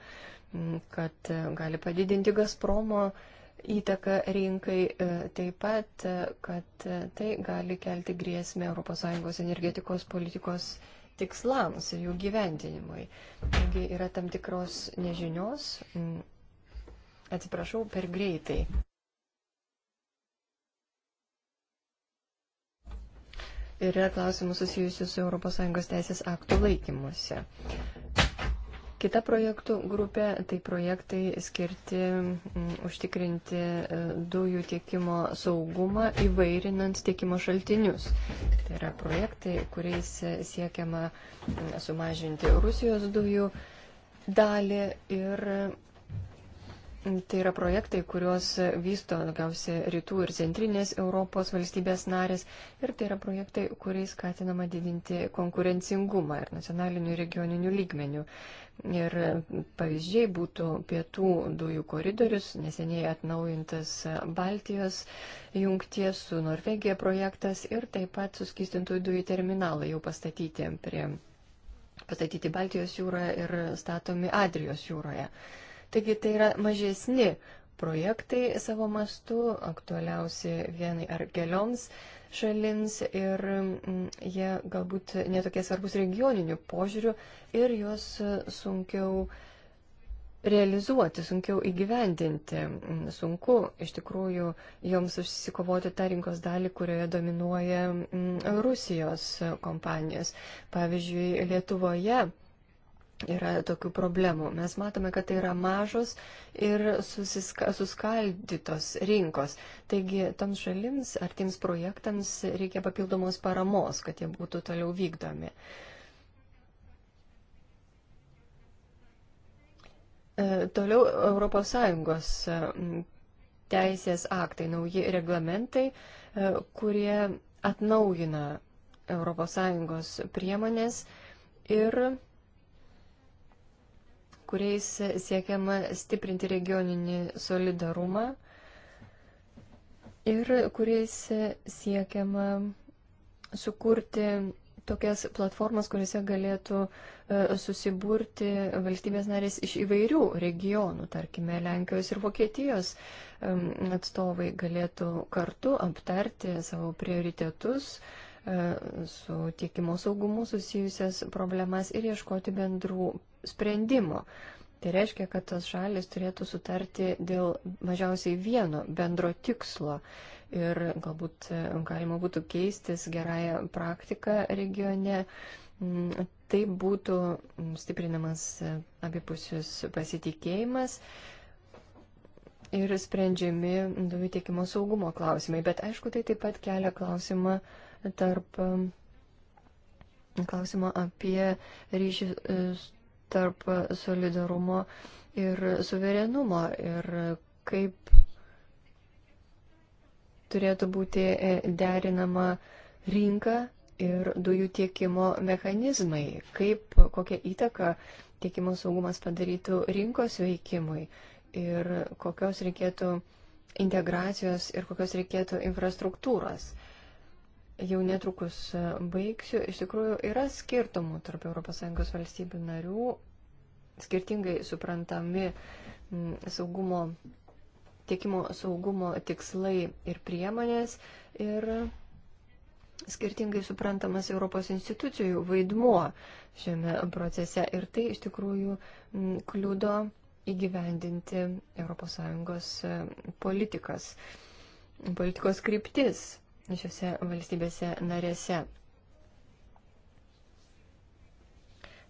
kad gali padidinti Gazpromo įtaką įtaka rinkai, e, taip pat, e, kad e, tai gali kelti grėsmę ES energetikos politikos tikslams ir jų gyventinimui. Taigi yra tam tikros nežinios. Mm. Atsiprašau, per greitai. yra klausimų susijusių su ES teisės aktų laikymuose. Kita projektų grupė - tai projektai skirti mm, užtikrinti e, dujų tiekimo saugumą įvairinant tiekimo šaltinius. Tai yra projektai, kuriais e, siekiama mm, sumažinti Rusijos dujų dalį ir Tai yra projektai, kuriuos vysto daugiausia rytų ir centrinės Europos valstybės narės ir tai yra projektai, kuriais skatinama didinti konkurencingumą ir nacionalinių ir regioninių lygmenių. Ir pavyzdžiai būtų pietų dujų koridorius, neseniai atnaujintas Baltijos jungties su Norvegija projektas ir taip pat suskistintųjų dujų terminalai jau pastatyti prie pastatyti Baltijos jūroje ir statomi Adrijos jūroje. Uh, Taigi tai yra mažesni projektai savo mastu, aktualiausi vienai ar kelioms šalims ir mm, jie galbūt netokie svarbus regioniniu požiūriu ir juos sunkiau realizuoti, sunkiau įgyvendinti. Mm, sunku iš tikrųjų joms užsikovoti tą rinkos dalį, kurioje dominuoja mm, Rusijos kompanijos. Pavyzdžiui, Lietuvoje yra tokių problemų. Mes matome, kad tai yra mažos ir susiska, suskaldytos rinkos. Taigi toms šalims ar tiems projektams reikia papildomos paramos, kad jie būtų toliau vykdomi. E, toliau ES teisės aktai, nauji reglamentai, e, kurie atnaujina ES priemonės ir kuriais siekiama stiprinti regioninį solidarumą ir kuriais siekiama sukurti tokias platformas, kuriuose galėtų e, susiburti valstybės narės iš įvairių regionų, tarkime, Lenkijos ir Vokietijos atstovai galėtų kartu aptarti savo prioritetus e, su tiekimo saugumu susijusias problemas ir ieškoti bendrų sprendimo. Tai reiškia, kad tos šalis turėtų sutarti dėl mažiausiai vieno bendro tikslo ir galbūt e, galima būtų keistis gerąją praktiką regione. Mm, taip būtų mm, stiprinamas e, abipusis pasitikėjimas ir sprendžiami dujų tiekimo saugumo klausimai. Bet aišku, tai taip pat kelia klausimą tarp e, klausimą apie ryšį tarp solidarumo ir suverenumo ir kaip turėtų būti e, derinama rinka ir dujų tiekimo mechanizmai, kaip kokią įtaką tiekimo saugumas padarytų rinkos veikimui ir kokios reikėtų integracijos ir kokios reikėtų infrastruktūros jau netrukus e, baigsiu. Iš tikrųjų, yra skirtumų tarp ES valstybių narių, skirtingai suprantami saugumo, tiekimo saugumo tikslai ir priemonės ir skirtingai suprantamas Europos institucijų vaidmuo šiame procese. Ir tai iš tikrųjų kliudo įgyvendinti ES e, politikas, politikos kryptis šiuose valstybėse narėse.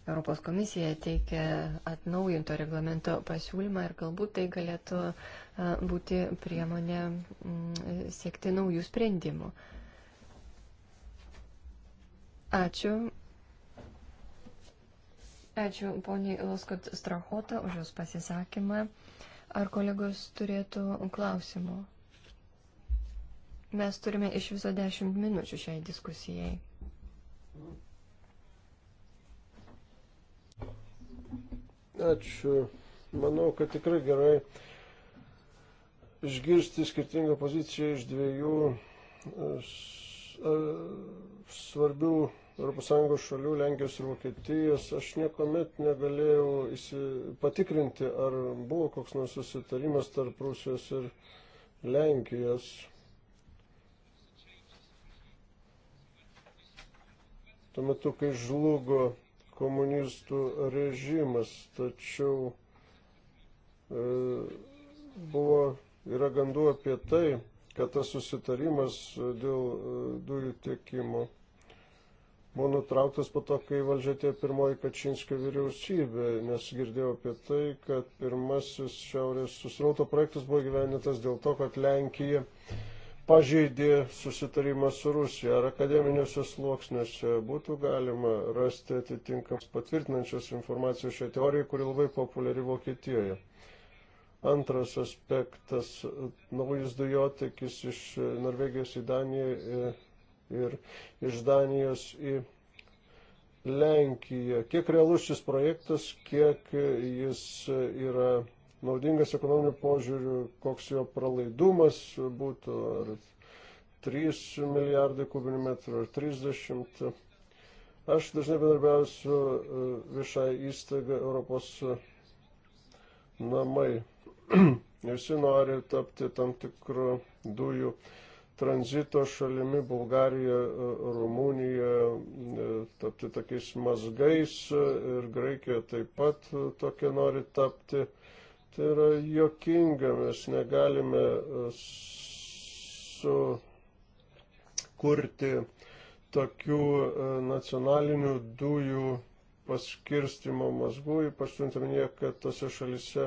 Europos komisija teikia atnaujinto reglamento pasiūlymą ir galbūt tai galėtų būti priemonė siekti naujų sprendimų. Ačiū. Ačiū poniai Loskot Strahota už jos pasisakymą. Ar kolegos turėtų klausimų? Mes turime iš viso 10 minučių šiai diskusijai. Ačiū. Manau, kad tikrai gerai išgirsti skirtingą poziciją iš dviejų svarbių ES šalių, Lenkijos ir Vokietijos. Aš niekuomet negalėjau įsi... patikrinti, ar buvo koks nors susitarimas tarp Rusijos ir Lenkijos. tuo metu, kai žlugo komunistų režimas, tačiau e, buvo, yra gandų apie tai, kad tas susitarimas dėl e, dujų tiekimo buvo nutrauktas po to, kai valdžia tie pirmoji Kačinskio vyriausybė, nes girdėjau apie tai, kad pirmasis šiaurės susrauto projektas buvo gyvenintas dėl to, kad Lenkija pažeidė susitarimą su Rusija, ar akademiniuose sluoksniuose būtų galima rasti atitinkams patvirtinančios informacijos šią teoriją, kuri labai populiari Vokietijoje. Antras aspektas - naujas dujotekis iš Norvegijos į Daniją ir iš Danijos į Lenkiją. Kiek realus šis projektas, kiek jis yra naudingas ekonominių požiūrių, koks jo pralaidumas būtų, ar 3 milijardai kubinių metrų, ar 30. Aš dažnai bendarbiauju su e, viešai įstaiga Europos namai. Visi nori tapti tam tikrų dujų tranzito šalimi Bulgarija, e, Rumunija, e, tapti tokiais mazgais ir Graikija taip pat tokia nori tapti. Tai yra jokinga, mes negalime e, sukurti tokių e, nacionalinių dujų paskirstimo mazgų, ypač turintuminėje, kad tose šalise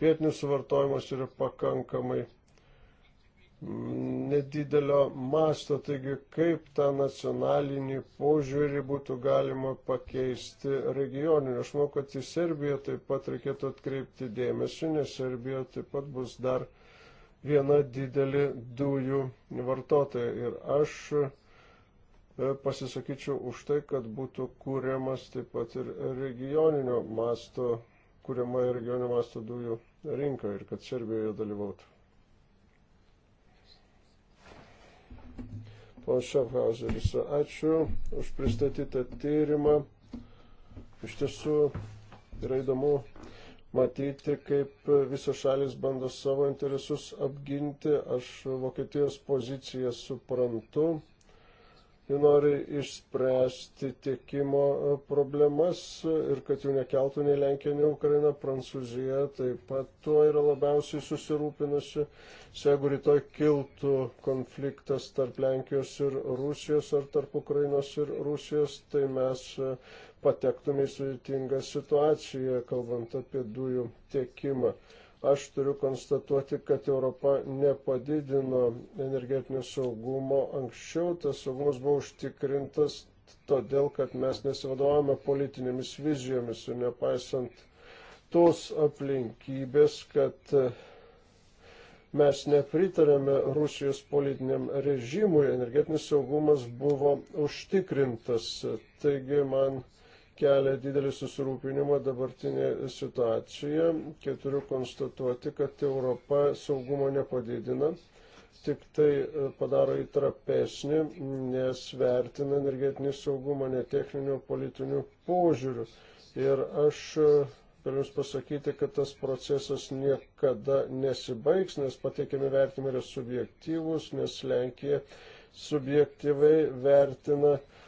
pietinis suvartojimas yra pakankamai nedidelio masto, taigi kaip tą nacionalinį požiūrį būtų galima pakeisti regioniniu. Aš manau, kad į Serbiją taip pat reikėtų atkreipti dėmesį, nes Serbija taip pat bus dar viena didelė dujų vartotoja. Ir aš e, pasisakyčiau už tai, kad būtų kūriamas taip pat ir regioninio masto, kūriama regioninio masto dujų rinka ir kad Serbijoje dalyvautų. Pana Šafhauseris, ačiū už pristatytą tyrimą. Iš tiesų yra įdomu matyti, kaip visos šalis bando savo interesus apginti. Aš Vokietijos poziciją suprantu nori išspręsti tiekimo e, problemas ir kad jų nekeltų nei Lenkija, nei Ukraina, Prancūzija taip pat tuo yra labiausiai susirūpinusi. Jeigu rytoj kiltų konfliktas tarp Lenkijos ir Rusijos ar tarp Ukrainos ir Rusijos, tai mes e, patektume į sudėtingą situaciją, kalbant apie dujų tiekimą. Aš turiu konstatuoti, kad Europa nepadidino energetinio saugumo. Anksčiau tas saugumas buvo užtikrintas todėl, kad mes nesivadovavome politinėmis vizijomis ir nepaisant tos aplinkybės, kad mes nepritarėme Rusijos politiniam režimui, energetinis saugumas buvo užtikrintas. Taigi man kelia didelį susirūpinimą dabartinė situacija, kai turiu konstatuoti, kad Europa saugumo nepadidina, tik tai e, padaro į trapesnį, nes vertina energetinį saugumą netechninių politinių požiūrių. Ir aš e, galiu Jums pasakyti, kad tas procesas niekada nesibaigs, nes pateikiami vertimai yra subjektyvūs, nes Lenkija subjektyvai vertina uh,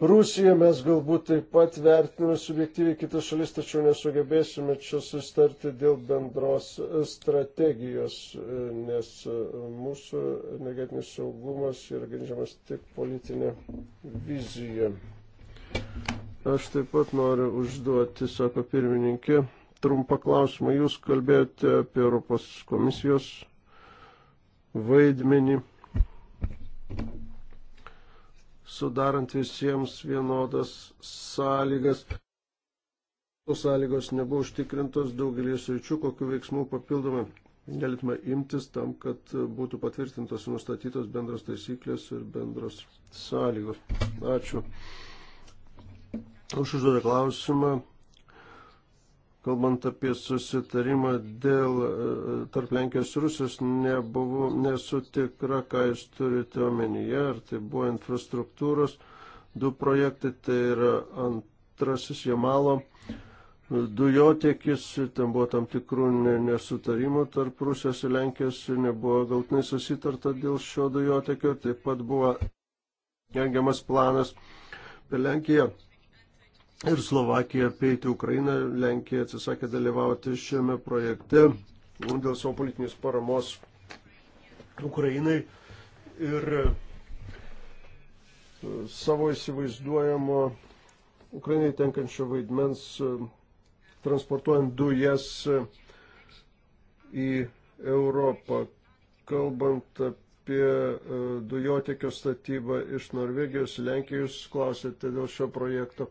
Rusiją mes galbūt taip pat vertiname subjektyviai kitas šalis, tačiau nesugebėsime čia sustarti dėl bendros strategijos, nes mūsų energetinis saugumas yra grindžiamas tik politinė vizija. Aš taip pat noriu užduoti, sako pirmininkė, trumpą klausimą. Jūs kalbėjote apie Europos komisijos vaidmenį sudarant visiems vienodas sąlygas. Tos sąlygos nebuvo užtikrintos daugelį sričių, kokiu veiksmu papildomai galėtume imtis tam, kad būtų patvirtintos nustatytos bendros taisyklės ir bendros sąlygos. Ačiū. Aš užduodu klausimą kalbant apie susitarimą dėl e, tarp Lenkijos ir Rusijos, nebuvo, nesu tikra, ką jūs turite omenyje, ar tai buvo infrastruktūros du projektai, tai yra antrasis Jamalo dujotiekis, ten buvo tam tikrų nesutarimų tarp Rusijos ir Lenkijos, nebuvo galtinai susitarta dėl šio dujotiekio, taip pat buvo rengiamas planas per Lenkiją ir Slovakija peiti Ukrainą, Lenkija atsisakė dalyvauti šiame projekte dėl savo politinės paramos Ukrainai ir e, savo įsivaizduojamo Ukrainai tenkančio vaidmens e, transportuojant dujas e, į Europą. Kalbant apie dujotekio statybą iš Norvegijos, Lenkijos, klausėte dėl šio projekto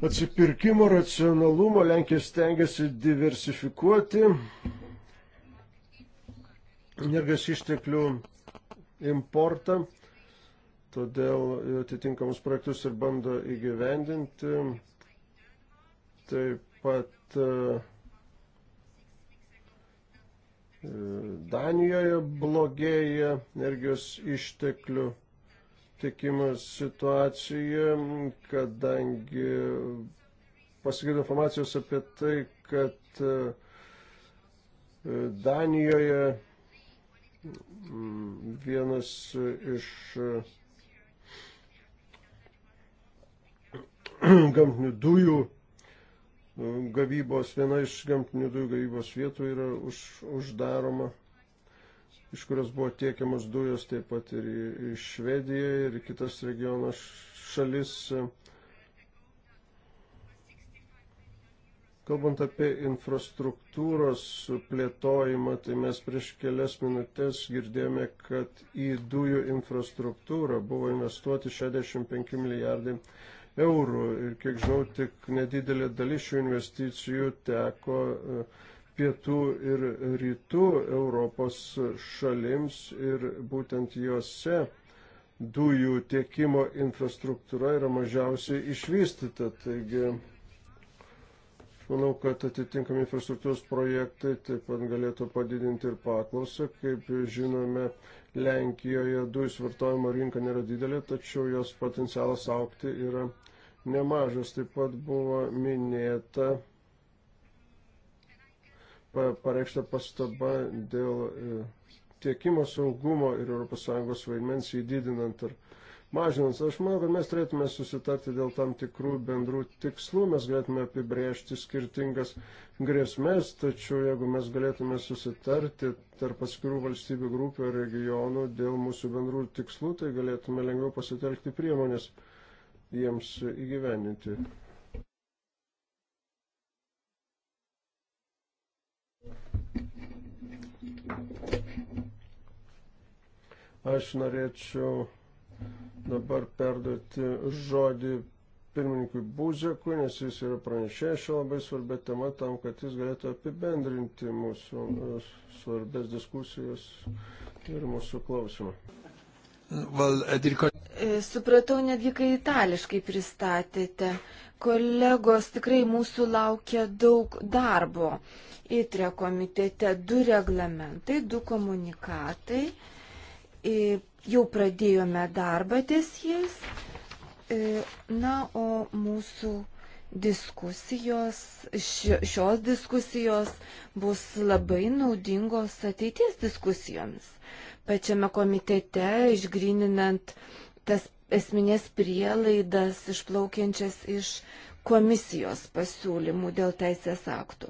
atsipirkimo racionalumo Lenkija stengiasi diversifikuoti energijos išteklių importą, todėl atitinkamus projektus ir bando įgyvendinti. Taip pat e, Danijoje blogėja energijos išteklių susitikimą situaciją, kadangi pasigirdo informacijos apie tai, kad e, Danijoje mm, vienas iš gamtinių dujų e, gavybos, viena iš gamtinių dujų gavybos vietų yra už, uždaroma iš kurios buvo tiekiamas dujos, taip pat ir į Švediją ir kitas regiono šalis. Kalbant apie infrastruktūros plėtojimą, tai mes prieš kelias minutės girdėjome, kad į dujų infrastruktūrą buvo investuoti 65 milijardai eurų ir kiek žinau, tik nedidelė dalis šių investicijų teko uh, pietų ir rytų Europos šalims ir būtent juose dujų tiekimo infrastruktūra yra mažiausiai išvystyta. Taigi, aš manau, kad atitinkami infrastruktūros projektai taip pat galėtų padidinti ir paklausą. Kaip žinome, Lenkijoje dujų svartojimo rinka nėra didelė, tačiau jos potencialas aukti yra nemažas. Taip pat buvo minėta pareikšta pastaba dėl e, tiekimo saugumo ir ES vaidmens įdidinant ar mažinant. Aš manau, kad mes turėtume susitarti dėl tam tikrų bendrų tikslų, mes galėtume apibrėžti skirtingas grėsmės, tačiau jeigu mes galėtume susitarti tarp atskirų valstybių grupių ar regionų dėl mūsų bendrų tikslų, tai galėtume lengviau pasitelkti priemonės jiems įgyveninti. Aš norėčiau dabar perduoti žodį pirmininkui Būzekui, nes jis yra pranešėjęs šią labai svarbę temą tam, kad jis galėtų apibendrinti mūsų e, svarbės diskusijas ir mūsų klausimą. Well, e, dirko... E, supratau netgi, kai itališkai pristatėte. Kolegos, tikrai mūsų laukia daug darbo. Įtre komitete du reglamentai, du komunikatai. Jau pradėjome darbą ties jais. E, na, o mūsų diskusijos, šios diskusijos bus labai naudingos ateities diskusijoms. Pačiame komitete išgrininant tas esminės prielaidas išplaukiančias iš komisijos pasiūlymų dėl teisės aktų.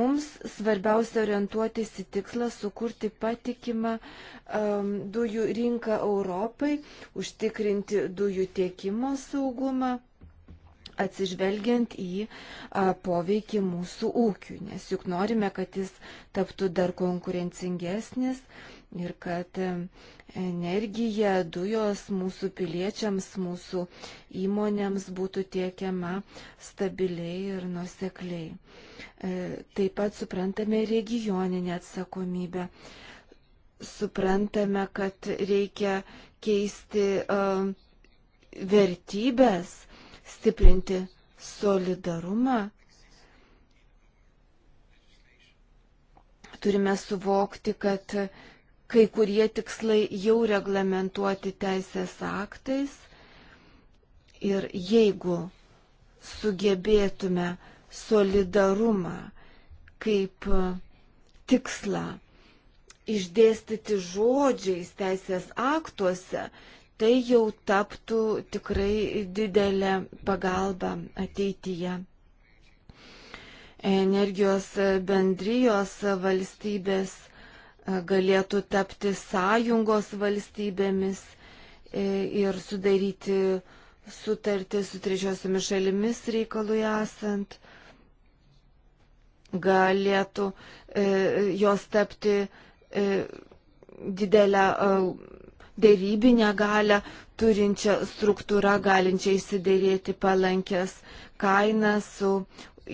Mums svarbiausia orientuotis į tikslą sukurti patikimą um, dujų rinką Europai, užtikrinti dujų tiekimo saugumą atsižvelgiant į a, poveikį mūsų ūkiui, nes juk norime, kad jis taptų dar konkurencingesnis, a, ir kad energija, dujos mūsų piliečiams, mūsų įmonėms būtų tiekiama stabiliai ir nusekliai. E, taip pat suprantame regioninę atsakomybę. Suprantame, kad reikia keisti e, vertybės, stiprinti solidarumą, turime suvokti, kad kai kurie tikslai jau reglamentuoti teisės aktais ir jeigu sugebėtume solidarumą kaip e, tikslą išdėstyti žodžiais teisės aktuose, tai jau taptų tikrai didelę pagalbą ateityje. Energijos bendrijos valstybės E, galėtų tapti sąjungos valstybėmis e, ir sudaryti sutartį su trečiosiomis šalimis reikalui esant. Galėtų e, jos tapti didelę dėrybinę galę turinčią struktūrą, galinčią įsidėrėti palankęs kainą su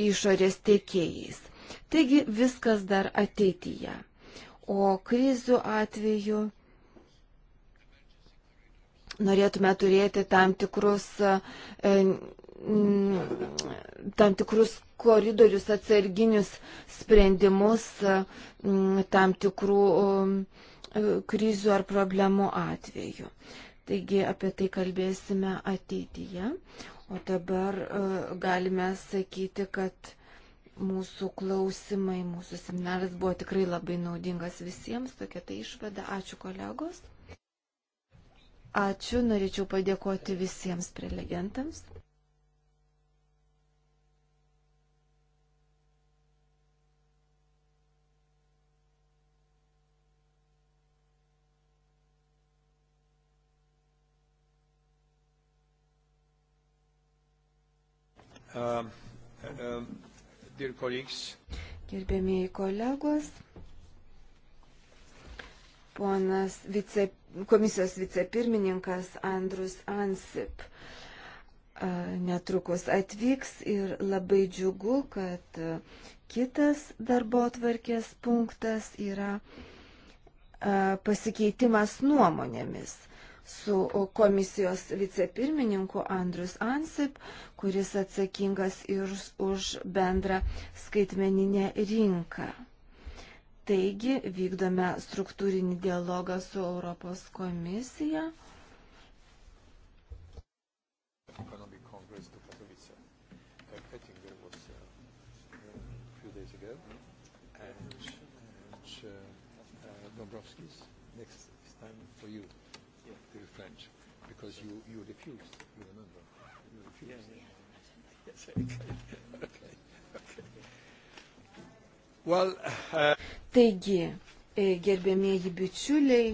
išorės tiekėjais. Taigi viskas dar ateityje. O krizių atveju norėtume turėti tam tikrus, e, tam tikrus koridorius, atsarginius sprendimus e, tam tikrų e, krizių ar problemų atveju. Taigi apie tai kalbėsime ateityje. O dabar galime sakyti, kad mūsų klausimai, mūsų seminaras buvo tikrai labai naudingas visiems, tokia tai išvada. Ačiū kolegos. Ačiū, norėčiau padėkoti visiems prelegentams. Um, um. Gerbėmiai kolegos, ponas vice, komisijos vicepirmininkas Andrus Ansip netrukus atvyks ir labai džiugu, kad kitas darbo atvarkės punktas yra pasikeitimas nuomonėmis su komisijos vicepirmininku Andrius Ansip, kuris atsakingas ir už bendrą skaitmeninę rinką. Taigi vykdome struktūrinį dialogą su Europos komisija Well, uh... Taigi, e, gerbėmėji bičiuliai,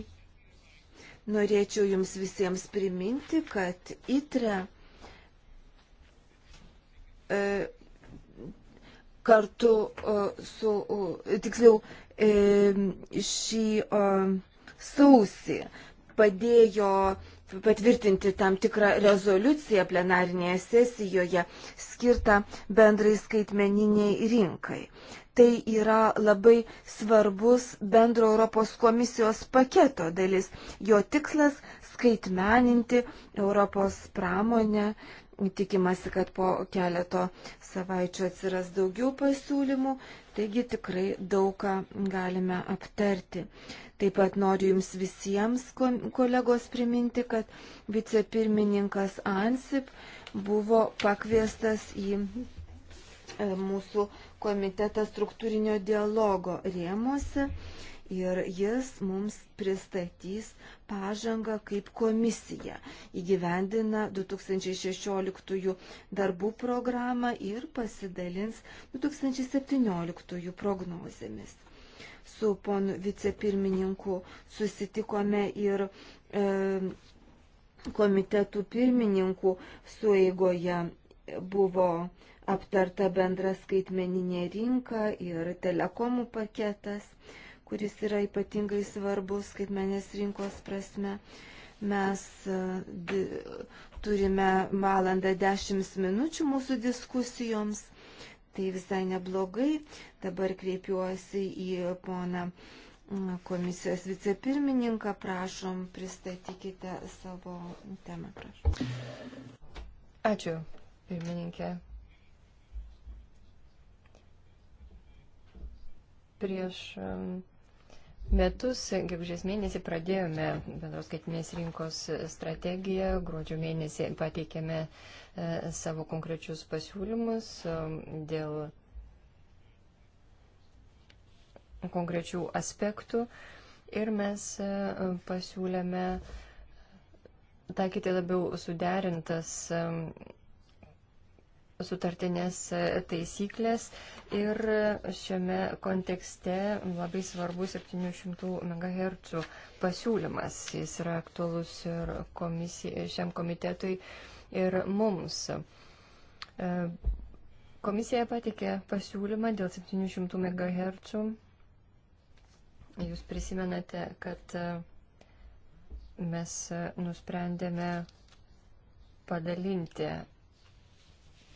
norėčiau Jums visiems priminti, kad ITRE e, kartu su, tiksliau, e, šį sausį padėjo patvirtinti tam tikrą rezoliuciją plenarinėje sesijoje skirtą bendrai skaitmeniniai rinkai. Tai yra labai svarbus bendro Europos komisijos paketo dalis. Jo tikslas - skaitmeninti Europos pramonę. Tikimasi, kad po keleto savaičių atsiras daugiau pasiūlymų, taigi tikrai daugą galime aptarti. Taip pat noriu Jums visiems kolegos priminti, kad vicepirmininkas Ansip buvo pakviestas į e, mūsų komitetą struktūrinio dialogo rėmose ir jis mums pristatys pažangą kaip komisija įgyvendina 2016 darbų programą ir pasidalins 2017 prognozėmis su ponu vicepirmininku susitikome ir e, komitetų pirmininkų sueigoje buvo aptarta bendra skaitmeninė rinka ir telekomų paketas, kuris yra ypatingai svarbus skaitmenės rinkos prasme. Mes e, turime valandą 10 minučių mūsų diskusijoms tai visai neblogai. Dabar kreipiuosi į poną mm, komisijos vicepirmininką, prašom, pristatykite savo temą, prašom. Ačiū, pirmininkė. Prieš um, metus, gegužės mėnesį pradėjome bendros skaitinės rinkos strategiją, gruodžio mėnesį pateikėme e, savo konkrečius pasiūlymus e, dėl konkrečių aspektų ir mes e, pasiūlėme taikyti labiau suderintas sutartinės taisyklės ir šiame kontekste labai svarbus 700 MHz pasiūlymas. Jis yra aktualus ir komisija, šiam komitetui ir mums. E, komisija patikė pasiūlymą dėl 700 MHz. Jūs prisimenate, kad e, mes nusprendėme padalinti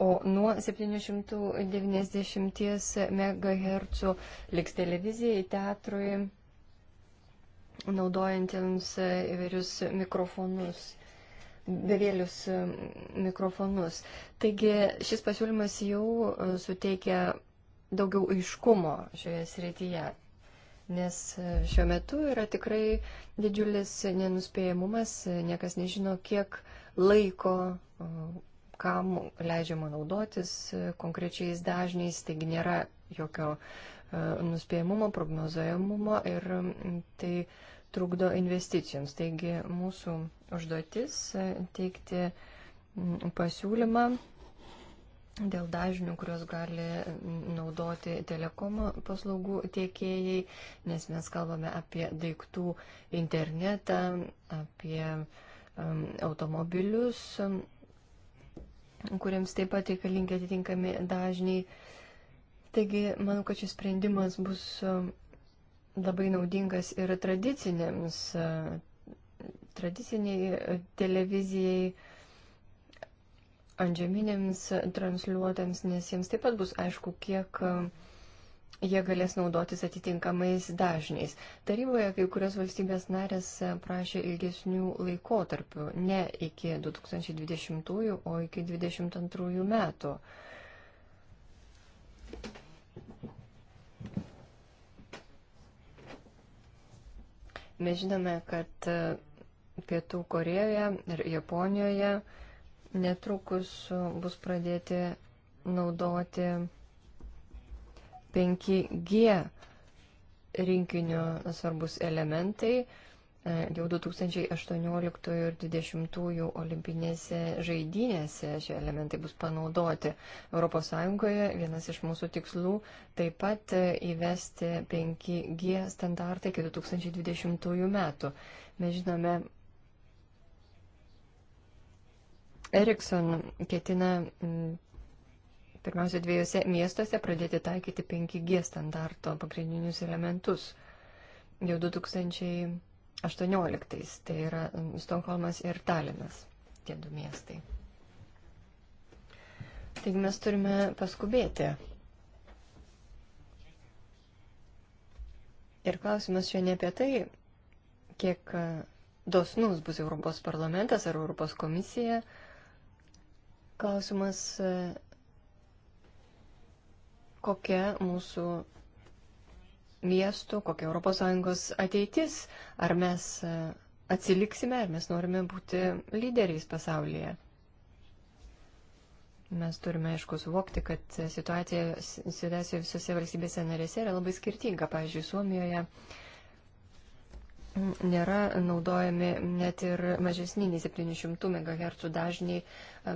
O nuo 790 MHz liks televizijai, teatrui, naudojantiems įvairius mikrofonus, bevėlius mikrofonus. Taigi šis pasiūlymas jau suteikia daugiau aiškumo šioje srityje, nes šiuo metu yra tikrai didžiulis nenuspėjamumas, niekas nežino, kiek laiko kam leidžiama naudotis konkrečiais dažniais, taigi nėra jokio e, nuspėjimumo, prognozuojamumo ir tai trukdo investicijoms. Taigi mūsų užduotis e, teikti pasiūlymą dėl dažnių, kuriuos gali naudoti telekomo paslaugų tiekėjai, nes mes kalbame apie daiktų internetą, apie automobilius, kuriems taip pat reikalingi atitinkami dažniai. Taigi, manau, kad šis sprendimas bus labai naudingas ir tradicinėms, tradiciniai televizijai, antžeminėms transliuotėms, nes jiems taip pat bus aišku, kiek jie galės naudotis atitinkamais dažniais. Taryboje kai kurios valstybės narės prašė ilgesnių laikotarpių, ne iki 2020, o iki 2022 metų. Mes žinome, kad e, Pietų Korejoje ir Japonijoje netrukus bus pradėti naudoti 5G rinkinio svarbus elementai e, jau 2018 ir 2020 olimpinėse žaidynėse šie elementai bus panaudoti. ES vienas iš mūsų tikslų taip pat e, įvesti 5G standartą iki 2020 metų. Mes žinome, Ericsson ketina pirmiausia, dviejose miestuose pradėti taikyti 5G standarto pagrindinius elementus. Jau 2018, tai yra mm, Stokholmas ir Talinas, tie du miestai. Taigi mes turime paskubėti. Ir klausimas čia ne apie tai, kiek e, dosnus bus Europos parlamentas ar Europos komisija. Klausimas e, kokia mūsų miestų, kokia ES ateitis, ar mes e, atsiliksime, ar mes norime būti lyderiais pasaulyje. Mes turime, aišku, suvokti, kad situacija, situacija visose valstybėse narėse yra labai skirtinga. Pavyzdžiui, Suomijoje nėra naudojami net ir mažesni nei 700 MHz dažniai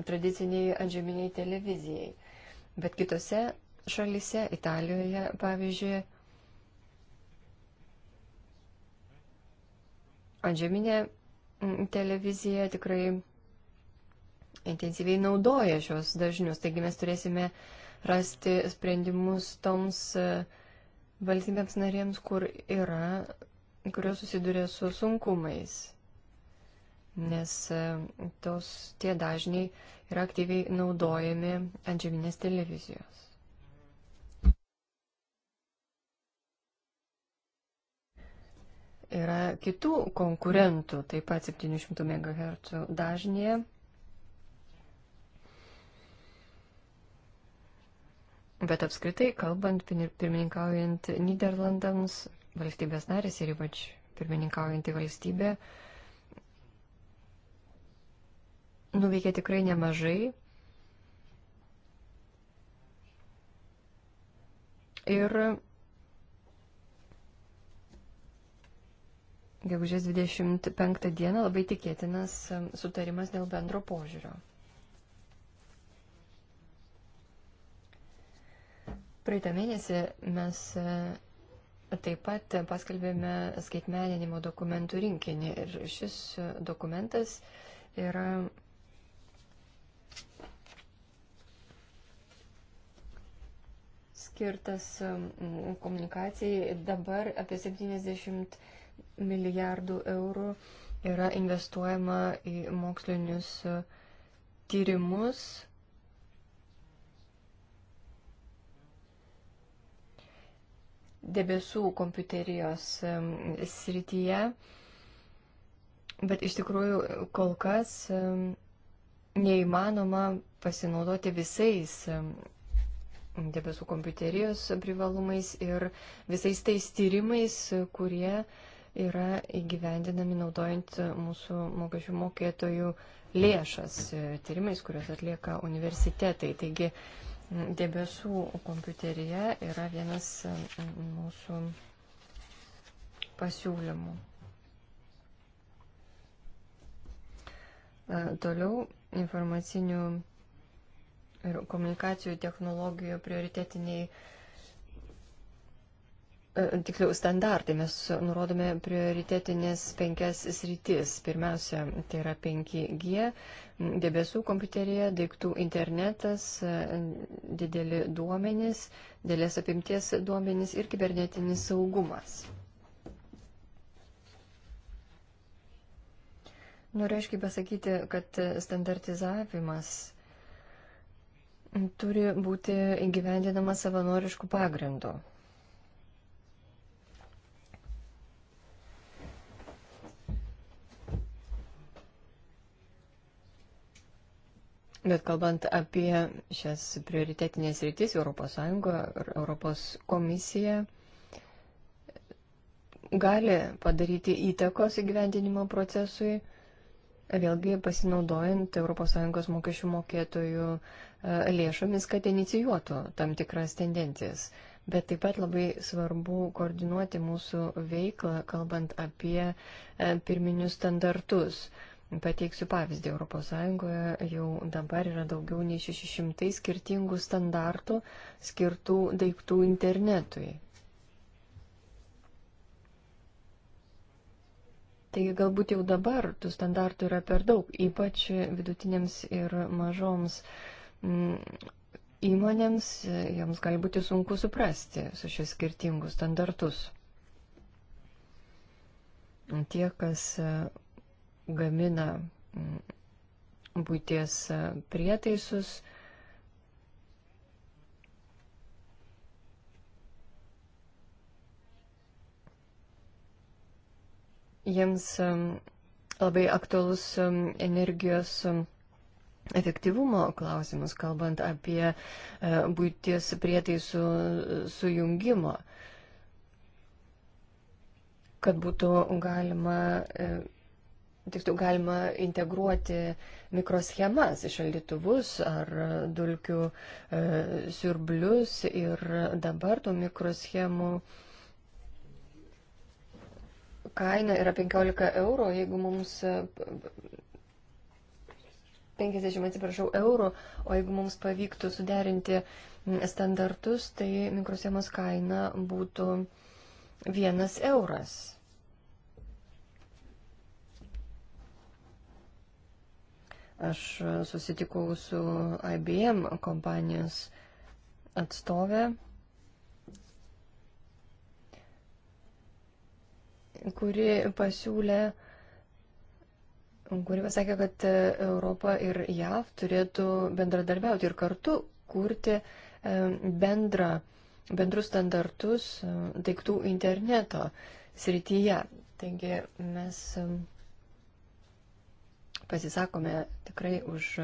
tradiciniai antžeminiai televizijai. Bet kitose šalise, Italijoje pavyzdžiui, antžeminė mm, televizija tikrai intensyviai naudoja šios dažnius, taigi mes turėsime rasti sprendimus toms e, valstybėms narėms, kur yra, kurios susiduria su sunkumais, nes e, tos tie dažniai yra aktyviai naudojami antžeminės televizijos. yra kitų konkurentų, taip pat 700 MHz dažnėje. Bet apskritai, kalbant, pirmininkaujant Niderlandams, valstybės narės ir ypač pirmininkaujantį valstybę, nuveikė tikrai nemažai. Ir gegužės 25 dieną labai tikėtinas sutarimas dėl bendro požiūrio. Praeitą mėnesį mes e, taip pat paskelbėme skaitmeninimo dokumentų rinkinį ir šis e, dokumentas yra skirtas komunikacijai dabar apie 70 milijardų eurų yra investuojama į mokslinius e, tyrimus. debesų kompiuterijos e, srityje, bet iš tikrųjų kol kas e, neįmanoma pasinaudoti visais debesų kompiuterijos privalumais ir visais tais tyrimais, kurie uh, yra įgyvendinami naudojant mūsų mokesčių mokėtojų lėšas e, tyrimais, kuriuos atlieka universitetai. Taigi debesų kompiuterija yra vienas mūsų pasiūlymų. E, toliau informacinių ir komunikacijų technologijų prioritetiniai E, tiksliau standartai. Mes nurodome prioritetinės penkias sritis. Pirmiausia, tai yra 5G, debesų kompiuterija, daiktų internetas, e, dideli duomenys, dėlės apimties duomenys ir kibernetinis saugumas. Noriu aiškiai pasakyti, kad standartizavimas turi būti įgyvendinamas savanoriškų pagrindų. Bet kalbant apie šias prioritetinės rytis, ES ir ES komisija gali padaryti įtakos įgyvendinimo procesui, vėlgi pasinaudojant ES mokesčių mokėtojų e, lėšomis, kad inicijuotų tam tikras tendencijas. Bet taip pat labai svarbu koordinuoti mūsų veiklą, kalbant apie e, pirminius standartus. Pateiksiu pavyzdį. ES jau dabar yra daugiau nei 600 skirtingų standartų skirtų daiktų internetui. Taigi galbūt jau dabar tų standartų yra per daug, ypač vidutinėms ir mažoms mm, įmonėms, joms gali būti sunku suprasti su šios skirtingus standartus. Tie, kas gamina mm, būties e, prietaisus. Jiems e, labai aktualus e, energijos efektyvumo klausimus, kalbant apie būties prietaisų sujungimo, kad būtų galima tiksliau galima integruoti mikroschemas į šaldytuvus ar dulkių e, siurblius ir dabar tų mikroschemų kaina yra 15 eurų, jeigu mums 50, e, atsiprašau, eurų, o jeigu mums pavyktų suderinti standartus, tai mikroschemos kaina būtų 1 euras. Aš susitikau su IBM kompanijos atstovė, kuri pasiūlė, kuri pasakė, kad Europa ir JAV turėtų bendradarbiauti ir kartu kurti e, bendrą, bendrus standartus e, daiktų interneto srityje. Taigi mes pasisakome tikrai už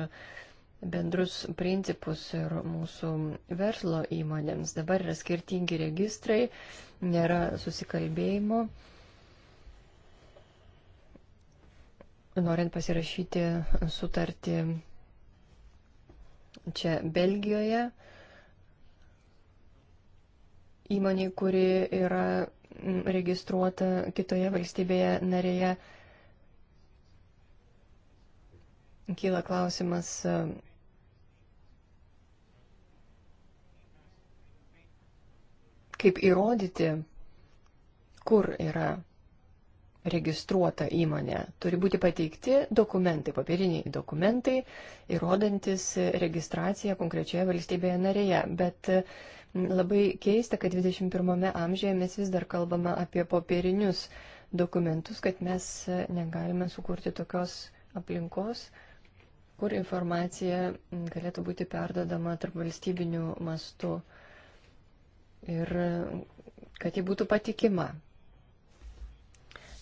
bendrus principus ir mūsų verslo įmonėms. Dabar yra skirtingi registrai, nėra susikalbėjimo. Norint pasirašyti sutartį čia Belgijoje, įmonė, kuri yra registruota kitoje valstybėje narėje, kyla klausimas. E, kaip įrodyti, kur yra registruota įmonė. Turi būti pateikti dokumentai, papiriniai dokumentai, įrodantis registraciją konkrečioje valstybėje narėje. Bet e, labai keista, kad 21 amžiuje mes vis dar kalbame apie papirinius dokumentus, kad mes e, negalime sukurti tokios aplinkos, kur informacija galėtų būti perdodama tarp valstybinių mastų ir kad ji būtų patikima.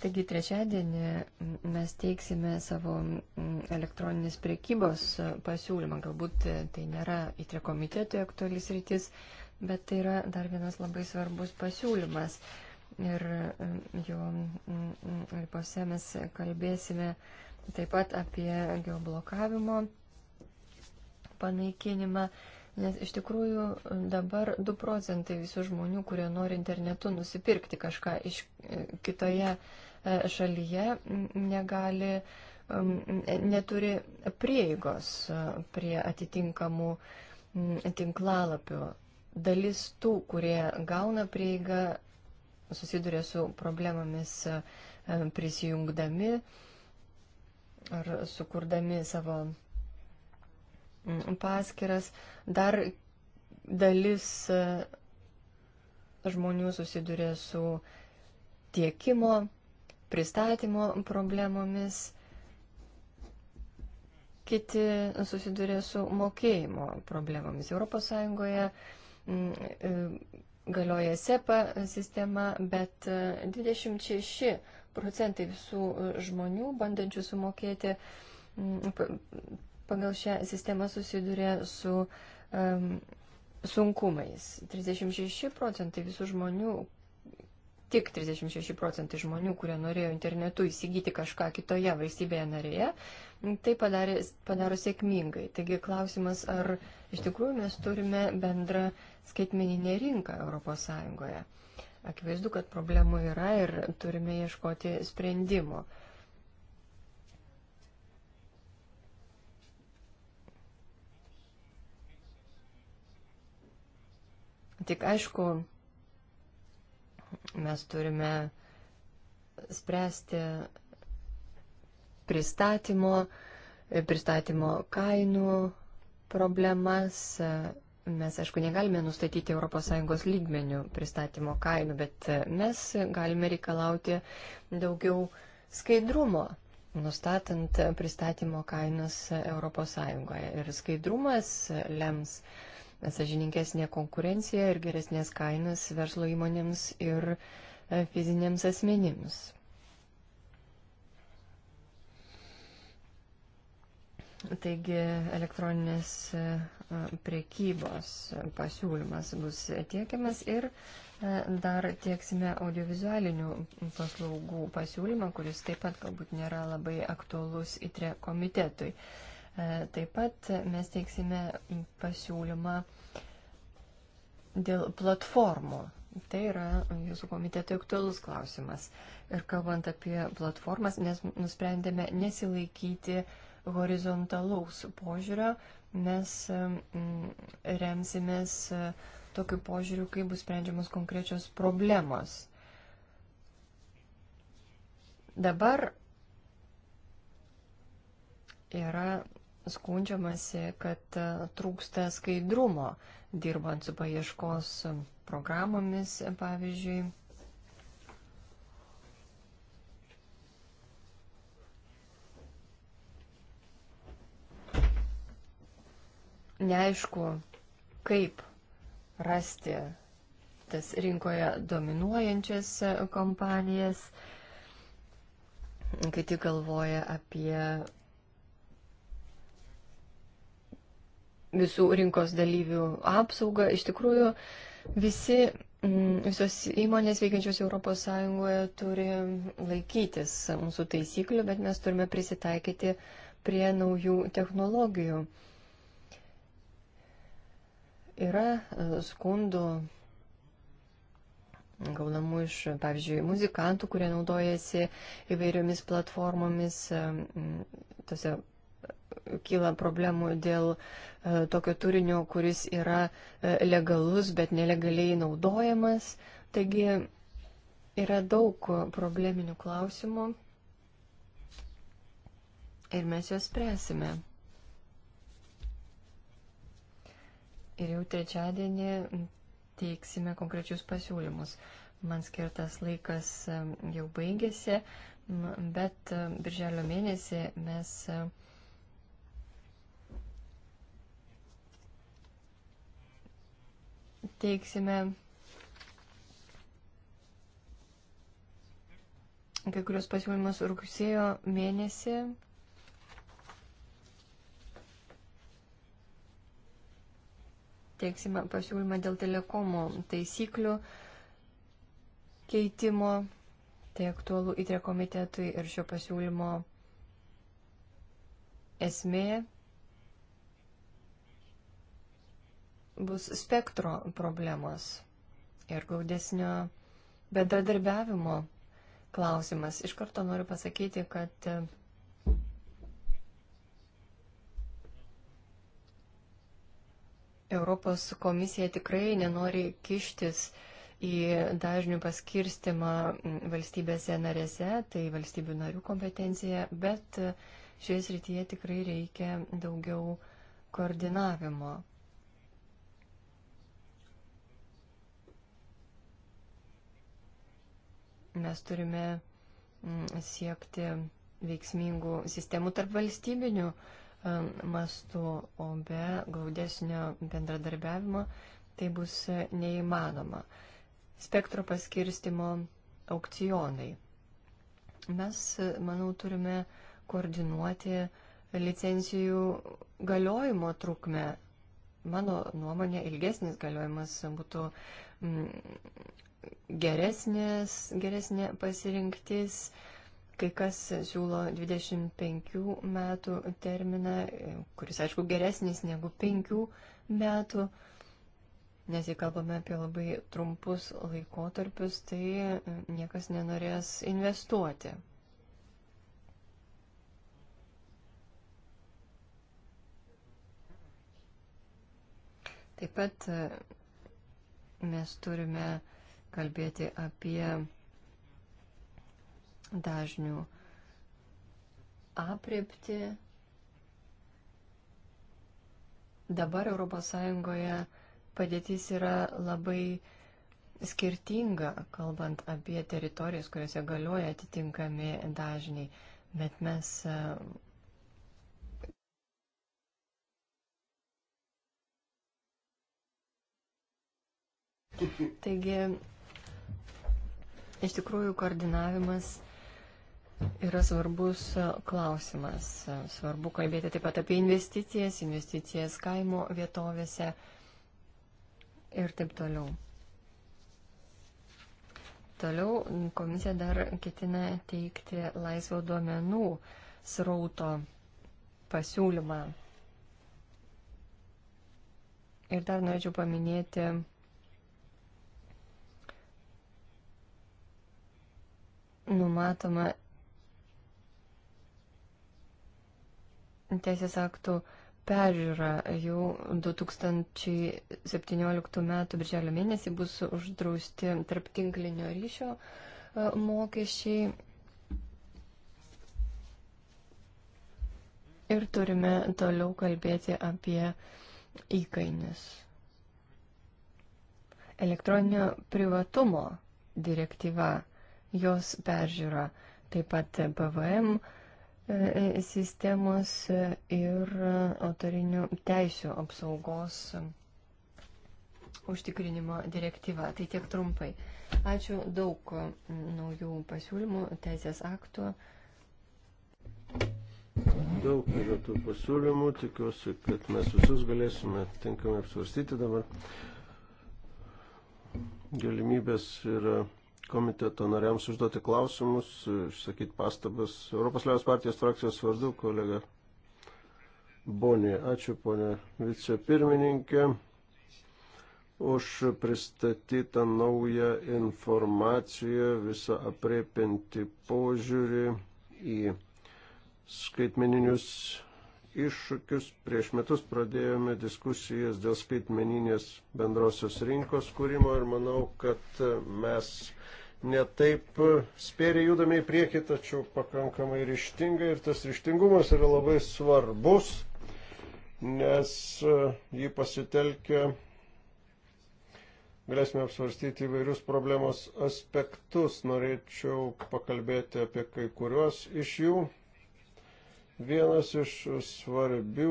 Taigi trečiadienį mes teiksime savo elektroninės priekybos pasiūlymą. Galbūt tai nėra įtre komitetui aktualis rytis, bet tai yra dar vienas labai svarbus pasiūlymas. Ir jo ribose mes kalbėsime taip pat apie geoblokavimo panaikinimą, nes iš tikrųjų dabar 2 procentai visų žmonių, kurie nori internetu nusipirkti kažką iš e, kitoje e, šalyje, negali, neturi prieigos e, prie atitinkamų tinklalapių. Dalis tų, kurie gauna prieigą, susiduria su problemomis prisijungdami ar sukurdami savo mm, paskiras. Dar dalis e, žmonių susiduria su tiekimo, pristatymo problemomis, kiti susiduria su mokėjimo problemomis. ES mm, e, galioja SEPA sistema, bet 26 e, procentai visų e, žmonių, bandančių sumokėti pagal šią sistemą, susiduria su um, sunkumais. 36 procentai visų žmonių, tik 36 procentai žmonių, kurie norėjo internetu įsigyti kažką kitoje valstybėje narėje, tai padarė, padaro sėkmingai. Taigi klausimas, ar iš tikrųjų mes turime bendrą skaitmeninę rinką ES. Akivaizdu, kad problemų yra ir turime ieškoti sprendimo. Tik aišku, mes turime spręsti pristatymo, pristatymo kainų problemas, Mes, aišku, negalime nustatyti ES lygmenių pristatymo kainų, bet mes galime reikalauti daugiau skaidrumo, nustatant pristatymo kainas ES. Ir skaidrumas lems sažininkesnė konkurencija ir geresnės kainas verslo įmonėms ir fiziniams asmenims. Taigi elektroninės e, priekybos pasiūlymas bus tiekiamas ir e, dar tieksime audiovizualinių paslaugų pasiūlymą, kuris taip pat galbūt nėra labai aktuolus įtre komitetui. E, taip pat mes teiksime pasiūlymą dėl platformų. Tai yra jūsų komiteto aktualus klausimas. Ir kalbant apie platformas, nes nusprendėme nesilaikyti uh, horizontalaus požiūrio. Mes remsimės e, tokiu požiūriu, kaip bus sprendžiamos konkrečios problemos. Dabar yra skundžiamasi, kad e, trūksta skaidrumo dirbant su paieškos programomis, pavyzdžiui neaišku, kaip rasti tas rinkoje dominuojančias e, kompanijas, kai tik galvoja apie visų rinkos dalyvių apsaugą. Iš tikrųjų, visi, mm, visos įmonės veikiančios ES turi laikytis mūsų taisyklių, bet mes turime prisitaikyti prie naujų technologijų. Yra e, skundų gaunamų iš, pavyzdžiui, muzikantų, kurie naudojasi įvairiomis platformomis. E, tose e, kyla problemų dėl tokio turinio, kuris yra legalus, bet nelegaliai naudojamas. Taigi yra daug probleminių klausimų ir mes juos spręsime. ir jau trečiadienį teiksime konkrečius pasiūlymus. Man skirtas laikas jau baigėsi, bet birželio mėnesį mes teiksime kai kurios pasiūlymus rugsėjo mėnesį teiksime pasiūlymą dėl telekomų taisyklių keitimo. Tai aktualu įtrė komitetui ir šio pasiūlymo esmė bus spektro problemos ir gaudesnio bendradarbiavimo klausimas. Iš karto noriu pasakyti, kad Europos komisija tikrai nenori kištis į dažnių paskirstimą valstybėse narėse, tai valstybių narių kompetencija, bet šioje srityje tikrai reikia daugiau koordinavimo. Mes turime siekti veiksmingų sistemų tarp valstybinių Um, mastu, o be gaudesnio bendradarbiavimo tai bus neįmanoma. Spektro paskirstimo aukcionai. Mes, manau, turime koordinuoti licencijų galiojimo trukmę. Mano nuomonė, ilgesnis galiojimas būtų mm, geresnės, geresnė pasirinktis. Uh, Kai kas siūlo 25 metų terminą, kuris, aišku, geresnis negu 5 metų, nes jei kalbame apie labai trumpus laikotarpius, tai niekas nenorės investuoti. Taip pat mes turime kalbėti apie dažnių apriepti. Dabar ES padėtis yra labai skirtinga, kalbant apie teritorijas, kuriuose galioja atitinkami dažniai. Bet mes e, Taigi, iš tikrųjų, koordinavimas yra svarbus e, klausimas. E, svarbu kalbėti taip pat apie investicijas, investicijas kaimo vietovėse ir taip toliau. Toliau komisija dar ketina teikti laisvo duomenų srauto pasiūlymą. Ir dar norėčiau paminėti numatoma teisės aktų peržiūra jau 2017 m. birželio mėnesį bus uždrausti tarptinklinio ryšio e, mokesčiai. Ir turime toliau kalbėti apie įkainis. Elektroninio privatumo direktyva, jos peržiūra, taip pat PVM, uh, E, sistemos ir autorinių teisų apsaugos užtikrinimo direktyva. Tai tiek trumpai. Ačiū daug naujų pasiūlymų, teisės aktų. Daug yra tų pasiūlymų, tikiuosi, kad mes visus galėsime tinkamai apsvarstyti dabar. Galimybės yra komiteto nariams užduoti klausimus, išsakyti pastabas. Europos Liaudės partijos frakcijos vardu kolega Bonė. Ačiū, ponė vicepirmininkė, už pristatytą naują informaciją, visą apriepinti požiūrį į skaitmeninius iššūkius. Prieš metus pradėjome diskusijas dėl skaitmeninės bendrosios rinkos kūrimo ir manau, kad mes netaip spėriai judame į priekį, tačiau pakankamai ryštingai ir tas ryštingumas yra labai svarbus, nes e, jį pasitelkia. Galėsime apsvarstyti įvairius problemos aspektus. Norėčiau pakalbėti apie kai kuriuos iš jų. Vienas iš svarbių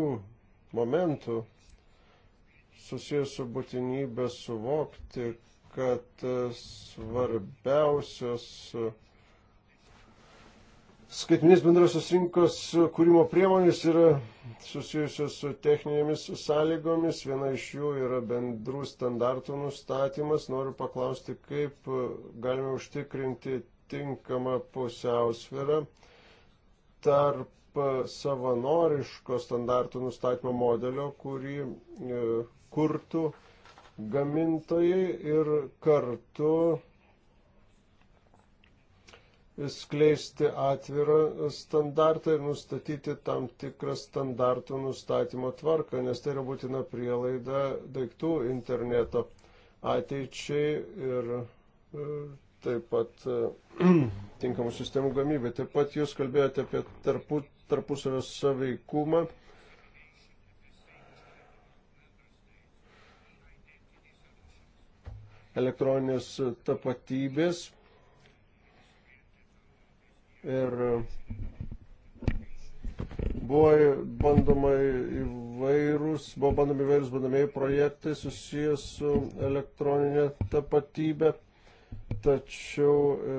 momentų susijęs su būtinybė suvokti, kad svarbiausios skaitinės bendrasios rinkos kūrimo priemonės yra susijusios su techninėmis sąlygomis. Viena iš jų yra bendrų standartų nustatymas. Noriu paklausti, kaip galime užtikrinti tinkamą pusiausvyrą tarp savanoriško standartų nustatymo modelio, kurį e, kurtų gamintojai ir kartu skleisti atvirą standartą ir nustatyti tam tikrą standartų nustatymo tvarką, nes tai yra būtina prielaida daiktų interneto ateičiai ir e, taip pat e, tinkamų sistemų gamybai. Taip pat jūs kalbėjote apie tarput, tarpusavio saveikumą. elektroninės tapatybės ir buvo bandoma įvairūs, buvo bandomi įvairūs bandomieji projektai susijęs su elektroninė tapatybė tačiau e,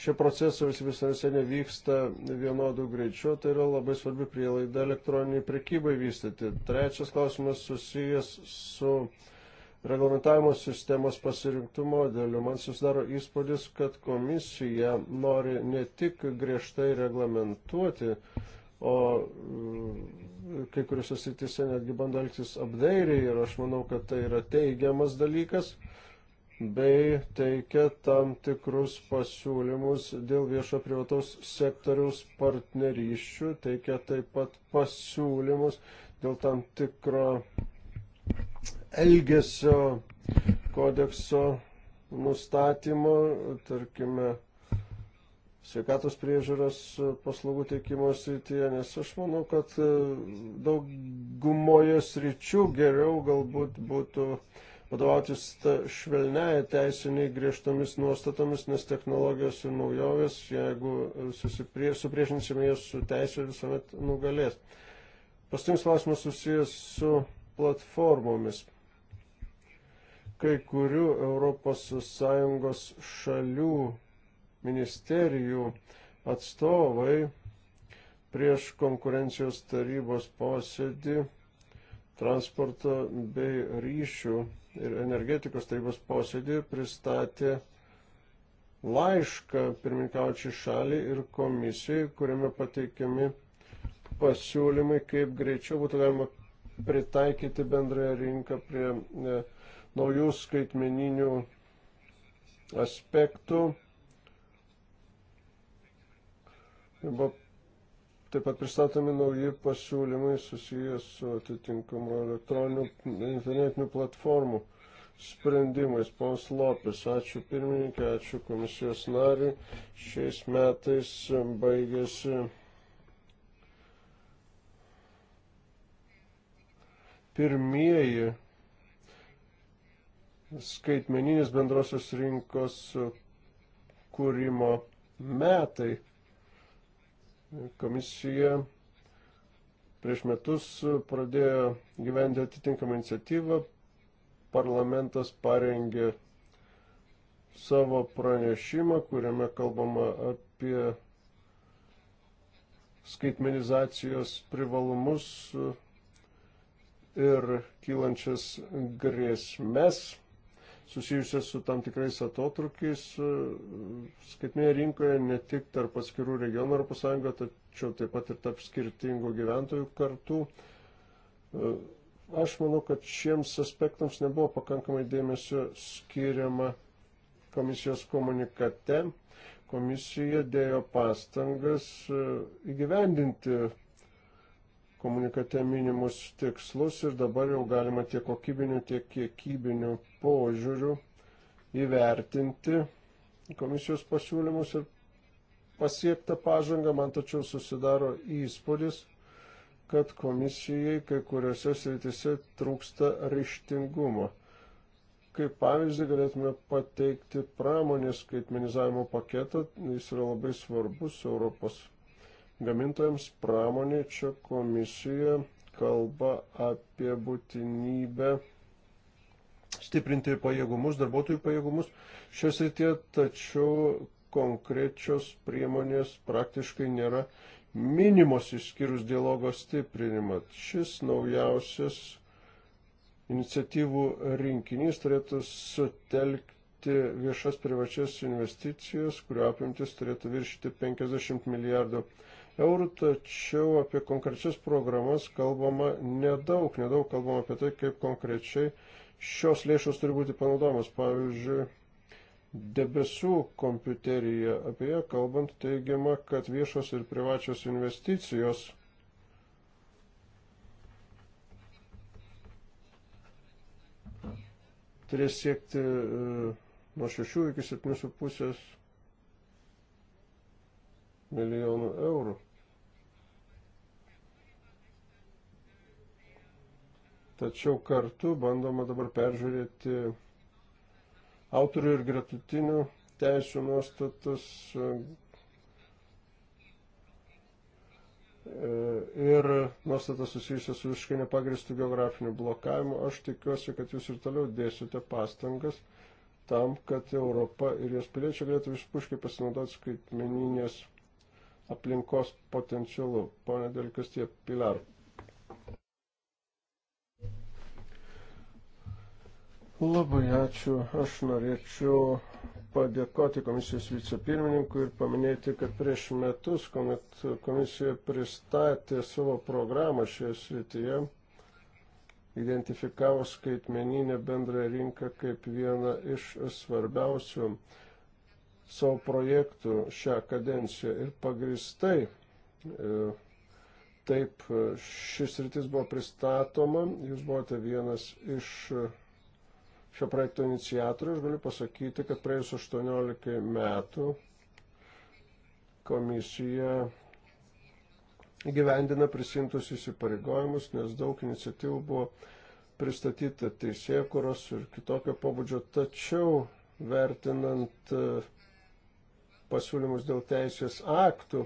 šie procesai visose nevyksta vienodų greičių, tai yra labai svarbi prielaida elektroniniai prekybai vystyti. Trečias klausimas susijęs su reglamentavimo sistemos pasirinktų modeliu. Man susidaro įspūdis, kad komisija nori ne tik griežtai reglamentuoti, o e, kai kuriuose srityse netgi bando elgtis apdairiai ir aš manau, kad tai yra teigiamas dalykas bei teikia tam tikrus pasiūlymus dėl viešo privataus sektoriaus partnerysčių, teikia taip pat pasiūlymus dėl tam tikro elgesio kodekso nustatymo, tarkime, sveikatos priežiūros paslaugų teikimo srityje, nes aš manau, kad daugumoje sričių geriau galbūt būtų uh, vadovautis švelniai teisiniai griežtomis nuostatomis, nes technologijos ir naujovės, jeigu supriešinsime jas su teisė, visuomet nugalės. Pastims klausimas susijęs su platformomis. Kai kurių ES šalių ministerijų atstovai prieš konkurencijos tarybos posėdį transporto bei ryšių ir energetikos tarybos posėdį pristatė laišką pirmininkaučiai šaliai ir komisijai, kuriame pateikiami pasiūlymai, kaip greičiau būtų galima pritaikyti bendrąją rinką prie ne, naujų skaitmeninių aspektų. Buvo Taip pat pristatomi nauji pasiūlymai susijęs su atitinkamu elektroniniu internetiniu platformų sprendimais. Pons Lopis, ačiū pirmininkė, ačiū komisijos nariui. Šiais metais baigėsi pirmieji skaitmeninis bendrosios rinkos kūrimo metai. Komisija prieš metus pradėjo gyventi atitinkamą iniciatyvą, parlamentas parengė savo pranešimą, kuriame kalbama apie skaitmenizacijos privalumus ir kylančias grėsmes susijusias su tam tikrais atotrukiais e, skaitmėje rinkoje ne tik tarp atskirų regionų Europos Sąjungoje, tačiau taip pat ir tarp skirtingų gyventojų kartų. E, aš manau, kad šiems aspektams nebuvo pakankamai dėmesio skiriama komisijos komunikate. Komisija dėjo pastangas e, įgyvendinti komunikate minimus tikslus ir dabar jau galima tiek kokybinių, tiek kiekybinių požiūrių įvertinti komisijos pasiūlymus ir pasiektą pažangą. Man tačiau susidaro įspūdis, kad komisijai kai kuriuose sritise trūksta ryštingumo. Kaip pavyzdį galėtume pateikti pramonės skaitmenizavimo paketą, jis yra labai svarbus Europos gamintojams pramonė čia komisija kalba apie būtinybę stiprinti pajėgumus, darbuotojų pajėgumus šios rytie, tačiau konkrečios priemonės praktiškai nėra minimos išskyrus dialogo stiprinimą. Šis naujausias iniciatyvų rinkinys turėtų sutelkti viešas privačias investicijas, kurio apimtis turėtų viršyti 50 milijardų eurų eurų, tačiau apie konkrečias programas kalbama nedaug, nedaug kalbama apie tai, kaip konkrečiai šios lėšos turi būti panaudojamas. Pavyzdžiui, debesų kompiuterija, apie ją kalbant teigiama, kad viešos ir privačios investicijos turės siekti e, nuo 6 iki 7,5 milijonų eurų. tačiau kartu bandoma dabar peržiūrėti autorių ir gratutinių teisų nuostatus e, ir nuostatas susijusias su visiškai nepagristų geografiniu blokavimu. Aš tikiuosi, kad jūs ir toliau dėsite pastangas tam, kad Europa ir jos piliečiai galėtų visiškai pasinaudoti skaitmeninės aplinkos potencialu. Pone Delkas, tie pilar. Labai ačiū. Aš norėčiau padėkoti komisijos vicepirmininkui ir paminėti, kad prieš metus, kuomet komisija pristatė savo programą šioje srityje, identifikavo skaitmeninę bendrą rinką kaip vieną iš svarbiausių savo projektų šią kadenciją ir pagristai e, taip šis rytis buvo pristatoma, jūs buvote vienas iš šio projekto iniciatorių, aš galiu pasakyti, kad praėjus 18 metų komisija įgyvendina prisimtus įsipareigojimus, nes daug iniciatyvų buvo pristatyta teisėkuros ir kitokio pobūdžio, tačiau vertinant e, pasiūlymus dėl teisės aktų,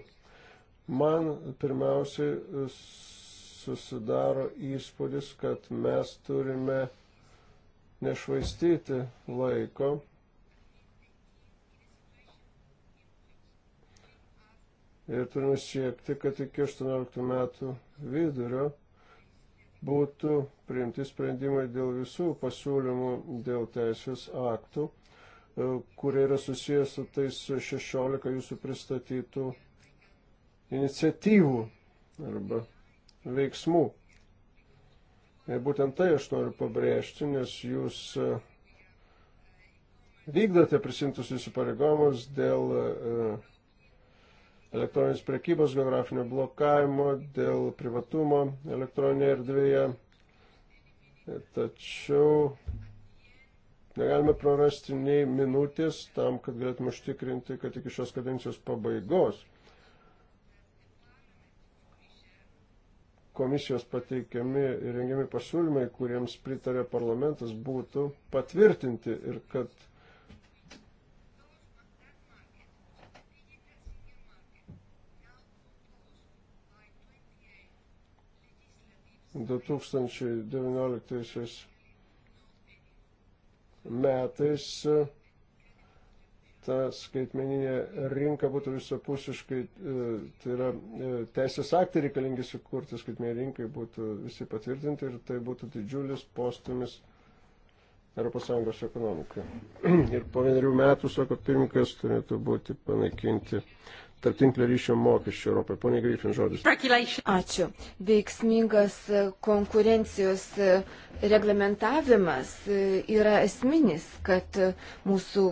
man pirmiausiai e, susidaro įspūdis, kad mes turime nešvaistyti laiko. Ir turime siekti, kad iki 18 metų vidurio būtų priimti sprendimai dėl visų pasiūlymų dėl teisės aktų, e, kurie yra susijęs su tais 16 jūsų pristatytų iniciatyvų arba veiksmų. E, būtent tai aš noriu pabrėžti, nes jūs e, vykdote prisimtus įsipareigomus dėl e, elektroninės prekybos, geografinio blokavimo, dėl privatumo elektroninėje erdvėje. Tačiau negalime prarasti nei minutės tam, kad galėtume užtikrinti, kad iki šios kadencijos pabaigos komisijos pateikiami ir rengiami pasiūlymai, kuriems pritarė parlamentas, būtų patvirtinti ir kad du tūkstančiai devynioliktaisiais metais ta skaitmeninė rinka būtų visapusiškai, e, tai yra e, teisės aktai reikalingi sukurti skaitmeninė rinkai, būtų visi patvirtinti ir tai būtų didžiulis postumis ES ekonomikai. Ir po vienerių metų, sako pirmininkas, turėtų būti panaikinti tarptinklio ryšio mokesčio Europoje. Pone Gryfin, žodis. Ačiū. Veiksmingas e, konkurencijos reglamentavimas yra esminis, kad mūsų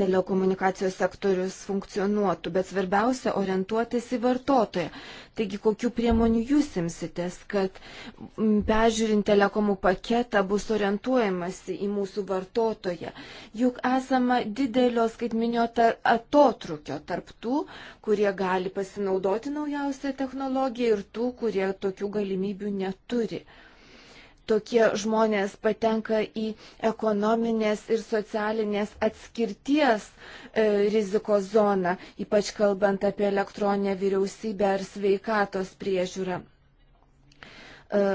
telekomunikacijos sektorius funkcionuotų, bet svarbiausia orientuotis į vartotoją. Taigi, kokiu priemoniu jūs imsitės, kad peržiūrint telekomų paketą bus orientuojamasi į mūsų vartotoją. Juk esama didelio skaitminio atotrukio tarp tų, kurie gali pasinaudoti naujausią technologiją ir tų, kurie tokių galimybių neturi tokie žmonės patenka į ekonominės ir socialinės atskirties e, rizikos zoną, ypač kalbant apie elektroninę vyriausybę ar sveikatos priežiūrą. E,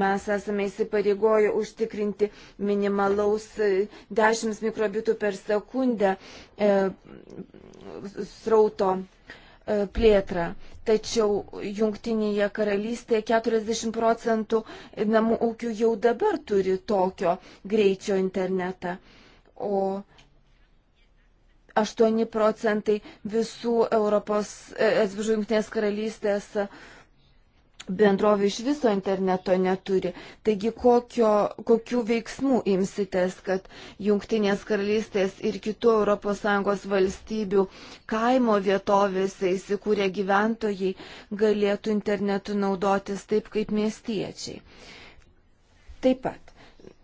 mes esame įsipareigoję užtikrinti minimalaus 10 e, mikrobitų per sekundę e, srauto e, plėtrą. Tačiau Junktinėje karalystėje 40 procentų namų ūkių jau dabar turi tokio greičio internetą. O 8 procentai visų Europos, e, atsiprašau, Junktinės karalystės uh, bendrovė iš viso interneto neturi. Taigi kokio, kokių veiksmų imsitės, kad Junktinės karalystės ir kitų ES valstybių kaimo vietovėse įsikūrę gyventojai galėtų internetu naudotis taip kaip miestiečiai. Taip pat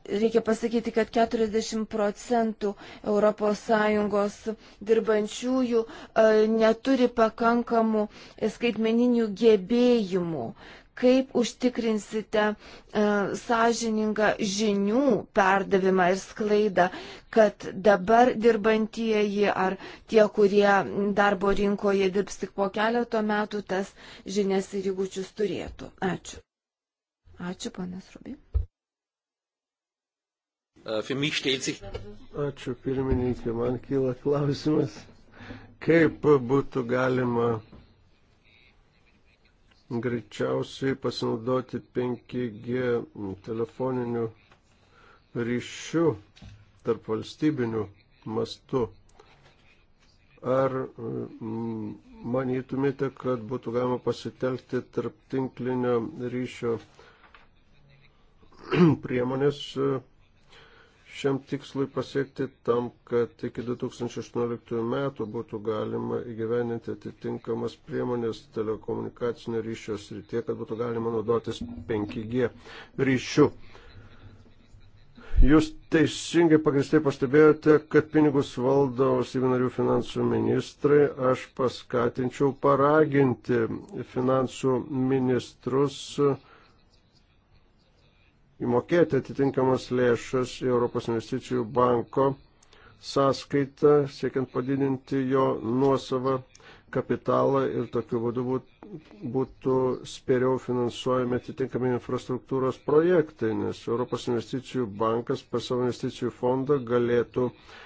Reikia pasakyti, kad 40 procentų ES dirbančiųjų e, neturi pakankamų skaitmeninių gebėjimų. Kaip užtikrinsite e, sąžiningą žinių perdavimą ir sklaidą, kad dabar dirbantieji ar tie, kurie darbo rinkoje dirbs tik po keleto metų, tas žinias ir įgūdžius turėtų? Ačiū. Ačiū, panas Rubi. Äh, für mich steht sich. Ačiū pirmininkė, man kyla klausimas, kaip būtų galima greičiausiai pasinaudoti 5G telefoniniu ryšiu tarp valstybinių mastų. Ar mm, manytumėte, kad būtų galima pasitelkti tarp tinklinio ryšio priemonės šiam tikslui pasiekti tam, kad iki 2018 metų būtų galima įgyveninti atitinkamas priemonės telekomunikacinio ryšio srityje, kad būtų galima naudotis 5G ryšiu. Jūs teisingai pagristai pastebėjote, kad pinigus valdo valstybinarių finansų ministrai. Aš paskatinčiau paraginti finansų ministrus uh, įmokėti atitinkamas lėšas į Europos investicijų banko sąskaitą, siekiant padidinti jo nuosavą kapitalą ir tokiu būdu būtų spėriau finansuojami atitinkami infrastruktūros projektai, nes Europos investicijų bankas per savo investicijų fondą galėtų uh,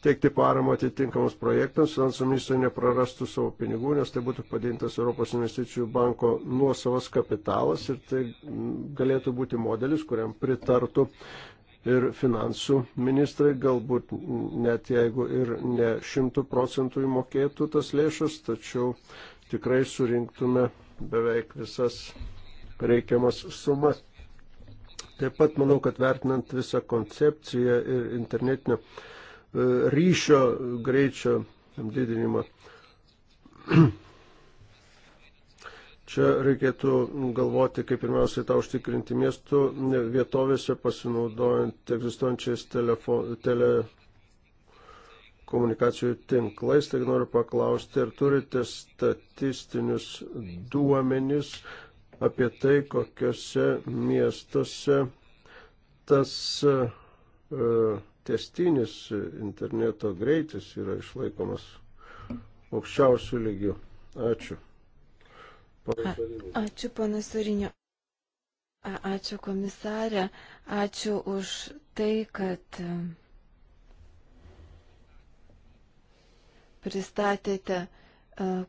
teikti paramą atitinkamus projektams, finansų ministrai neprarastų savo pinigų, nes tai būtų padintas Europos investicijų banko nuosavas kapitalas ir tai galėtų būti modelis, kuriam pritartų ir finansų ministrai, galbūt net jeigu ir ne šimtų procentų įmokėtų tas lėšas, tačiau tikrai surinktume beveik visas reikiamas sumas. Taip pat manau, kad vertinant visą koncepciją ir internetinio E, ryšio greičio didinimą. Čia reikėtų galvoti, kaip pirmiausiai tą užtikrinti miestų vietovėse, pasinaudojant egzistuojančiais telefo, telekomunikacijų tinklais. Taigi noriu paklausti, ar turite statistinius duomenis apie tai, kokiuose miestuose tas uh, testinis interneto greitis yra išlaikomas aukščiausių lygių. Ačiū. A, ačiū, panas Sorinio. Ačiū komisarė, ačiū už tai, kad e, pristatėte e,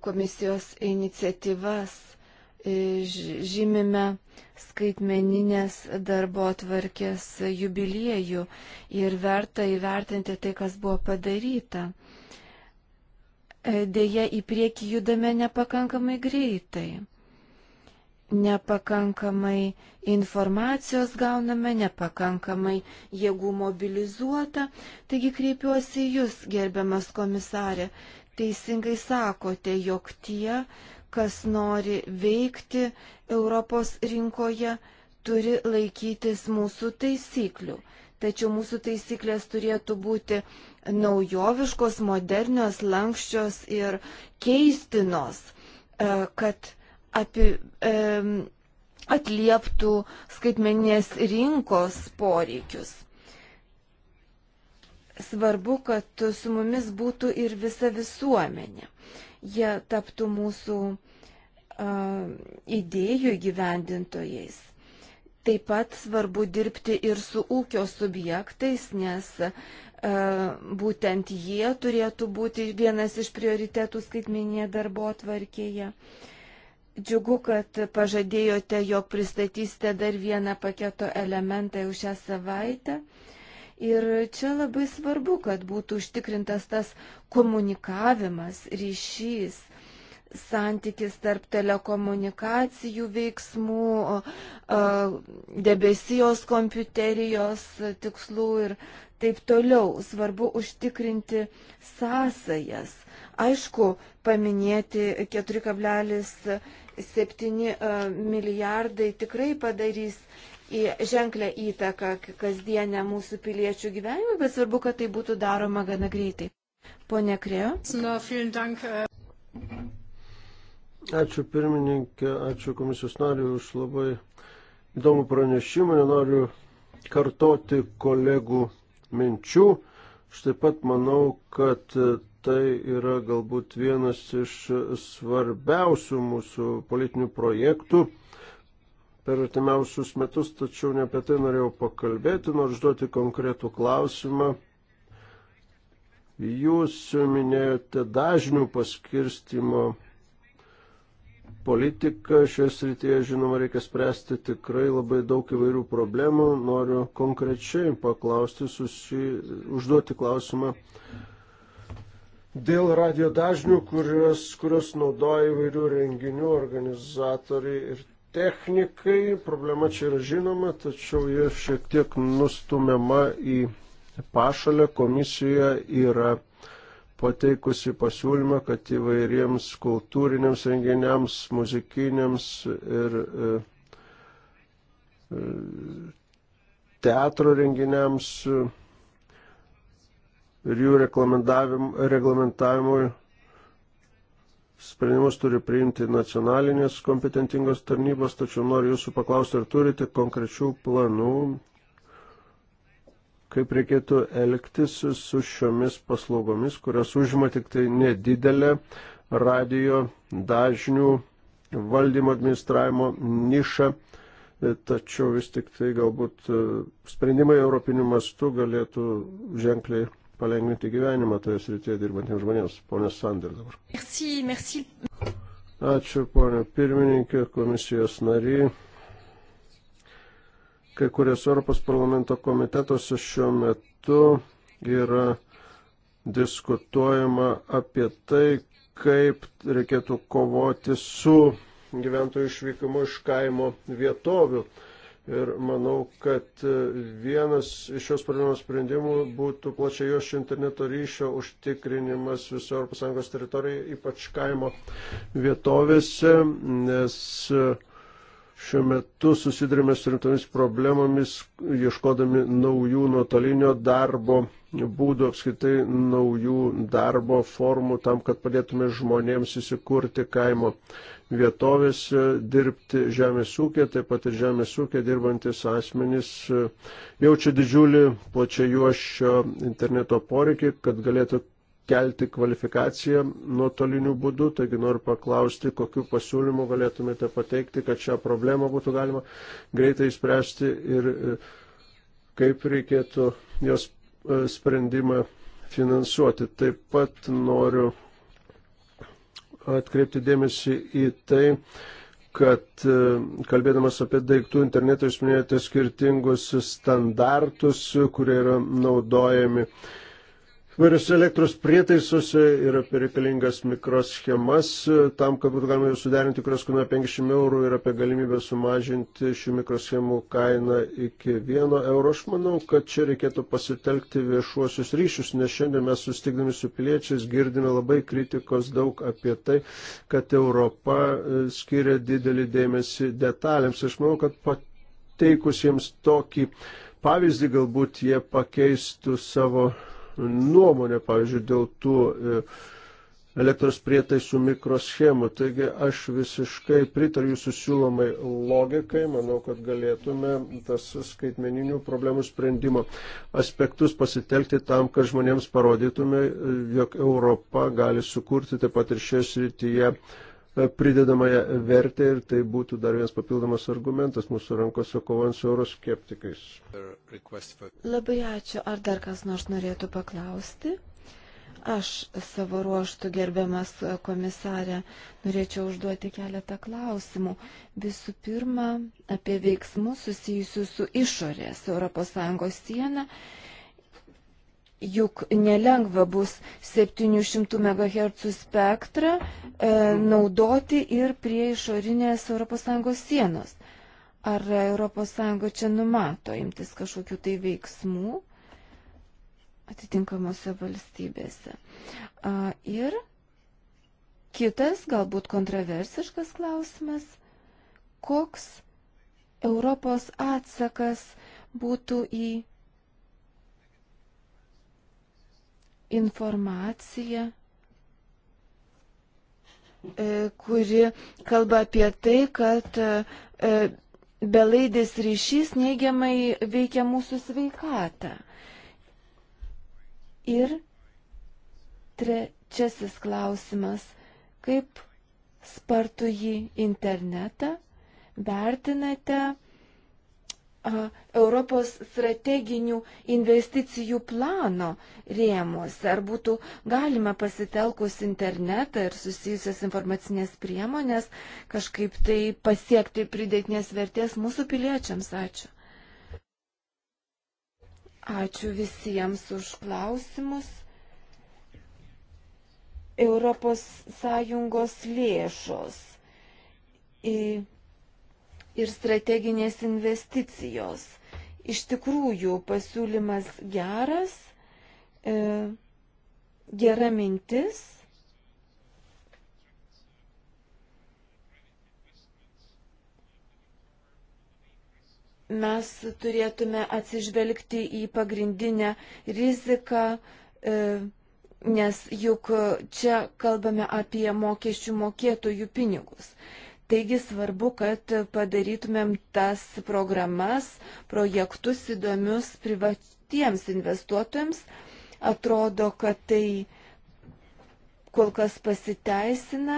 komisijos iniciatyvas žymime skaitmeninės darbo atvarkės jubiliejų ir verta įvertinti tai, kas buvo padaryta. E, Deja, į priekį judame nepakankamai greitai. Nepakankamai informacijos gauname, nepakankamai jėgų mobilizuota. Taigi kreipiuosi jūs, gerbiamas komisarė, teisingai sakote, jog tie, kas nori veikti Europos rinkoje, turi laikytis mūsų taisyklių. Tačiau mūsų taisyklės turėtų būti naujoviškos, modernios, lankščios ir keistinos, e, kad api, e, atlieptų skaitmeninės rinkos poreikius. Svarbu, kad su mumis būtų ir visa visuomenė jie taptų mūsų uh, idėjų įgyvendintojais. Taip pat svarbu dirbti ir su ūkio subjektais, nes uh, būtent jie turėtų būti vienas iš prioritetų skaitminėje darbo atvarkėje. Džiugu, kad pažadėjote, jog pristatysite dar vieną paketo elementą jau šią savaitę. Uh, Ir čia labai svarbu, kad būtų užtikrintas tas komunikavimas, ryšys, santykis tarp telekomunikacijų veiksmų, debesijos kompiuterijos tikslų ir taip toliau. Svarbu užtikrinti sąsajas. Aišku, paminėti 4,7 milijardai tikrai padarys ženklę įtaką kasdienę mūsų piliečių gyvenimą, bet svarbu, kad tai būtų daroma gana greitai. Pone Krėjo. Äh, ačiū pirmininkė, ačiū komisijos nariu už labai įdomų pranešimą. Nenoriu kartoti kolegų minčių. Aš taip pat manau, kad tai yra galbūt vienas iš svarbiausių mūsų politinių projektų per artimiausius metus, tačiau ne apie tai norėjau pakalbėti, noriu užduoti konkretų klausimą. Jūs minėjote dažnių paskirstimo politiką. Šioje srityje, žinoma, reikia spręsti tikrai labai daug įvairių problemų. Noriu konkrečiai paklausti, susi... užduoti klausimą dėl radio dažnių, kurios, kurios naudoja įvairių renginių organizatoriai ir technikai, problema čia yra žinoma, tačiau jie šiek tiek nustumiama į pašalę. Komisija yra pateikusi pasiūlymą, kad įvairiems kultūriniams renginiams, muzikiniams ir e, e, teatro renginiams e, ir jų reglamentavimui Sprendimus turi priimti nacionalinės kompetentingos tarnybos, tačiau noriu jūsų paklausti, ar turite konkrečių planų, kaip reikėtų elgtis su šiomis paslaugomis, kurios užima tik tai nedidelę radio dažnių valdymo administravimo nišą, tačiau vis tik tai galbūt e, sprendimai europiniu mastu galėtų ženkliai palengvinti gyvenimą toje srityje dirbantiems žmonėms. Pone Sander dabar. Merci, merci. Ačiū, ponė pirmininkė, komisijos nariai. Kai kurias Europos parlamento komitetuose šiuo metu yra diskutuojama apie tai, kaip reikėtų kovoti su gyventojų išvykimu iš kaimo vietovių. Ir manau, kad e, vienas iš šios problemos sprendimų būtų plačiai jos interneto ryšio užtikrinimas viso ES teritorijoje, ypač kaimo vietovėse, nes e, šiuo metu susidurime su rimtomis problemomis, ieškodami naujų nuotolinio darbo būdų, apskaitai naujų darbo formų tam, kad padėtume žmonėms įsikurti kaimo vietovėse dirbti žemės ūkė, taip pat ir žemės ūkė dirbantis asmenys e, jaučia didžiulį plačia juoščio interneto poreikį, kad galėtų kelti kvalifikaciją nuotoliniu būdu. Taigi noriu paklausti, kokiu pasiūlymu galėtumėte pateikti, kad šią problemą būtų galima greitai išspręsti ir e, kaip reikėtų jos e, sprendimą finansuoti. Taip pat noriu atkreipti dėmesį į tai, kad e, kalbėdamas apie daiktų internetą jūs minėjote skirtingus standartus, kurie yra naudojami uh, Įvairius elektros prietaisuose yra reikalingas mikroschemas e, tam, kad būtų galima juos suderinti, kurios kainuoja 500 eurų ir apie galimybę sumažinti šių mikroschemų kainą iki 1 euro. Aš manau, kad čia reikėtų pasitelkti viešuosius ryšius, nes šiandien mes sustikdami su piliečiais girdime labai kritikos daug apie tai, kad Europa e, skiria didelį dėmesį detalėms. Aš manau, kad pateikus jiems tokį pavyzdį galbūt jie pakeistų savo nuomonę, pavyzdžiui, dėl tų e, elektros prietaisų mikroschemų. Taigi aš visiškai pritariu jūsų siūlomai logikai, manau, kad galėtume tas skaitmeninių problemų sprendimo aspektus pasitelkti tam, kad žmonėms parodytume, jog Europa gali sukurti taip pat ir šioje srityje pridedamąją vertę ir tai būtų dar vienas papildomas argumentas mūsų rankose kovant su euroskeptikais. Labai ačiū. Ar dar kas nors norėtų paklausti? Aš savo ruoštų gerbiamas komisarė norėčiau užduoti keletą klausimų. Visų pirma, apie veiksmus susijusius su išorės ES siena juk nelengva bus 700 MHz spektrą e, naudoti ir prie išorinės ES sienos. Ar ES čia numato imtis kažkokių tai veiksmų atitinkamose valstybėse? A, ir kitas, galbūt kontroversiškas klausimas, koks Europos atsakas būtų į informacija, e, kuri kalba apie tai, kad e, belaidės ryšys neigiamai veikia mūsų sveikatą. Ir trečiasis klausimas, kaip spartų į internetą vertinate Europos strateginių investicijų plano rėmuose, ar būtų galima pasitelkus internetą ir susijusias informacinės priemonės kažkaip tai pasiekti pridėtinės vertės mūsų piliečiams. Ačiū. Ačiū visiems už klausimus. Europos Sąjungos lėšos. Į ir strateginės investicijos. Iš tikrųjų, pasiūlymas geras, e, gera mintis. Mes turėtume atsižvelgti į pagrindinę riziką, e, nes juk čia kalbame apie mokesčių mokėtojų pinigus. Taigi svarbu, kad padarytumėm tas programas, projektus įdomius privatiems investuotojams. Atrodo, kad tai kol kas pasiteisina.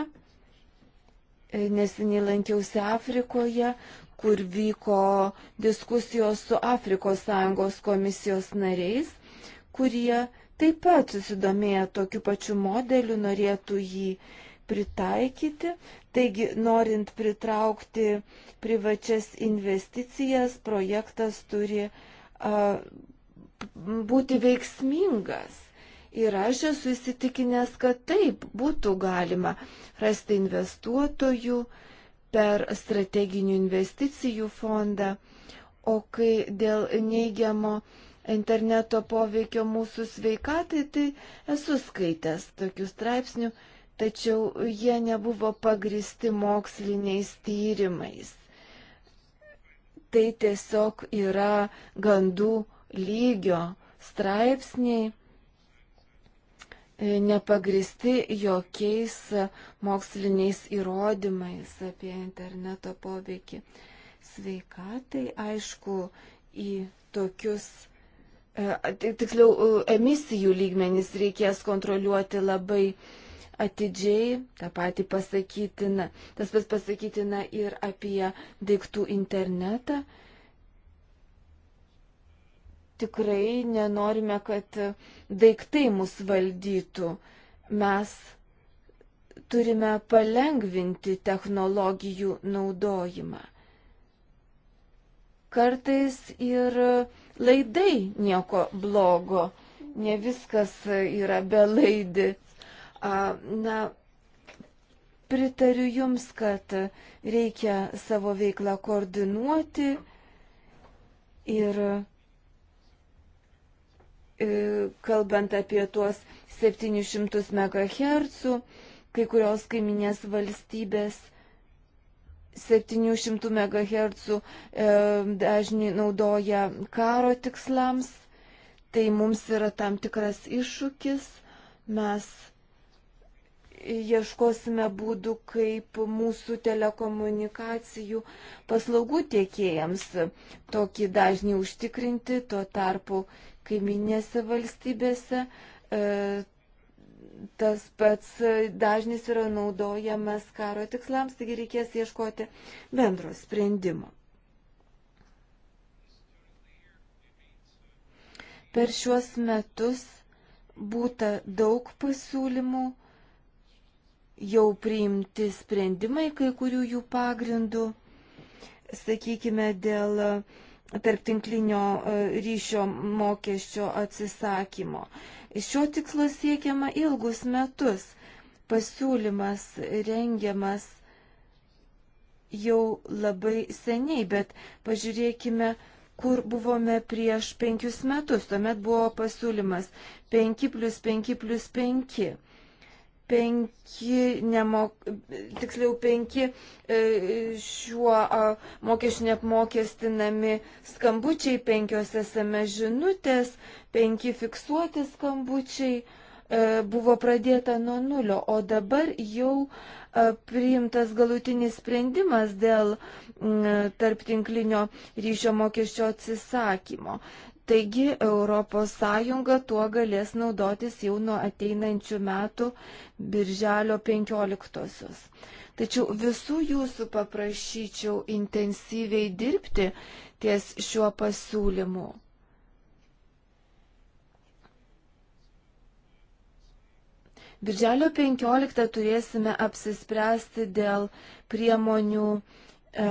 Neseniai lankiausi Afrikoje, kur vyko diskusijos su Afrikos Sąjungos komisijos nariais, kurie taip pat susidomėję tokiu pačiu modeliu norėtų jį uh, pritaikyti. Taigi, norint pritraukti privačias investicijas, projektas turi a, būti veiksmingas. Ir aš esu įsitikinęs, kad taip būtų galima rasti investuotojų per strateginių investicijų fondą. O kai dėl neigiamo interneto poveikio mūsų sveikatai, tai esu skaitęs tokių straipsnių, tačiau jie nebuvo pagristi moksliniais tyrimais. Tai tiesiog yra gandų lygio straipsniai, e, nepagristi jokiais moksliniais įrodymais apie interneto poveikį sveikatai. Aišku, į tokius e, Tiksliau, e, emisijų lygmenys reikės kontroliuoti labai atidžiai, tą patį pasakytina, tas pats pasakytina ir apie daiktų internetą. Tikrai nenorime, kad daiktai mus valdytų. Mes turime palengvinti technologijų naudojimą. Kartais ir laidai nieko blogo, ne viskas yra be laidi. Na, pritariu Jums, kad reikia savo veiklą koordinuoti ir e, kalbant apie tuos 700 MHz, kai kurios kaiminės valstybės 700 MHz e, dažnį naudoja karo tikslams, tai mums yra tam tikras iššūkis, mes ieškosime būdų, kaip mūsų telekomunikacijų paslaugų tiekėjams tokį dažnį užtikrinti, tuo tarpu kaiminėse valstybėse e, tas pats dažnis yra naudojamas karo tikslams, taigi reikės ieškoti bendro sprendimo. Per šiuos metus būta daug pasiūlymų, jau priimti sprendimai, kai kurių jų pagrindų, sakykime, dėl tarptinklinio e, ryšio mokesčio atsisakymo. Šio tikslo siekiama ilgus metus. Pasiūlymas rengiamas jau labai seniai, bet pažiūrėkime, kur buvome prieš penkius metus. Tuomet buvo pasiūlymas 5 plus 5 plus 5 penki, nemok, tiksliau penki e, šiuo mokesčiu neapmokestinami skambučiai, penkios SMS žinutės, penki fiksuoti skambučiai e, buvo pradėta nuo nulio, o dabar jau e, priimtas galutinis sprendimas dėl tarptinklinio ryšio mokesčio atsisakymo. Taigi ES tuo galės naudotis jau nuo ateinančių metų birželio 15-osios. Tačiau visų jūsų paprašyčiau intensyviai dirbti ties šiuo pasiūlymu. Birželio 15 turėsime apsispręsti dėl priemonių e,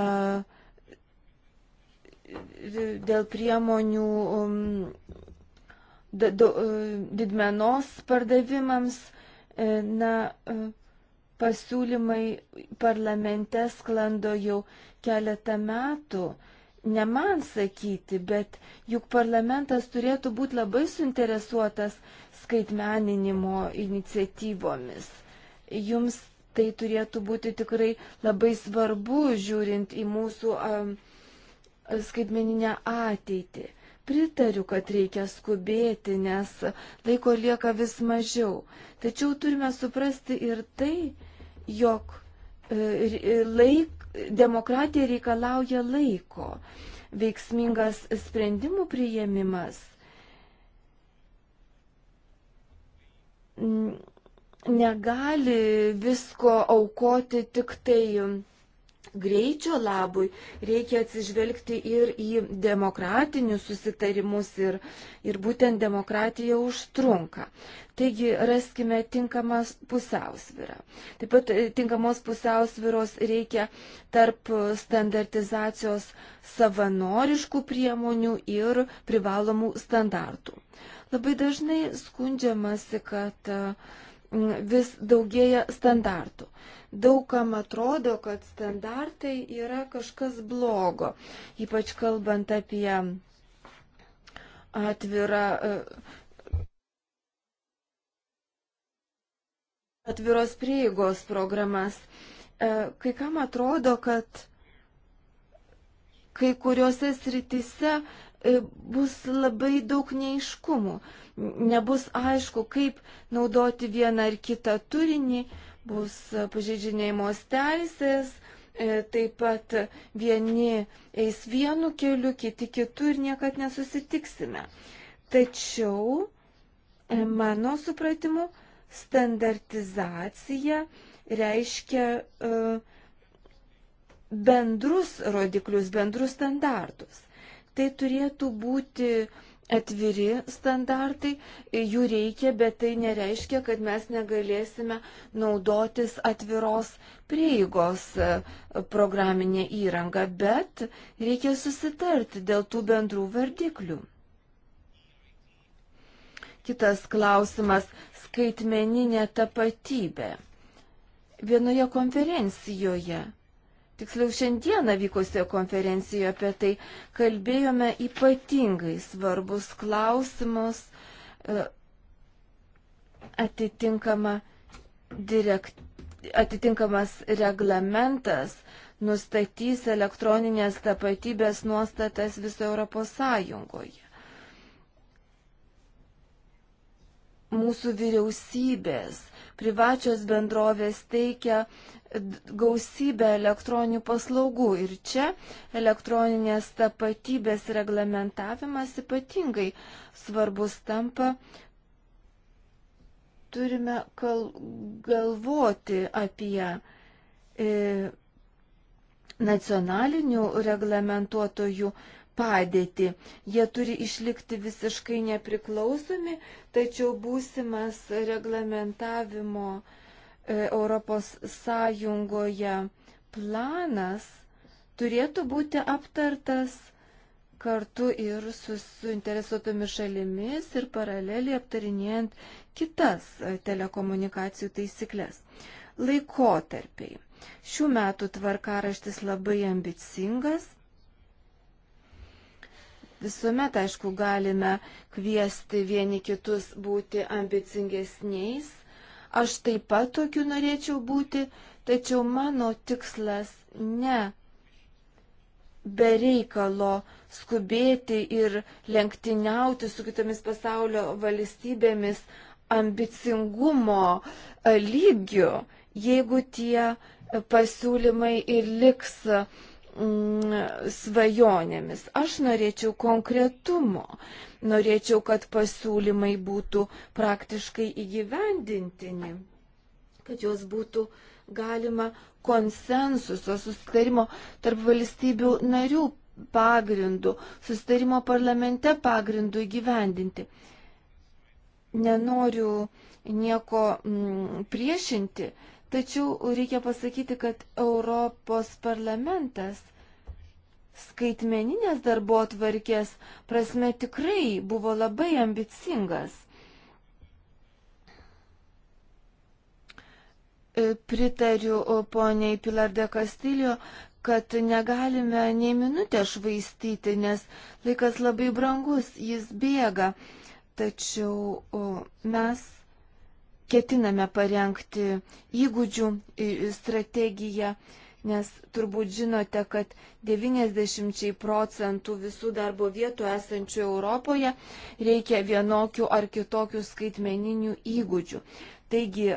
dėl priemonių um, uh, didmenos pardavimams, e, na, e, pasiūlymai parlamente sklando jau keletą metų. Ne man sakyti, bet juk parlamentas turėtų būti labai suinteresuotas skaitmeninimo iniciatyvomis. Jums tai turėtų būti tikrai labai svarbu, žiūrint į mūsų um, skaitmeninę ateitį. Pritariu, kad reikia skubėti, nes laiko lieka vis mažiau. Tačiau turime suprasti ir tai, jog e, laik, demokratija reikalauja laiko. Veiksmingas sprendimų priėmimas negali visko aukoti tik tai greičio labui reikia atsižvelgti ir į demokratinius susitarimus ir, ir būtent demokratija užtrunka. Taigi raskime tinkamas pusiausvyrą. Taip pat e, tinkamos pusiausvyros reikia tarp standartizacijos savanoriškų priemonių ir privalomų standartų. Labai dažnai skundžiamasi, kad uh, vis daugėja standartų. Daugam atrodo, kad standartai yra kažkas blogo, ypač kalbant apie atvirą e, atviros prieigos programas. E, kai kam atrodo, kad kai kuriuose sritise E, bus labai daug neiškumų. Nebus aišku, kaip naudoti vieną ar kitą turinį, bus pažeidžinėjimos teisės, e, taip pat vieni eis vienu keliu, kiti kitu ir niekad nesusitiksime. Tačiau, e, mano supratimu, standartizacija reiškia bendrus rodiklius, bendrus standartus. Tai turėtų būti atviri standartai, jų reikia, bet tai nereiškia, kad mes negalėsime naudotis atviros prieigos e, programinė įranga, bet reikia susitarti dėl tų bendrų vardiklių. Kitas klausimas - skaitmeninė tapatybė. Vienoje konferencijoje tiksliau šiandieną vykusioje konferencijoje apie tai kalbėjome ypatingai svarbus klausimus e, atitinkama direkt, atitinkamas reglamentas nustatys elektroninės tapatybės nuostatas viso Europos Sąjungoje. Mūsų vyriausybės privačios bendrovės teikia gausybę elektroninių paslaugų ir čia elektroninės tapatybės reglamentavimas ypatingai svarbus tampa. Turime galvoti apie e, nacionalinių reglamentuotojų padėtį. Jie turi išlikti visiškai nepriklausomi, tačiau būsimas reglamentavimo e, E, Europos Sąjungoje planas turėtų būti aptartas kartu ir su suinteresuotomis šalimis ir paraleliai aptarinėjant kitas e, telekomunikacijų taisyklės. Laikotarpiai. Šių metų tvarkaraštis labai ambicingas. Visuomet, aišku, galime kviesti vieni kitus būti ambicingesniais, Aš taip pat tokiu norėčiau būti, tačiau mano tikslas ne be reikalo skubėti ir lenktyniauti su kitomis pasaulio valstybėmis ambicingumo e, lygiu, jeigu tie pasiūlymai ir liks uh, Mm, svajonėmis. Aš norėčiau konkretumo, norėčiau, kad pasiūlymai būtų praktiškai įgyvendintini, kad juos būtų galima konsensuso, sustarimo tarp valstybių narių pagrindų, sustarimo parlamente pagrindų įgyvendinti. Nenoriu nieko mm, priešinti, Tačiau reikia pasakyti, kad Europos parlamentas skaitmeninės darbo atvarkės prasme tikrai buvo labai ambicingas. E, pritariu poniai Pilar de Castillo, kad negalime nei minutę švaistyti, nes laikas labai brangus, jis bėga. Tačiau mes ketiname parengti įgūdžių strategiją, nes turbūt žinote, kad 90 procentų visų darbo vietų esančių Europoje reikia vienokių ar kitokių skaitmeninių įgūdžių. Taigi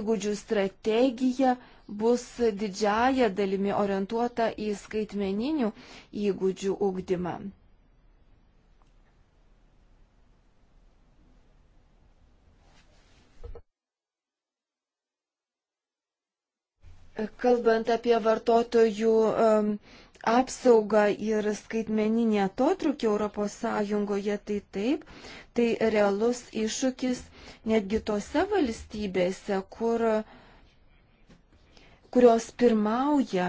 įgūdžių strategija bus didžiaja dalimi orientuota į skaitmeninių įgūdžių ugdymą. Kalbant apie vartotojų um, apsaugą ir skaitmeninį atotrukį ES, tai taip, tai realus iššūkis netgi tose valstybėse, kur, kurios pirmauja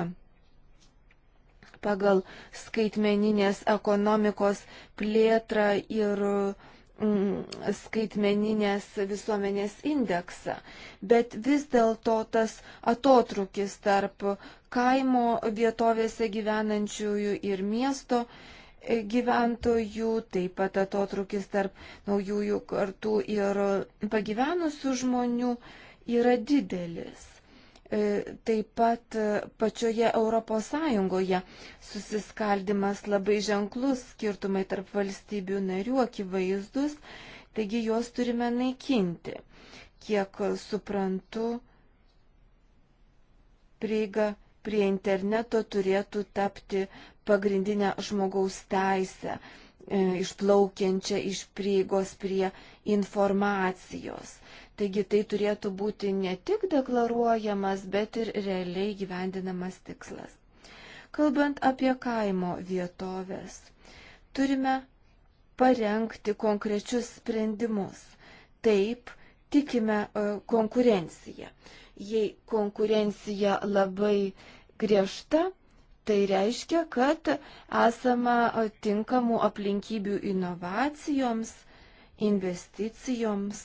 pagal skaitmeninės ekonomikos plėtrą ir uh, Mm, skaitmeninės visuomenės indeksą. Bet vis dėlto tas atotrukis tarp kaimo vietovėse gyvenančiųjų ir miesto e, gyventojų, taip pat atotrukis tarp naujųjų kartų ir pagyvenusių žmonių yra didelis. E, taip pat e, pačioje Europos Sąjungoje susiskaldimas labai ženklus, skirtumai tarp valstybių narių akivaizdus, taigi juos turime naikinti. Kiek suprantu, prieiga prie interneto turėtų tapti pagrindinę žmogaus teisę, e, išplaukiančią iš prieigos prie informacijos. Taigi tai turėtų būti ne tik deklaruojamas, bet ir realiai gyvendinamas tikslas. Kalbant apie kaimo vietovės, turime parengti konkrečius sprendimus. Taip, tikime e, konkurenciją. Jei konkurencija labai griežta, tai reiškia, kad esama e, tinkamų aplinkybių inovacijoms, investicijoms,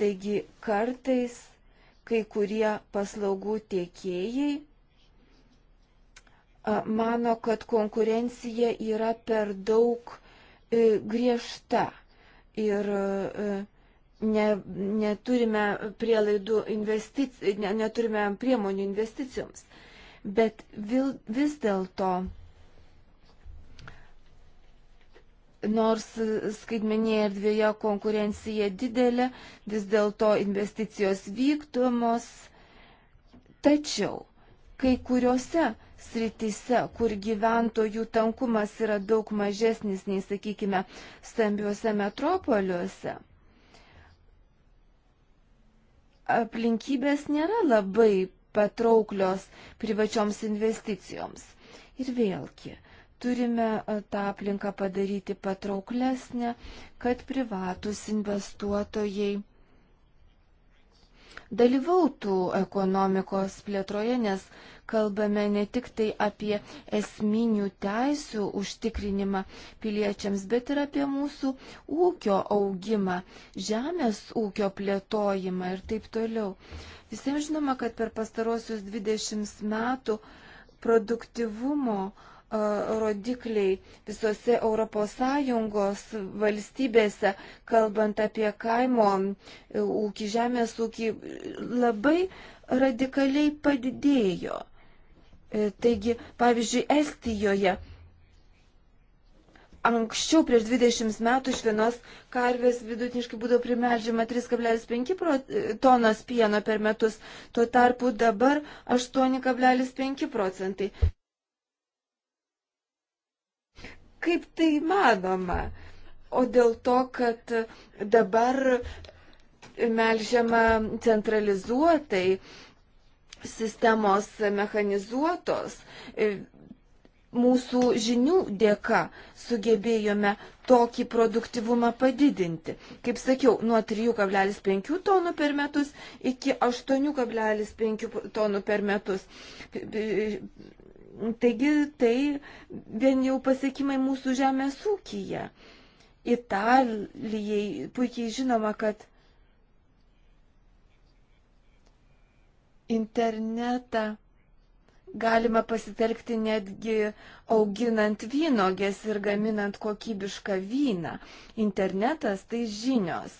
Taigi kartais kai kurie paslaugų tiekėjai mano, kad konkurencija yra per daug e, griežta ir e, ne, neturime prielaidų investicijų, ne, neturime priemonių investicijoms. Bet vil, vis dėlto Nors skaitmenėje erdvėje konkurencija didelė, vis dėlto investicijos vykdomos. Tačiau kai kuriuose sritise, kur gyventojų tankumas yra daug mažesnis nei, sakykime, stambiuose metropoliuose, aplinkybės nėra labai patrauklios privačioms investicijoms. Ir vėlgi, turime e, tą aplinką padaryti patrauklesnę, kad privatus investuotojai dalyvautų ekonomikos plėtroje, nes kalbame ne tik tai apie esminių teisių užtikrinimą piliečiams, bet ir apie mūsų ūkio augimą, žemės ūkio plėtojimą ir taip toliau. Visiems žinoma, kad per pastarosius 20 metų produktivumo uh, rodikliai visose ES valstybėse, kalbant apie kaimo e, ūkį, žemės ūkį, labai radikaliai padidėjo. E, taigi, pavyzdžiui, Estijoje anksčiau, prieš 20 metų, iš vienos karvės vidutiniškai būdavo primeldžiama 3,5 e, tonos pieno per metus, tuo tarpu dabar 8,5 procentai. Kaip tai manoma? O dėl to, kad dabar melžiama centralizuotai, sistemos mechanizuotos, mūsų žinių dėka sugebėjome tokį produktivumą padidinti. Kaip sakiau, nuo 3,5 tonų per metus iki 8,5 tonų per metus Taigi tai vien jau pasiekimai mūsų žemės ūkyje. Italijai puikiai žinoma, kad internetą galima pasitelkti netgi auginant vynogės ir gaminant kokybišką vyną. Internetas tai žinios.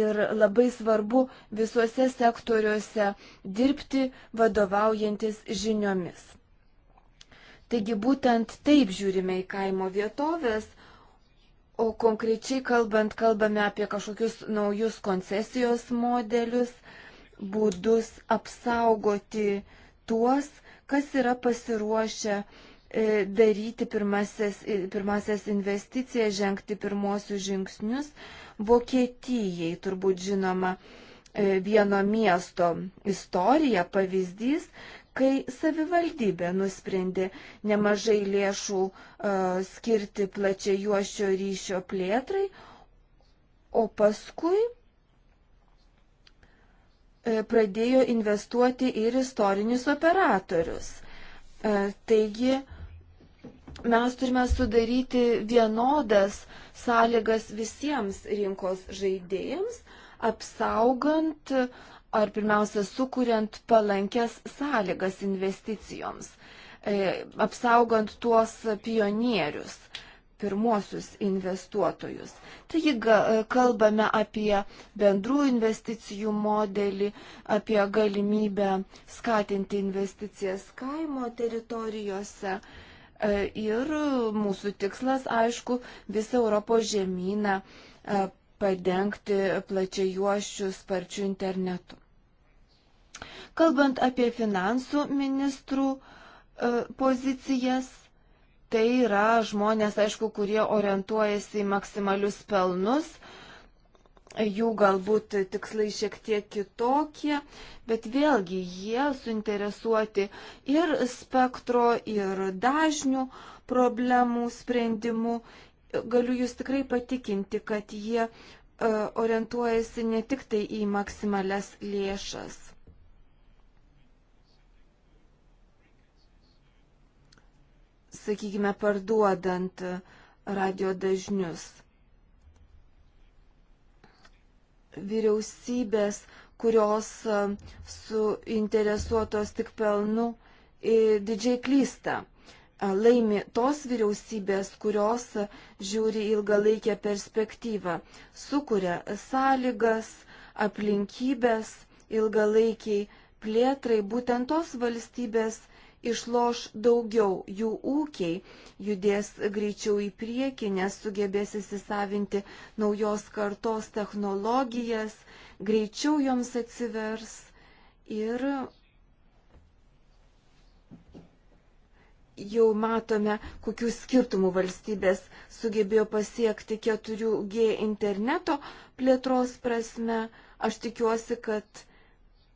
Ir labai svarbu visuose sektoriuose dirbti vadovaujantis žiniomis. Taigi būtent taip žiūrime į kaimo vietovės, o konkrečiai kalbant, kalbame apie kažkokius naujus koncesijos modelius, būdus apsaugoti tuos, kas yra pasiruošę e, daryti pirmasias, pirmasias investicijas, žengti pirmosius žingsnius. Vokietijai turbūt žinoma e, vieno miesto istorija, pavyzdys, kai savivaldybė nusprendė nemažai lėšų uh, skirti plačiai juošio ryšio plėtrai, o paskui uh, pradėjo investuoti ir istorinius operatorius. Uh, taigi mes turime sudaryti vienodas sąlygas visiems rinkos žaidėjams, apsaugant uh, ar pirmiausia sukuriant palankes sąlygas investicijoms, e, apsaugant tuos pionierius, pirmosius investuotojus. Taigi e, kalbame apie bendrų investicijų modelį, apie galimybę skatinti investicijas kaimo teritorijose. E, ir mūsų tikslas, aišku, visą Europos žemyną padengti plačiai juošių sparčių internetu. Kalbant apie finansų ministrų e, pozicijas, tai yra žmonės, aišku, kurie orientuojasi į maksimalius pelnus, jų galbūt tikslai šiek tiek kitokie, bet vėlgi jie suinteresuoti ir spektro, ir dažnių problemų sprendimu. Galiu jūs tikrai patikinti, kad jie e, orientuojasi ne tik tai į maksimales lėšas. sakykime, parduodant radio dažnius. Vyriausybės, kurios e, suinteresuotos tik pelnu, didžiai klysta. E, laimi tos vyriausybės, kurios e, žiūri ilgalaikę perspektyvą, sukuria sąlygas, aplinkybės ilgalaikiai plėtrai, būtent tos valstybės išloš daugiau, jų ūkiai judės greičiau į priekį, nes sugebės įsisavinti naujos kartos technologijas, greičiau joms atsivers ir jau matome, kokių skirtumų valstybės sugebėjo pasiekti 4G interneto plėtros prasme. Aš tikiuosi, kad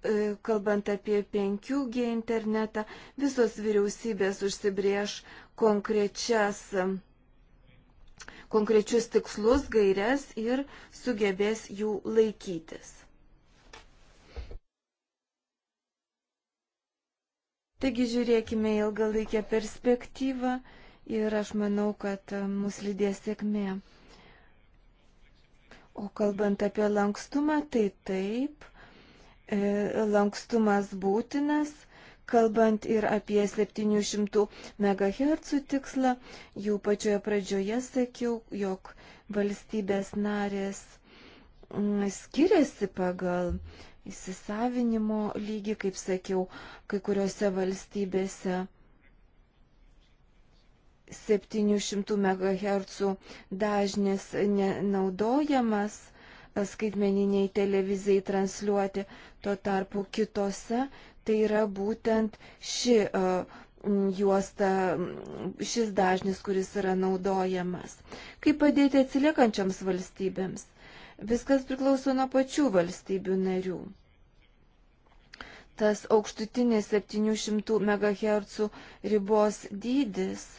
E, kalbant apie 5G internetą, visos vyriausybės užsibrieš konkrečias, konkrečius tikslus, gairias ir sugebės jų laikytis. Taigi žiūrėkime ilgalaikę perspektyvą ir aš manau, kad mus lydės sėkmė. O kalbant apie lankstumą, tai taip, E, lankstumas būtinas, kalbant ir apie 700 MHz tikslą. Jau pačioje pradžioje sakiau, jog valstybės narės mm, skiriasi pagal įsisavinimo lygį, kaip sakiau, kai kuriuose valstybėse 700 MHz dažnis nenaudojamas skaitmeniniai televizijai transliuoti, tuo tarpu kitose tai yra būtent ši uh, juosta, šis dažnis, kuris yra naudojamas. Kaip padėti atsiliekančiams valstybėms? Viskas priklauso nuo pačių valstybių narių. Tas aukštutinis 700 MHz ribos dydis –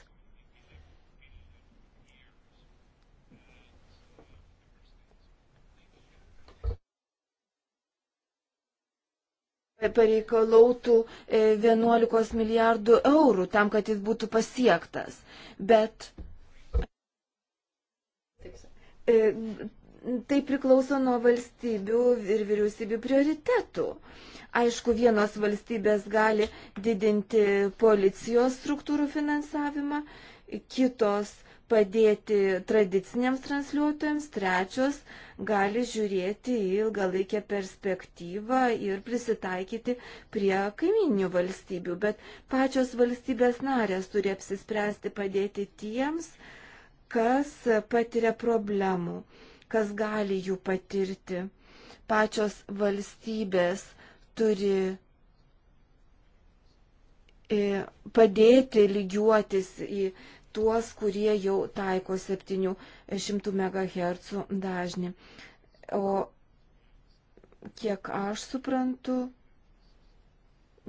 pareikalautų 11 e, milijardų eurų tam, kad jis būtų pasiektas. Bet e, tai priklauso nuo valstybių ir vyriausybių prioritetų. Aišku, vienos valstybės gali didinti policijos struktūrų finansavimą, kitos padėti tradiciniams transliuotojams, trečios gali žiūrėti į ilgalaikę perspektyvą ir prisitaikyti prie kaiminių valstybių. Bet pačios valstybės narės turi apsispręsti padėti tiems, kas patiria problemų, kas gali jų patirti. Pačios valstybės turi e, padėti lygiuotis į tuos, kurie jau taiko 700 MHz dažnį. O kiek aš suprantu,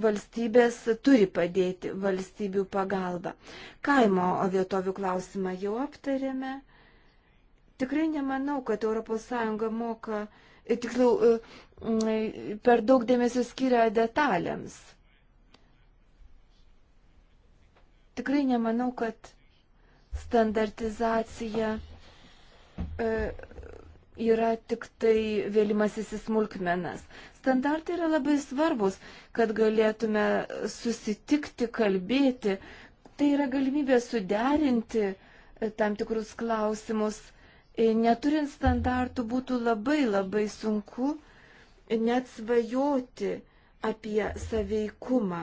valstybės turi padėti valstybių pagalba. Kaimo vietovių klausimą jau aptarėme. Tikrai nemanau, kad ES moka, e, tiksliau, e, per daug dėmesio skiria detalėms. Tikrai nemanau, kad standartizacija e, yra tik tai vėlimasis į smulkmenas. Standartai yra labai svarbus, kad galėtume susitikti, kalbėti. Tai yra galimybė suderinti e, tam tikrus klausimus. E, neturint standartų būtų labai labai sunku net svajoti apie saveikumą.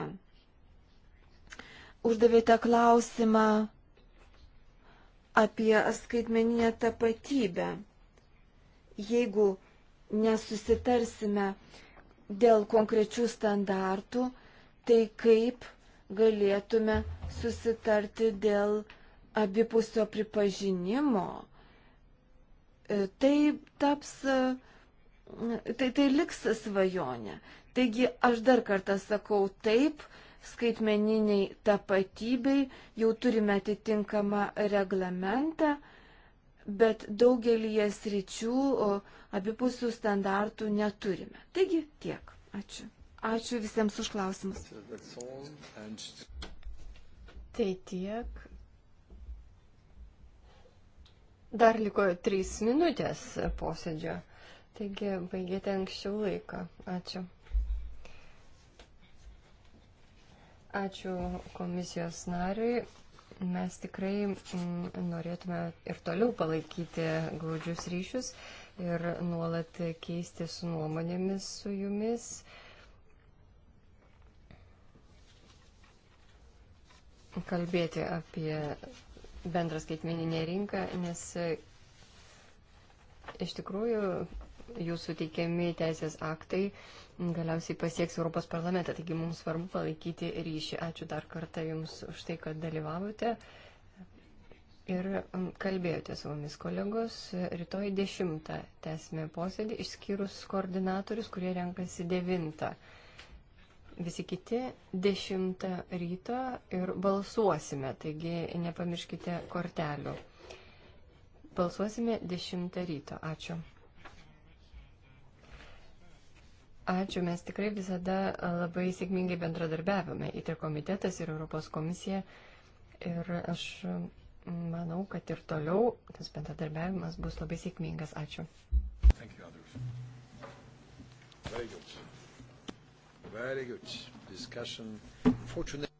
Uždavėte klausimą apie skaitmeninę tapatybę. Jeigu nesusitarsime dėl konkrečių standartų, tai kaip galėtume susitarti dėl abipusio pripažinimo. E, tai taps, e, tai, tai liks svajonė. Taigi aš dar kartą sakau taip skaitmeniniai tapatybei, jau turime atitinkamą reglamentą, bet daugelį sričių abipusių standartų neturime. Taigi tiek. Ačiū. Ačiū visiems už klausimus. Tai tiek. Dar liko trys minutės posėdžio. Taigi baigėte anksčiau laiką. Ačiū. Ačiū komisijos nariui. Mes tikrai mm, norėtume ir toliau palaikyti glaudžius ryšius ir nuolat keisti su nuomonėmis su jumis. Kalbėti apie bendrą skaitmeninę rinką, nes iš tikrųjų jūsų teikiami teisės aktai galiausiai pasieks Europos parlamentą. Taigi mums svarbu palaikyti ryšį. Ačiū dar kartą Jums už tai, kad dalyvavote ir mm, kalbėjote su mumis kolegos. Rytoj 10 tęsime posėdį, išskyrus koordinatorius, kurie renkasi 9. Visi kiti 10 ryto ir balsuosime, taigi nepamirškite kortelių. Balsuosime 10 ryto. Ačiū. Ačiū, mes tikrai visada labai sėkmingai bendradarbiavome į tai komitetas ir Europos komisija. Ir aš manau, kad ir toliau tas bendradarbiavimas bus labai sėkmingas. Ačiū. Thank you, Andrews. Very good. Very good discussion. Fortunately...